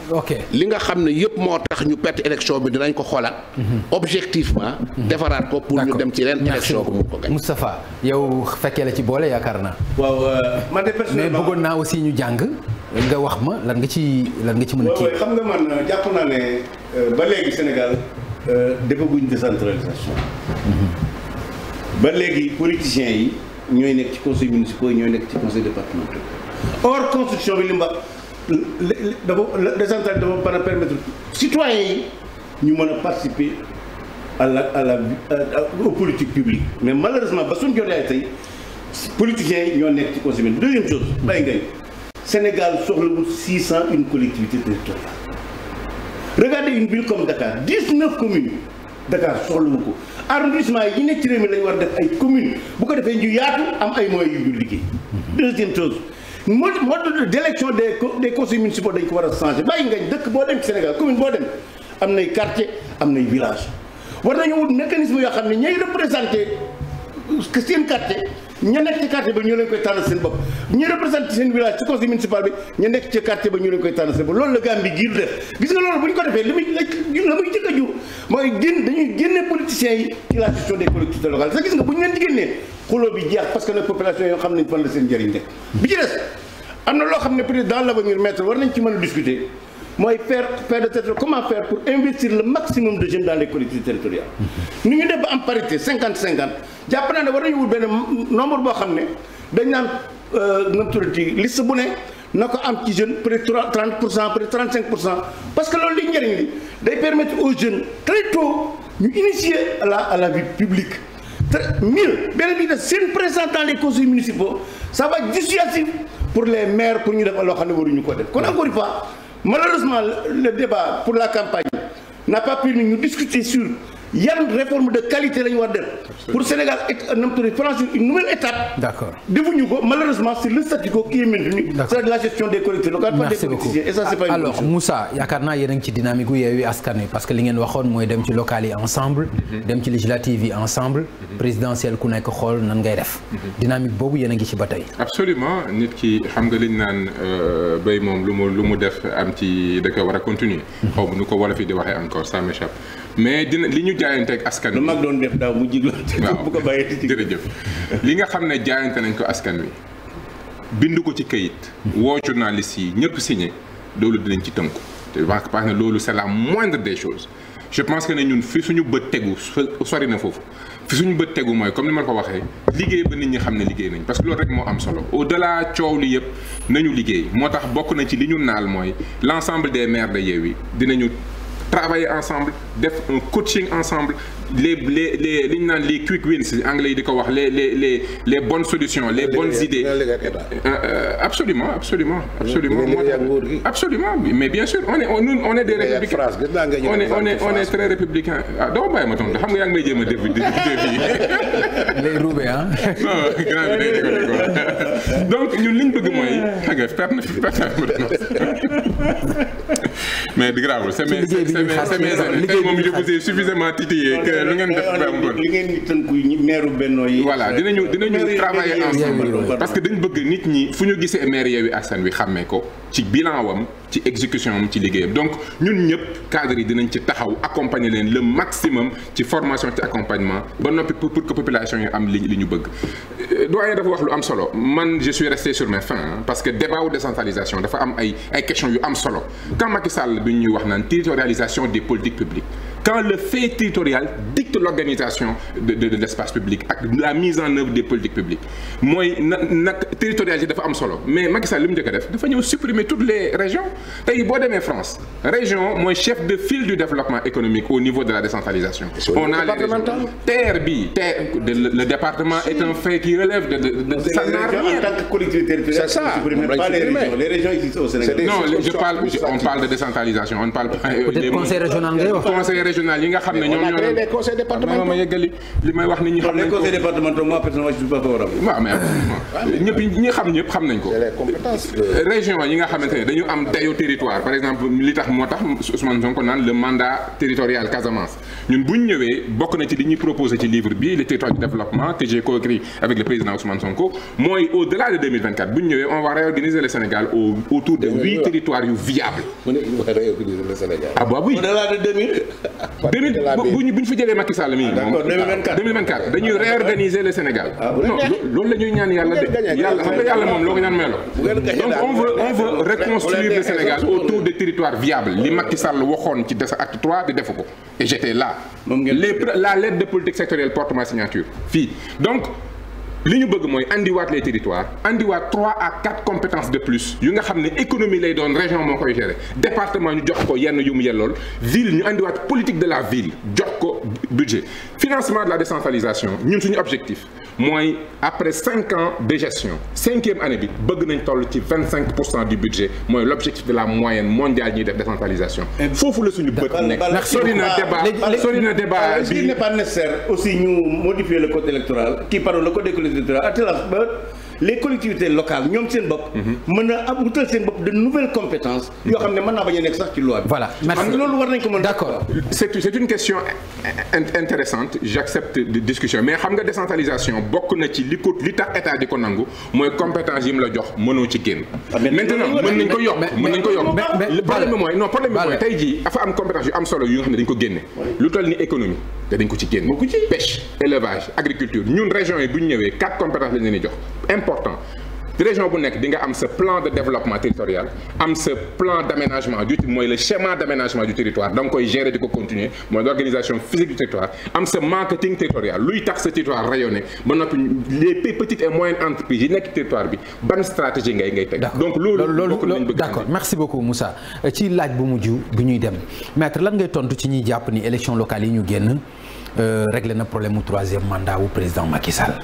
li nga xam ne yëpp moo tax ñu perte élection bi dinañ ko xoolaat mhm. objectivement mhm. defaraat ko pour ñu dem ci ren élection bu mu ko gañ Moustapha yow fekkee la ci boole yaakaar naa waaw euh, man de personnellement mais bëggoon naa aussi ñu jàng nga wax ma lan nga ci lan nga ci mën a kii xam nga man euh, jàpp naa ne euh, ba léegi Sénégal defaguñ décentralisation mhm. ba léegi politiciens yi ñooy nekk ci conseil municipal ñooy nekk ci conseil départemental or construction bi li mu wax dafa décentralisation dafa mën a permettre citoyens yi ñu mën a participer à la à la aux politiques mais malheureusement ba suñ jotee ay tey politiciens yi ñoo nekk ci conseil bi deuxième chose bàyyi ngay Sénégal soxlawul six cent une collectivité territoriale regardez une ville comme Dakar dix neuf communes Dakar soxlawu ko arrondissement yi nekk mi lañu war def ay commune bu ko defee ñu yaatu am ay moyens yu ñu liggéey. deuxième chose mode mode de des des conseils municipaux dañ ko war a changer bàyyi ngañ dëkk boo dem ci Sénégal commune boo dem am nay quartier am nay village war nañu wut mécanisme yoo xam ne ñooy représenté seen quartier. ña nekk ci quartier ba ñoo leen koy tànn seen bopp ñu représenté seen village ci conseil municipal bi ña nekk ci quartier ba ñoo leen koy tànn seen bopp loolu la Gambie gii def gis nga loolu bu ñu ko defee li muy la jur mooy génn dañuy génne politiciens yi ci la gestion des collectivités locales sax gis nga bu ñu leen di génnee xuloo bi jeex parce que nag population yoo xam nañ fan la seen njëriñ nekk bi ci am na loo xam ne peut-être dans l'avenir maître war nañ ci mooy faire faire de cette comment faire pour investir le maximum de jeunes dans les collectivités territoriales. Mhm. nu ñu def ba am parité cinquante cinquante jàpp naa ne war nañu wut benn nombre boo xam ne dañ naan euh, nam tuddati liste bu ne na ko am ci jeune près trente pour cent près trente cinq pour cent parce que loolu li njëriñ li day permettre aux jeunes très tôt ñu initier à la à la vie publique. te mille beneen bi def seen présence dans les conseils municipaux sa va dissuasif pour les maires pour ñu def loo xam ne waruñu ko def kon encore une fois. Malheureusement, le débat pour la campagne n'a pas permis de discuter sur yan réforme de qualité la ñu war def pour Sénégal euh, nam tudd franchir une nouvelle étape d'accord defuñu ko malheureusement c'est le statu quo qui est maintenu c'est la gestion des collectivités locales pas des politiciens et ça c'est pas alors Moussa yaakaar naa yéen a ngi ci dynamique gu Yewwi Askan Wi parce que li ngeen waxoon mooy dem ci local yi ensemble mhm. dem ci législative yi ensemble mhm. présidentielle ku nekk xool nan ngay def mhm. dynamique boobu yéen a ngi ci ba tey absolument nit ki xam nga liñ naan euh, béy moom lu mu lu mu def am ci da ko war a continuer xaw ma nu ko wala fi di waxee encore ça m'échappe mais dina li ñu jaayanteeg askan wi lu mag nga xam ne jaayante nañ ko askan wi bind ko ci kayit woo journaliste yi ñëpp signé loolu dinañ ci tënku te parce que loolu c'est la moindre des choses je pense que ne ñun fi suñu bët tegu sori na foofu fi suñu bët tegu mooy comme ni ma ko waxee liggéey ba nit ñi xam ne liggéey nañ parce que loolu rek moo am solo au delà coow li yëpp nañu liggéey moo tax bokk na ci li ñu naal mooy l'ensemble des maires de Yewwi dinañu travailler ensemble def un coaching ensemble les les les li ñu naan les quick wins anglais yi di ko wax les les les les bonnes solutions les bonnes idées euh, euh, absolument absolument absolument absolument mais bien sûr on est on nous on est des républicains on est on est on est très républicain ah dama bàyyi ma tontu xam nga yaa ngi may jéem a déglu les roubés ah. donc ñun li ñu bëgg mooy xam nga perte na perte na mais di grave c'est mes c'est mes c'est mes moom je vous ai suffisamment titillé que Euh, lu ngeen def li ngeen di tënku meeru bennoo yi. voilà dinañu dinañu parce que dañ bëgg nit ñi fu ñu gisee maire Yewwi Askan Wi xàmmee ko ci bilan wam ci exécution am ci liggéeyam donc ñun ñëpp cadre yi dinañ ci taxaw accompagner leen le maximum ci formation ci accompagnement ba noppi pour que population yi am li li ñu bëgg. Euh, doyen dafa wax lu am solo man je suis sur mes fins parce que débat wu décentralisation dafa am ay ay yu am solo quand Macky Sall ñuy wax naan territorialisation des politiques publiques. quand le fait territorial dicte l'organisation de l'espace public ak en œuvre des politiques publiques mooy na nag territorialité dafa solo mais Macky Sall li mu njëkk a def supprimer toutes les régions tey boo demee France région mooy chef de file du développement économique au niveau de la décentralisation. on a les terre bi terre le département est un fait qui relève de de de. ça n'a non je parle de décentralisation on parle pas. conseil conseil régional. régionales yi nga xam ne ñoom ñoo. créé des conseils ah, yeggali li may wax nit ñi xam nañ ko les ah, ah, ñi xam xam nañ ko. dañu am dayo territoire par exemple li tax moo tax Ousmane Sonko naan le mandat territorial Casamance ñun bu ñu ñëwee bokk na ci li ñuy proposé ci livre bi le territoire du développement que j'ai coécrit avec le président Ousmane Sonko mooy au delà de bu ñëwee on va réorganiser le Sénégal au autour de huit territoires yu viables. mu ne il bu ñu fi jëlee Macky Sall mii. d'accord 2024 2024 dañuy ah, réorganiser le Sénégal. Ah, non loolu la ñuy ñaan yàlla de yàlla xam nga yàlla moom loo ko ñaan meeloo. donc on veut on veut reconstruire le Sénégal autour des territoires viables li Macky Sall waxoon ci des acte 3 di defu ko. la lettre de politique sectorielle porte ma signature fii donc. li ñu bëgg mooy indiwaat les territoires andiwaat trois à quatre compétences de plus yu nga xam ne économie lay doon région moo koy gérer département ñu jox ko yenn yu mu yellool ville ñu indiwaat politique de la ville jox ko budget financement de la décentralisation ñun suñu objectif mooy après cinq ans de gestion cinquième année bi bëgg nañ toll ci vingt cinq pour cent du mooy l' objectif la moyenne mondiale ñuy def décentralisation. foofu la suñu bët nekk sori na débat sori na débat bi. il n' est pas nécessaire aussi ñu modifier le code électoral qui parle le code électoral les collectivités locales ñoom seen bopp. Mhm. mën a ab wutal seen bopp de nouvelles compétences. Mhm. yoo xam ne mën naa bañ a nekk sax ci loi bi. voilà merci xam nga loolu war nañ ko mën d'accord c'est une question intéressante j'accepte de discussion mais xam nga décentralisation bokk na ci li ko li tax état di ko nangu mooy compétence yi mu la jox mënoo ci génn. Ah, maintenant mën nañ ko yokk mën nañ ko yokk. problème bi mooy problème bi mooy tey jii dafa am compétence yu am solo yu nga xam ne dañ ko génne. danañ ko ci génn pêche élevage agriculture ñun région yi bu ñu ñëwee quatre compétences lañ leen di jox important région bu nekk di nga am sa plan de développement territorial am sa plan d' du mooy le schéma d' aménagement du territoire da nga koy gérer di ko continuer mooy l' organisation physique du territoire am sa marketing territorial luy tax sa territoire rayonné ba noppi les petites et moyennes entreprises yi nekk territoire bi ban stratégie ngay ngay teg. donc loolu loolu d' accord merci beaucoup Moussa euh, ci laaj bu mujj bi ñuy dem maître lan ngay tontu ci ñuy jàpp ni élection locale ñu génn euh, réglé na problème mu troisième mandat wu président Macky Sall.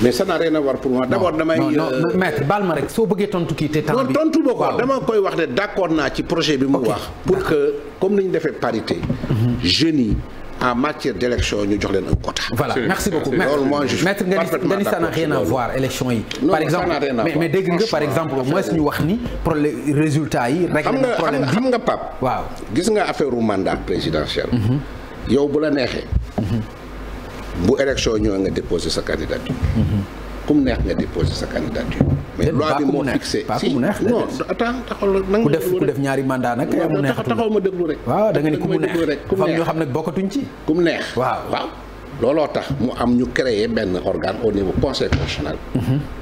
mais ça n'a rien à voir pour moi. d'abord damay. non non euh, maître baal ma rek soo bëggee tontu kii te temps tontu boo ko dama koy wax ne d'accord naa ci projet bi mu wax. pour que comme ni ñu defee parité. Mhm. jeunes yi en matière d'élection ñu jox leen un quota. voilà merci beaucoup maître nga ni ça n'a rien à voir élection yi. par exemple mais mais dégg nga par exemple mooy suñu wax ni problème résultat yi. rek problème bi xam nga Pape. waaw gis nga affaire mandat présidentiel. Mhm. yow bu la neexee. Mhm. bu élection ñëwee nga déposer sa candidature. ku mu neex nga déposer sa candidature. mais loi bi moo fixé si non attends taxawal na ku def ku def ñaari mandat nag. mu neex taxaw ma déglu rek. waaw da nga ni ku mu neex dafa xam ne bokkatuñ ci. ku mu neex waaw waaw. looloo tax mu am ñu créer benn organe au niveau conseil constitutionnel.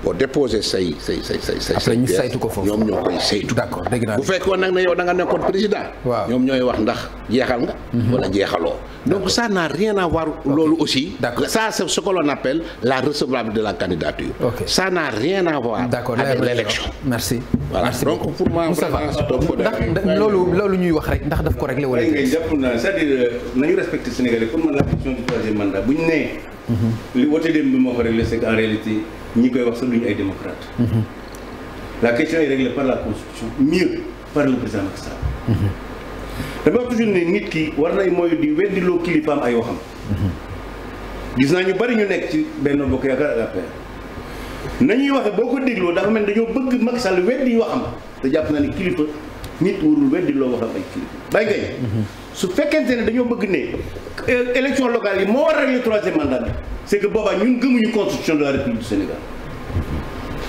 boo mhm. déposer say say say say say. après ñu saytu ko foofu ñoom ñoo koy saytu. d'accord dégg naa bu fekkoon nag ne yow da nga nekkoon président. waaw ñoom ñooy wax ndax jeexal nga. Mhm. wala jeexaloo. donc ça n'a rien à voir loolu aussi. d'accord ça c'est ce que l'on appelle la recevabilité de la candidature. ok ça n'a rien à voir. d'accord avec l'élection. merci voilà donc pour moi. vraiment loolu loolu ñuy wax rek ndax daf ko régler wala. c'est-à-dire euh, nañu respecter Sénégalais comme la question du troisième mandat. bu ñu nee. Mhm. li wote dem bi moo ko réglé c'est qu'en réalité ñi koy wax sax duñu ay démocrate. Mhm. la question est réglée par la constitution mieux par le président Macky Sall. Mhm. dama wax toujours nit ki war nay mooy di weddiloo kilifaam ay waxam. gis naa ñu bari ñu nekk ci benn bokk yaakaar ak affaire nañuy waxe boo ko dégloo dafa mel dañoo bëgg Macky Sall weddi waxam te jàpp naa ne kilifa nit warul weddi loo waxam ay kilifa day ngay su fekkente ne dañoo bëgg ne euh, élection locale yi moo war a régler troisième mandat bi c'est que boobaa ñun gëmuñu constitution de la république du Sénégal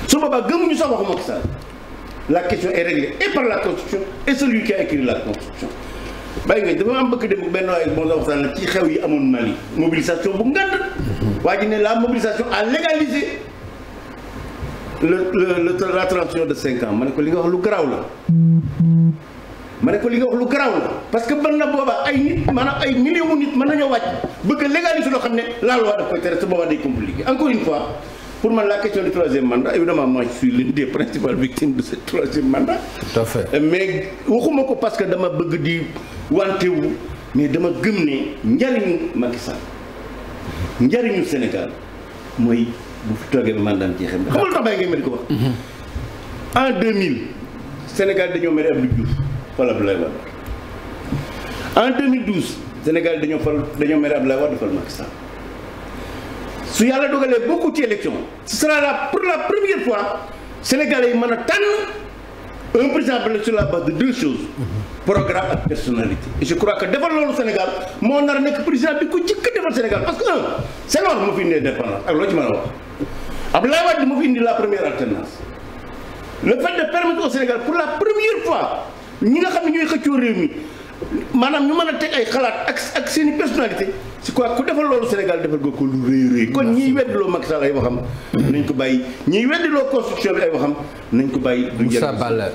su boobaa gëmuñu sax waxu Macky Sall la question est réglée et par la constitution et celui qui a écrit la constitution bàyyi nga dafa am bëgg dem benn waaye moo la waxtaan la ci xew yi amoon Mali mobilisation bu ngand waa ji ne la mobilisation a légalisé le le la transition de cinq ans ma ne ko li nga wax lu garaaw la ma ne ko li nga wax lu garaaw la parce que na boobaa ay nit maanaam ay millions nit mën nañoo wàcc bëgg a légaliser loo xam ne la loi daf koy tere su boobaa day compliqué encore une fois pour man la question du troisième mandat évidemment moi je suis l'une des principales victimes de waxuma ko parce que dama bëgg di wantewu mais dama gëm ne njariñu Macky Sall njariñu Sénégal mooy bu fi toogee ba mandaam jeexee. xam nga lu ko wax. Mhm. en 2000 Sénégal dañoo mere Abdou Diouf. fal Abdoulaye Wade en 2012 Sénégal dañoo fal dañoo mere Abdoulaye Wade fal Macky Sall su yàlla dogalee beaucoup ci élection ce sera la pour la première fois Sénégalais yi mën a tànn un président sur la base de deux choses programme ak personnalité et je crois que defal loolu Sénégal moo nar a nekk président bi ko jëkk defal Sénégal parce que un Senghor moo fi indi indépendance ak loo ci mën a wax Abdoulaye Wade moo fi indi la première alternance le fait de permettre au Sénégal pour la première fois ñi nga xam ne ñooy xëccoo réew mi maanaam ñu mën a teg ay xalaat ak ak seen i personnalité c'est ku defal loolu Sénégal defal nga ko lu rëy rëy kon ñiy weddiloo Macky Sall ay waxam nañ ko bàyyi ñiy weddiloo constitution bi ay waxam nañ ko bàyyi du Moussa Balla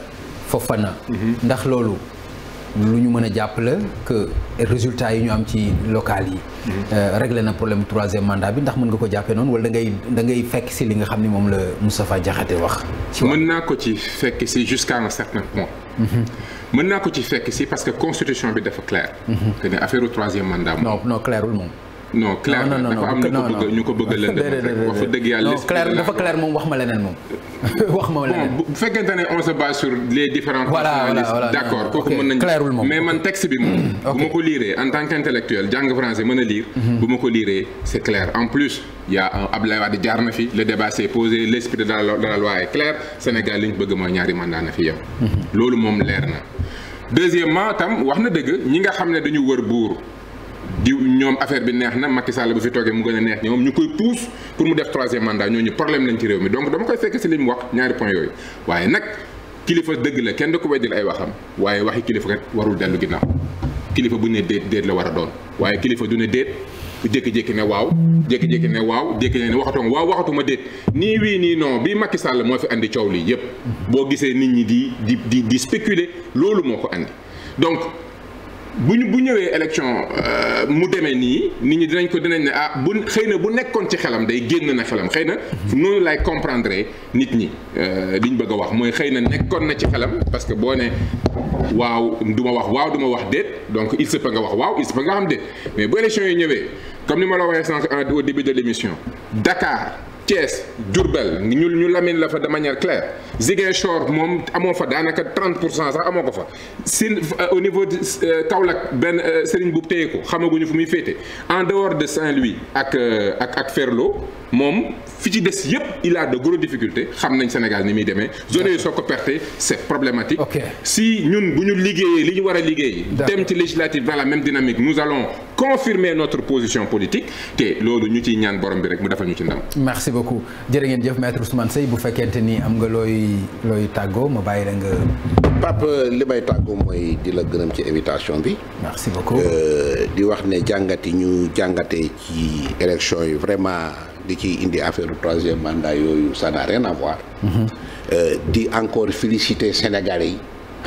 Fofana mhm. ndax loolu lu ñu mën a jàpp la que résultat yi ñu am ci local yi. Euh, réglé na problème troisième mandat bi ndax mën nga ko jàppee noonu wala da ngay da ngay fekk si li nga xam ni moom la Moustapha Diakhaté wax. mën naa ko ci fekk si jusqu'à un certain point. Mhm. mën naa ko ci fekk si parce que constitution bi dafa clair. Mhm. que ne troisième mandat moom. non non clairul moom. non clair non non non ñu ko bëgg a lëndëm wax dëgg yàlla clair dafa clair moom wax ma leneen moom <laughs> wax ma leneen bu fekkente ne on se base sur les différents nationalistes d'accord kooku mën nañu moom mais man texte bi moom bu ma ko liiree en tant qu'intellectuel jàng français mën a lire mhm. bu ma ko liiree c'est clair en plus y a Abdoulaye Wade jaar na fi le débat s'est posé l'esprit de la loi est clair Sénégal li ñu bëgg mooy ñaari mandat na fi yow mhm. loolu moom leer na deuxièmement tam wax na dëgg ñi nga xam ne dañu wër buur di ñoom affaire bi neex na Macky Sall bu fi toogee mu gën a neex ñoom ñu koy pousse pour mu def troisième mandat ñooñu problème lañ ci réew mi donc dama koy fekk si li mu wax ñaari point yooyu waaye nag kilifa dëgg la kenn du ko weddil ay waxam waaye waxi kilifa kat warul dellu ginnaaw kilifa bu ne déet déet la war a doon waaye kilifa du ne déet jékki-jékki ne waaw jékki-jékki ne waaw jékki-jékki ne waxatuma waaw waxatuma déet nii wii nii non bi Macky Sall moo fi andi coow lii yëpp boo gisee nit ñi di di di di spéculer loolu moo ko andi donc bu ñu bu ñëwee élection euh, mu demee nii nit ñi dinañ ko dinañ ne ah bu xëy na bu nekkoon ci xelam day génn na xelam xëy na noonu lay comprendre nit ñi euh, liñ bëgg a wax mooy xëy na nekkoon na ci xelam parce que boo ne waaw du ma wax waaw du ma wax déet donc il se peut nga wax waaw il se peut nga xam déet mais bu élection yi ñëwee comme ni ma la waxee sànq en euh, début de l' émission Dakar. Thiès Diourbel ñu ñu lamine la fa de manière claire Ziguinchor moom amoo fa daanaka 30 pour cent sax amoon ko fa si euh, au niveau de euh, Kaolack benn euh, Serigne bu téye ko xamaguñu fu muy féete en dehors de Saint-Louis ak ak ak Ferlo moom fi ci des yëpp il a de grosses difficultés xam nañ Sénégal ni muy demee zone yooyu soo ko pertee c'est problématique si ñun bu ñu liggéeyee li ñu war a liggéey dem ci législative dans la même dynamique nous allons confirmer notre position politique te loolu ñu ciy ñaan borom bi rek mu defal ñu ci ndam merci beaucoup jërë ngeen jëf maître Ousmane Seye bu fekkente ni am nga looy looy tàggoo ma bàyyi la nga Pape li may tàggoo mooy di la gërëm ci invitation bi merci beaucoup euh, di wax ne jàngat yi ñu jàngatee ci élection yi vraiment di ciy indi affaire troisième mandat yooyu ça n'a rien à mhm. euh, di encore féliciter Sénégalais yi.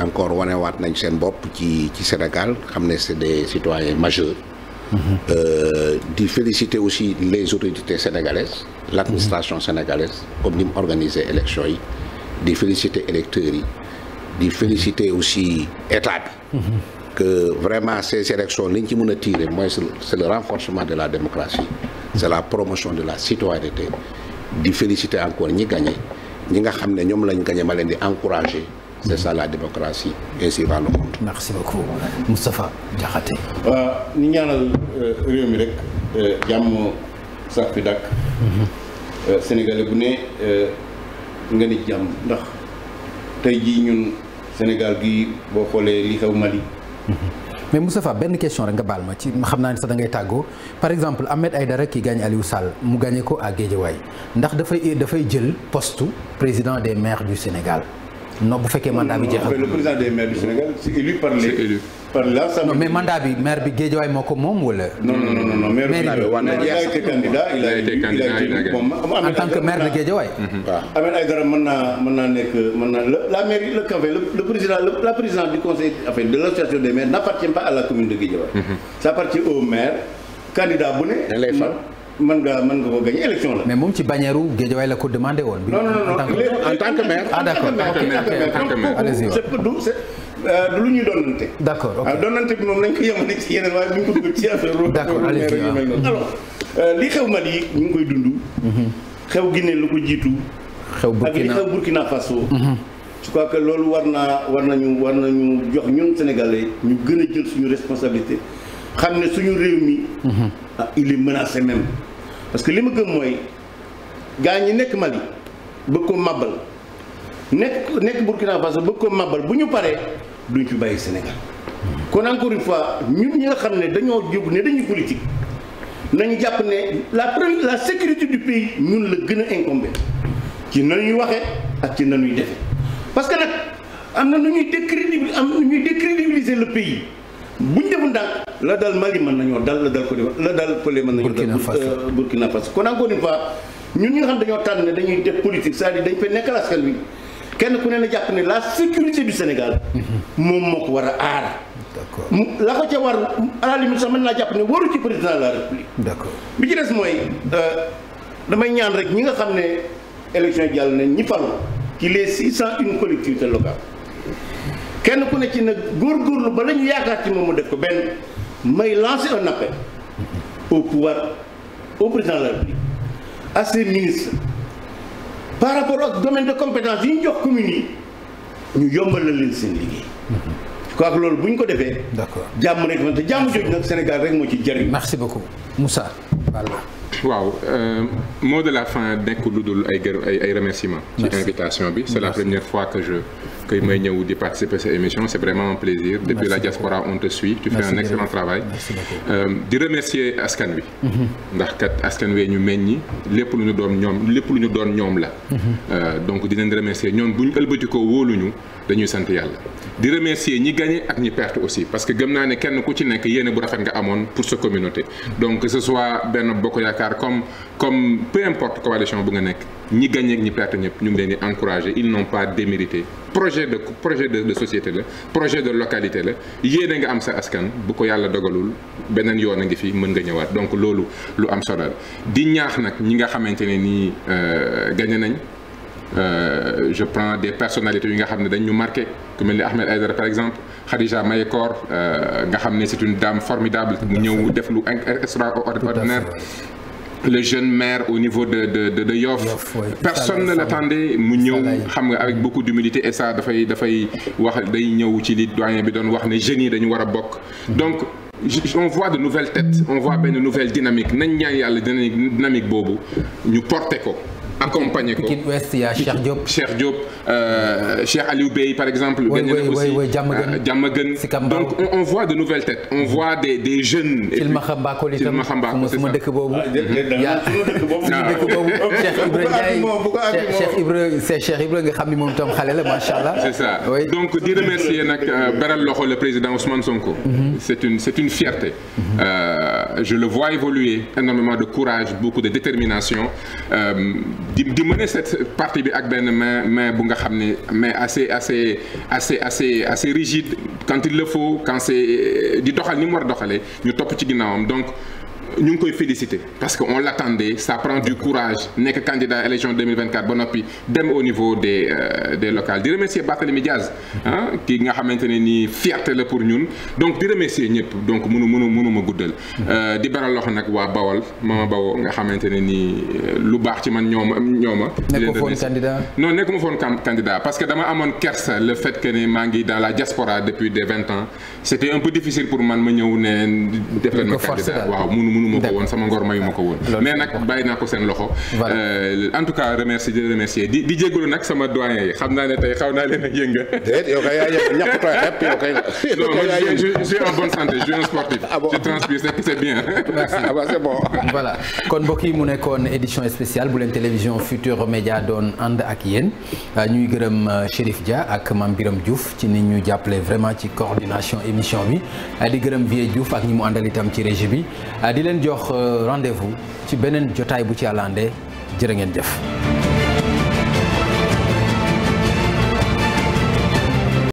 encore wanewaat nañ seen bopp ci ci Sénégal xam ne c'est des citoyens majeurs. Mhm. Euh, di félicité aussi les autorités sénégalaises. l'administration mhm. sénégalaise comme ni mu organiser élection yi. di féliciter électeurs yi. di féliciter aussi état bi. que vraiment ces élections li ñu ci mën a tirer mooy c'est le renforcement de la démocratie c'est la promotion de la citoyenneté di féliciter encore ñi gagné ñi nga xam ne ñoom lañ gagné ma leen di encourager c'est ça la démocratie ainsi va le monde. merci beaucoup Moustapha Diakhaté. waaw euh, euh, mhm. euh, bu ne nga ni jàmm ndax tey jii ñun Sénégal gi boo xoolee li xew Mali. mais Moustapha benn question rek nga baal ma ci xam naa ne sax dangay tàggoo par exemple ay Aïdara ki gaañ Aliou Sall mu gaañee ko à Guédiawaye ndax dafay dafay jël postu président des maire du Sénégal. no bu fekkee mandat bi jeexal. le président des maires du Sénégal c'est élu par les. bi maire bi Guédiawaye moo ko moom wala. non non non non maire bi il a été candidat il a été en tant maire de Guédiawaye. Mhm. waaw Ahmed Aïdara mën naa nekk mën naa la mairie le café le président du conseil enfin de l'association des maires n'appartient pas à la commune de Guédiawaye. Mhm. ça appartient au maire candidat bu ne. man nga mën nga ko gagné élection la. mais moom ci bannière Guédiawaye la ko demandé woon. non non non en tant que maire. ah d'accord ok euh, du lu ñuy donante. d'accord ok ah, donante bi moom nañ ko yemale ci yeneen waaye bu ñu ko dugg ci affaire loolu. d'accord allez alors euh, li xew Mali ñu ngi koy dund. Mhm. xew Guinée lu ko jiitu. xew Burkina ak li xew Burkina Faso. Mhm. je crois que loolu war naa war nañu war jox ñun Sénégalais ñu gën a jël suñu responsabilité. xam ne suñu réew mi. Mhm. ah il est menacé même parce que li ma gën mooy gaa ñi nekk Mali bëgg ko màbbal nekk nekk Burkina Faso bëgg ko màbbal bu ñu paree duñ ci bàyyi Sénégal mhm. kon encore une fois ñun ñi nga xam ne dañoo jóg ne dañuy politique nañu jàpp ne la première la sécurité du pays ñun la gën a incombé ci nañuy waxee ak ci nañuy defee parce que nag am na nu ñuy décrédibiliser am na nu ñuy décrédibiliser le pays. buñ deful ndànk la dal Mali mën nañoo dal la dal Côte d'Ivoire la dal Pelé mën nañoo dal euh, Burkina Faso kon encore une fois ñun ñi nga xam dañoo tànn ne dañuy def politique c'est-à-dire dañ fay nekkal askan wi ku ne jàpp ne la sécurité du Sénégal mhm. moom moo ko war a aar d'accord la ko ca war à la limite sax man naa jàpp ne waru ci président de la république d'accord bi ci des mooy euh, damay ñaan rek ñi nga xam ne élection jàll ne ñi falu ci les six cent une collectivités locales kenn ku ne ci nag góor góorgóorlu ba la ñu yaakaar ci moom mu def ko benn may lancer un appel au pouvoir au président de la République à ses ministres par rapport ak domaine de compétence yi ñu jox communes yi ñu yombalal leen seen liggéey. ko ak loolu bu ñu ko defee. d'accord jàmm rek man te jàmm jooju nag Sénégal rek moo ci jëriñ. merci beaucoup Moussa Balla. waaw euh, mot de la fin nekk lu dul ay gërëm ay ay remerciements. ci invitation bi c'est la première fois que je. que may ñëw di participer sa émission c'est vraiment un plaisir. depuis la diaspora on te suit. tu Merci un excellent beaucoup. Euh, di remercier askan wi. Mhm. ndax kat askan wee ñu meññi lépp lu ñu doon ñoom lépp lu ñu doon ñoom la. Mhm. Euh, donc di leen remercier ñoom bu ñu ëlbatikoo wóoluñu dañuy sant yàlla. di remercier ñi gagné ak ñi perte aussi parce que gëm naa ne kenn ku ci nekk yéene bu rafet nga amoon pour sa communauté. donc que ce soit benn bokk yaakaar comme comme importe coalition nekk ñi gagné ak ñi perte ñëpp di encourager ils n'ont pas projet de projet de de société la projet de localité la yéene nga am sa askan bu ko yàlla dogalul beneen yoon a ngi fi mën nga ñëwaat donc loolu lu am solo di ñaax nag ñi nga xamante ne nii euh, gañe nañ. Euh, je prends des personnalités yu nga xam ne dañ ñu marqué ku mel ni Ahmed Aïdara par exemple Khadija Mayekor euh, nga xam ne c'est une dame formidable mu ñëw def lu extraordinaire le jeune maire au niveau de de de, de Yoff. Yoff personne ne l'attendait mu ñëw xam nga avec beaucoup d'humilité et ça dafay dafay wax day ñëw ci li doyen bi doon wax ne jeunes yi dañu war a bokk. Mm-hmm. donc on voit de nouvelles têtes on voit benn nouvelle dynamique nañ ñaan yàlla dynamique boobu ñu porter ko. accompagner ko Pikine Ouest yaa Cheikh Diop. Cheikh Diop euh, Cheikh Aliou Bey par exemple. gagné na aussi Diamaguène ah, donc on voit de nouvelles têtes on mhm. voit des des jeunes. et puis Silmaxamba Koli tam sama dëkk boobu. yaa sama dëkk boobu Cheikh Ibrahima Ndiaye Cheikh Ibrahima c'est Cheikh Ibrahima nga xam ni moom itam xale la macha allah. c'est ça donc di remercier nag euh, beral loxo le président Ousmane Sonko. Mhm. c'est une c'est une fierté. Mhm. Euh, je le vois évoluer énormément de courage beaucoup de détermination. di di mener cette partie bi ak benn main main bu nga xam ne main assez assez assez assez assez rigide quand il le faut quand c'est di doxal ni mu war a doxalee ñu topp ci ginnaawam donc. ñu ngi koy féliciter parce que on l'attendait ça prend du courage nekk candidat élection 2024 ba noppi dem au niveau des euh, des locales di remercier Barthélémy Diaz ah ki nga xamante ne nii fierté la pour ñun donc di remercier ñëpp donc munu mënu mënuma guddal euh, di baral loxo nag waa Bawol a Bawol nga xamante ne nii euh, lu baax ci man ñooma ñooma non nekkuma foon candidat parce que dama amoon kersa le fait que ne maa ngi dans la diaspora depuis des vingt ans c'était un peu difficile pour man ma ñëw ne def leen ma candidat waaw munu munu ma ko woon sama ngor mayu ma ko woon mais nag bàyyi naa ko seen loxo euh, en tout cas remercier di remercier di di jégalu nag sama doyen yi xam naa ne tey xaw naa leen a yënga déet yow kay yaa ñàkk tooy kon mbokk yi mu nekkoon édition spéciale bu leen télévision Futurs Médias doon ànd ak yéen euh, ñuy gërëm euh, Chérif Dia ak ma Biram juuf ci ni ñu jàppale vraiment ci coordination mission bi ah, di gërëm Vieux Diouf ak ñi mu àndal itam ci régie bi ah, di leen jox euh, rendez-vous ci beneen jotaay bu ci àllande jërë ngeen jëf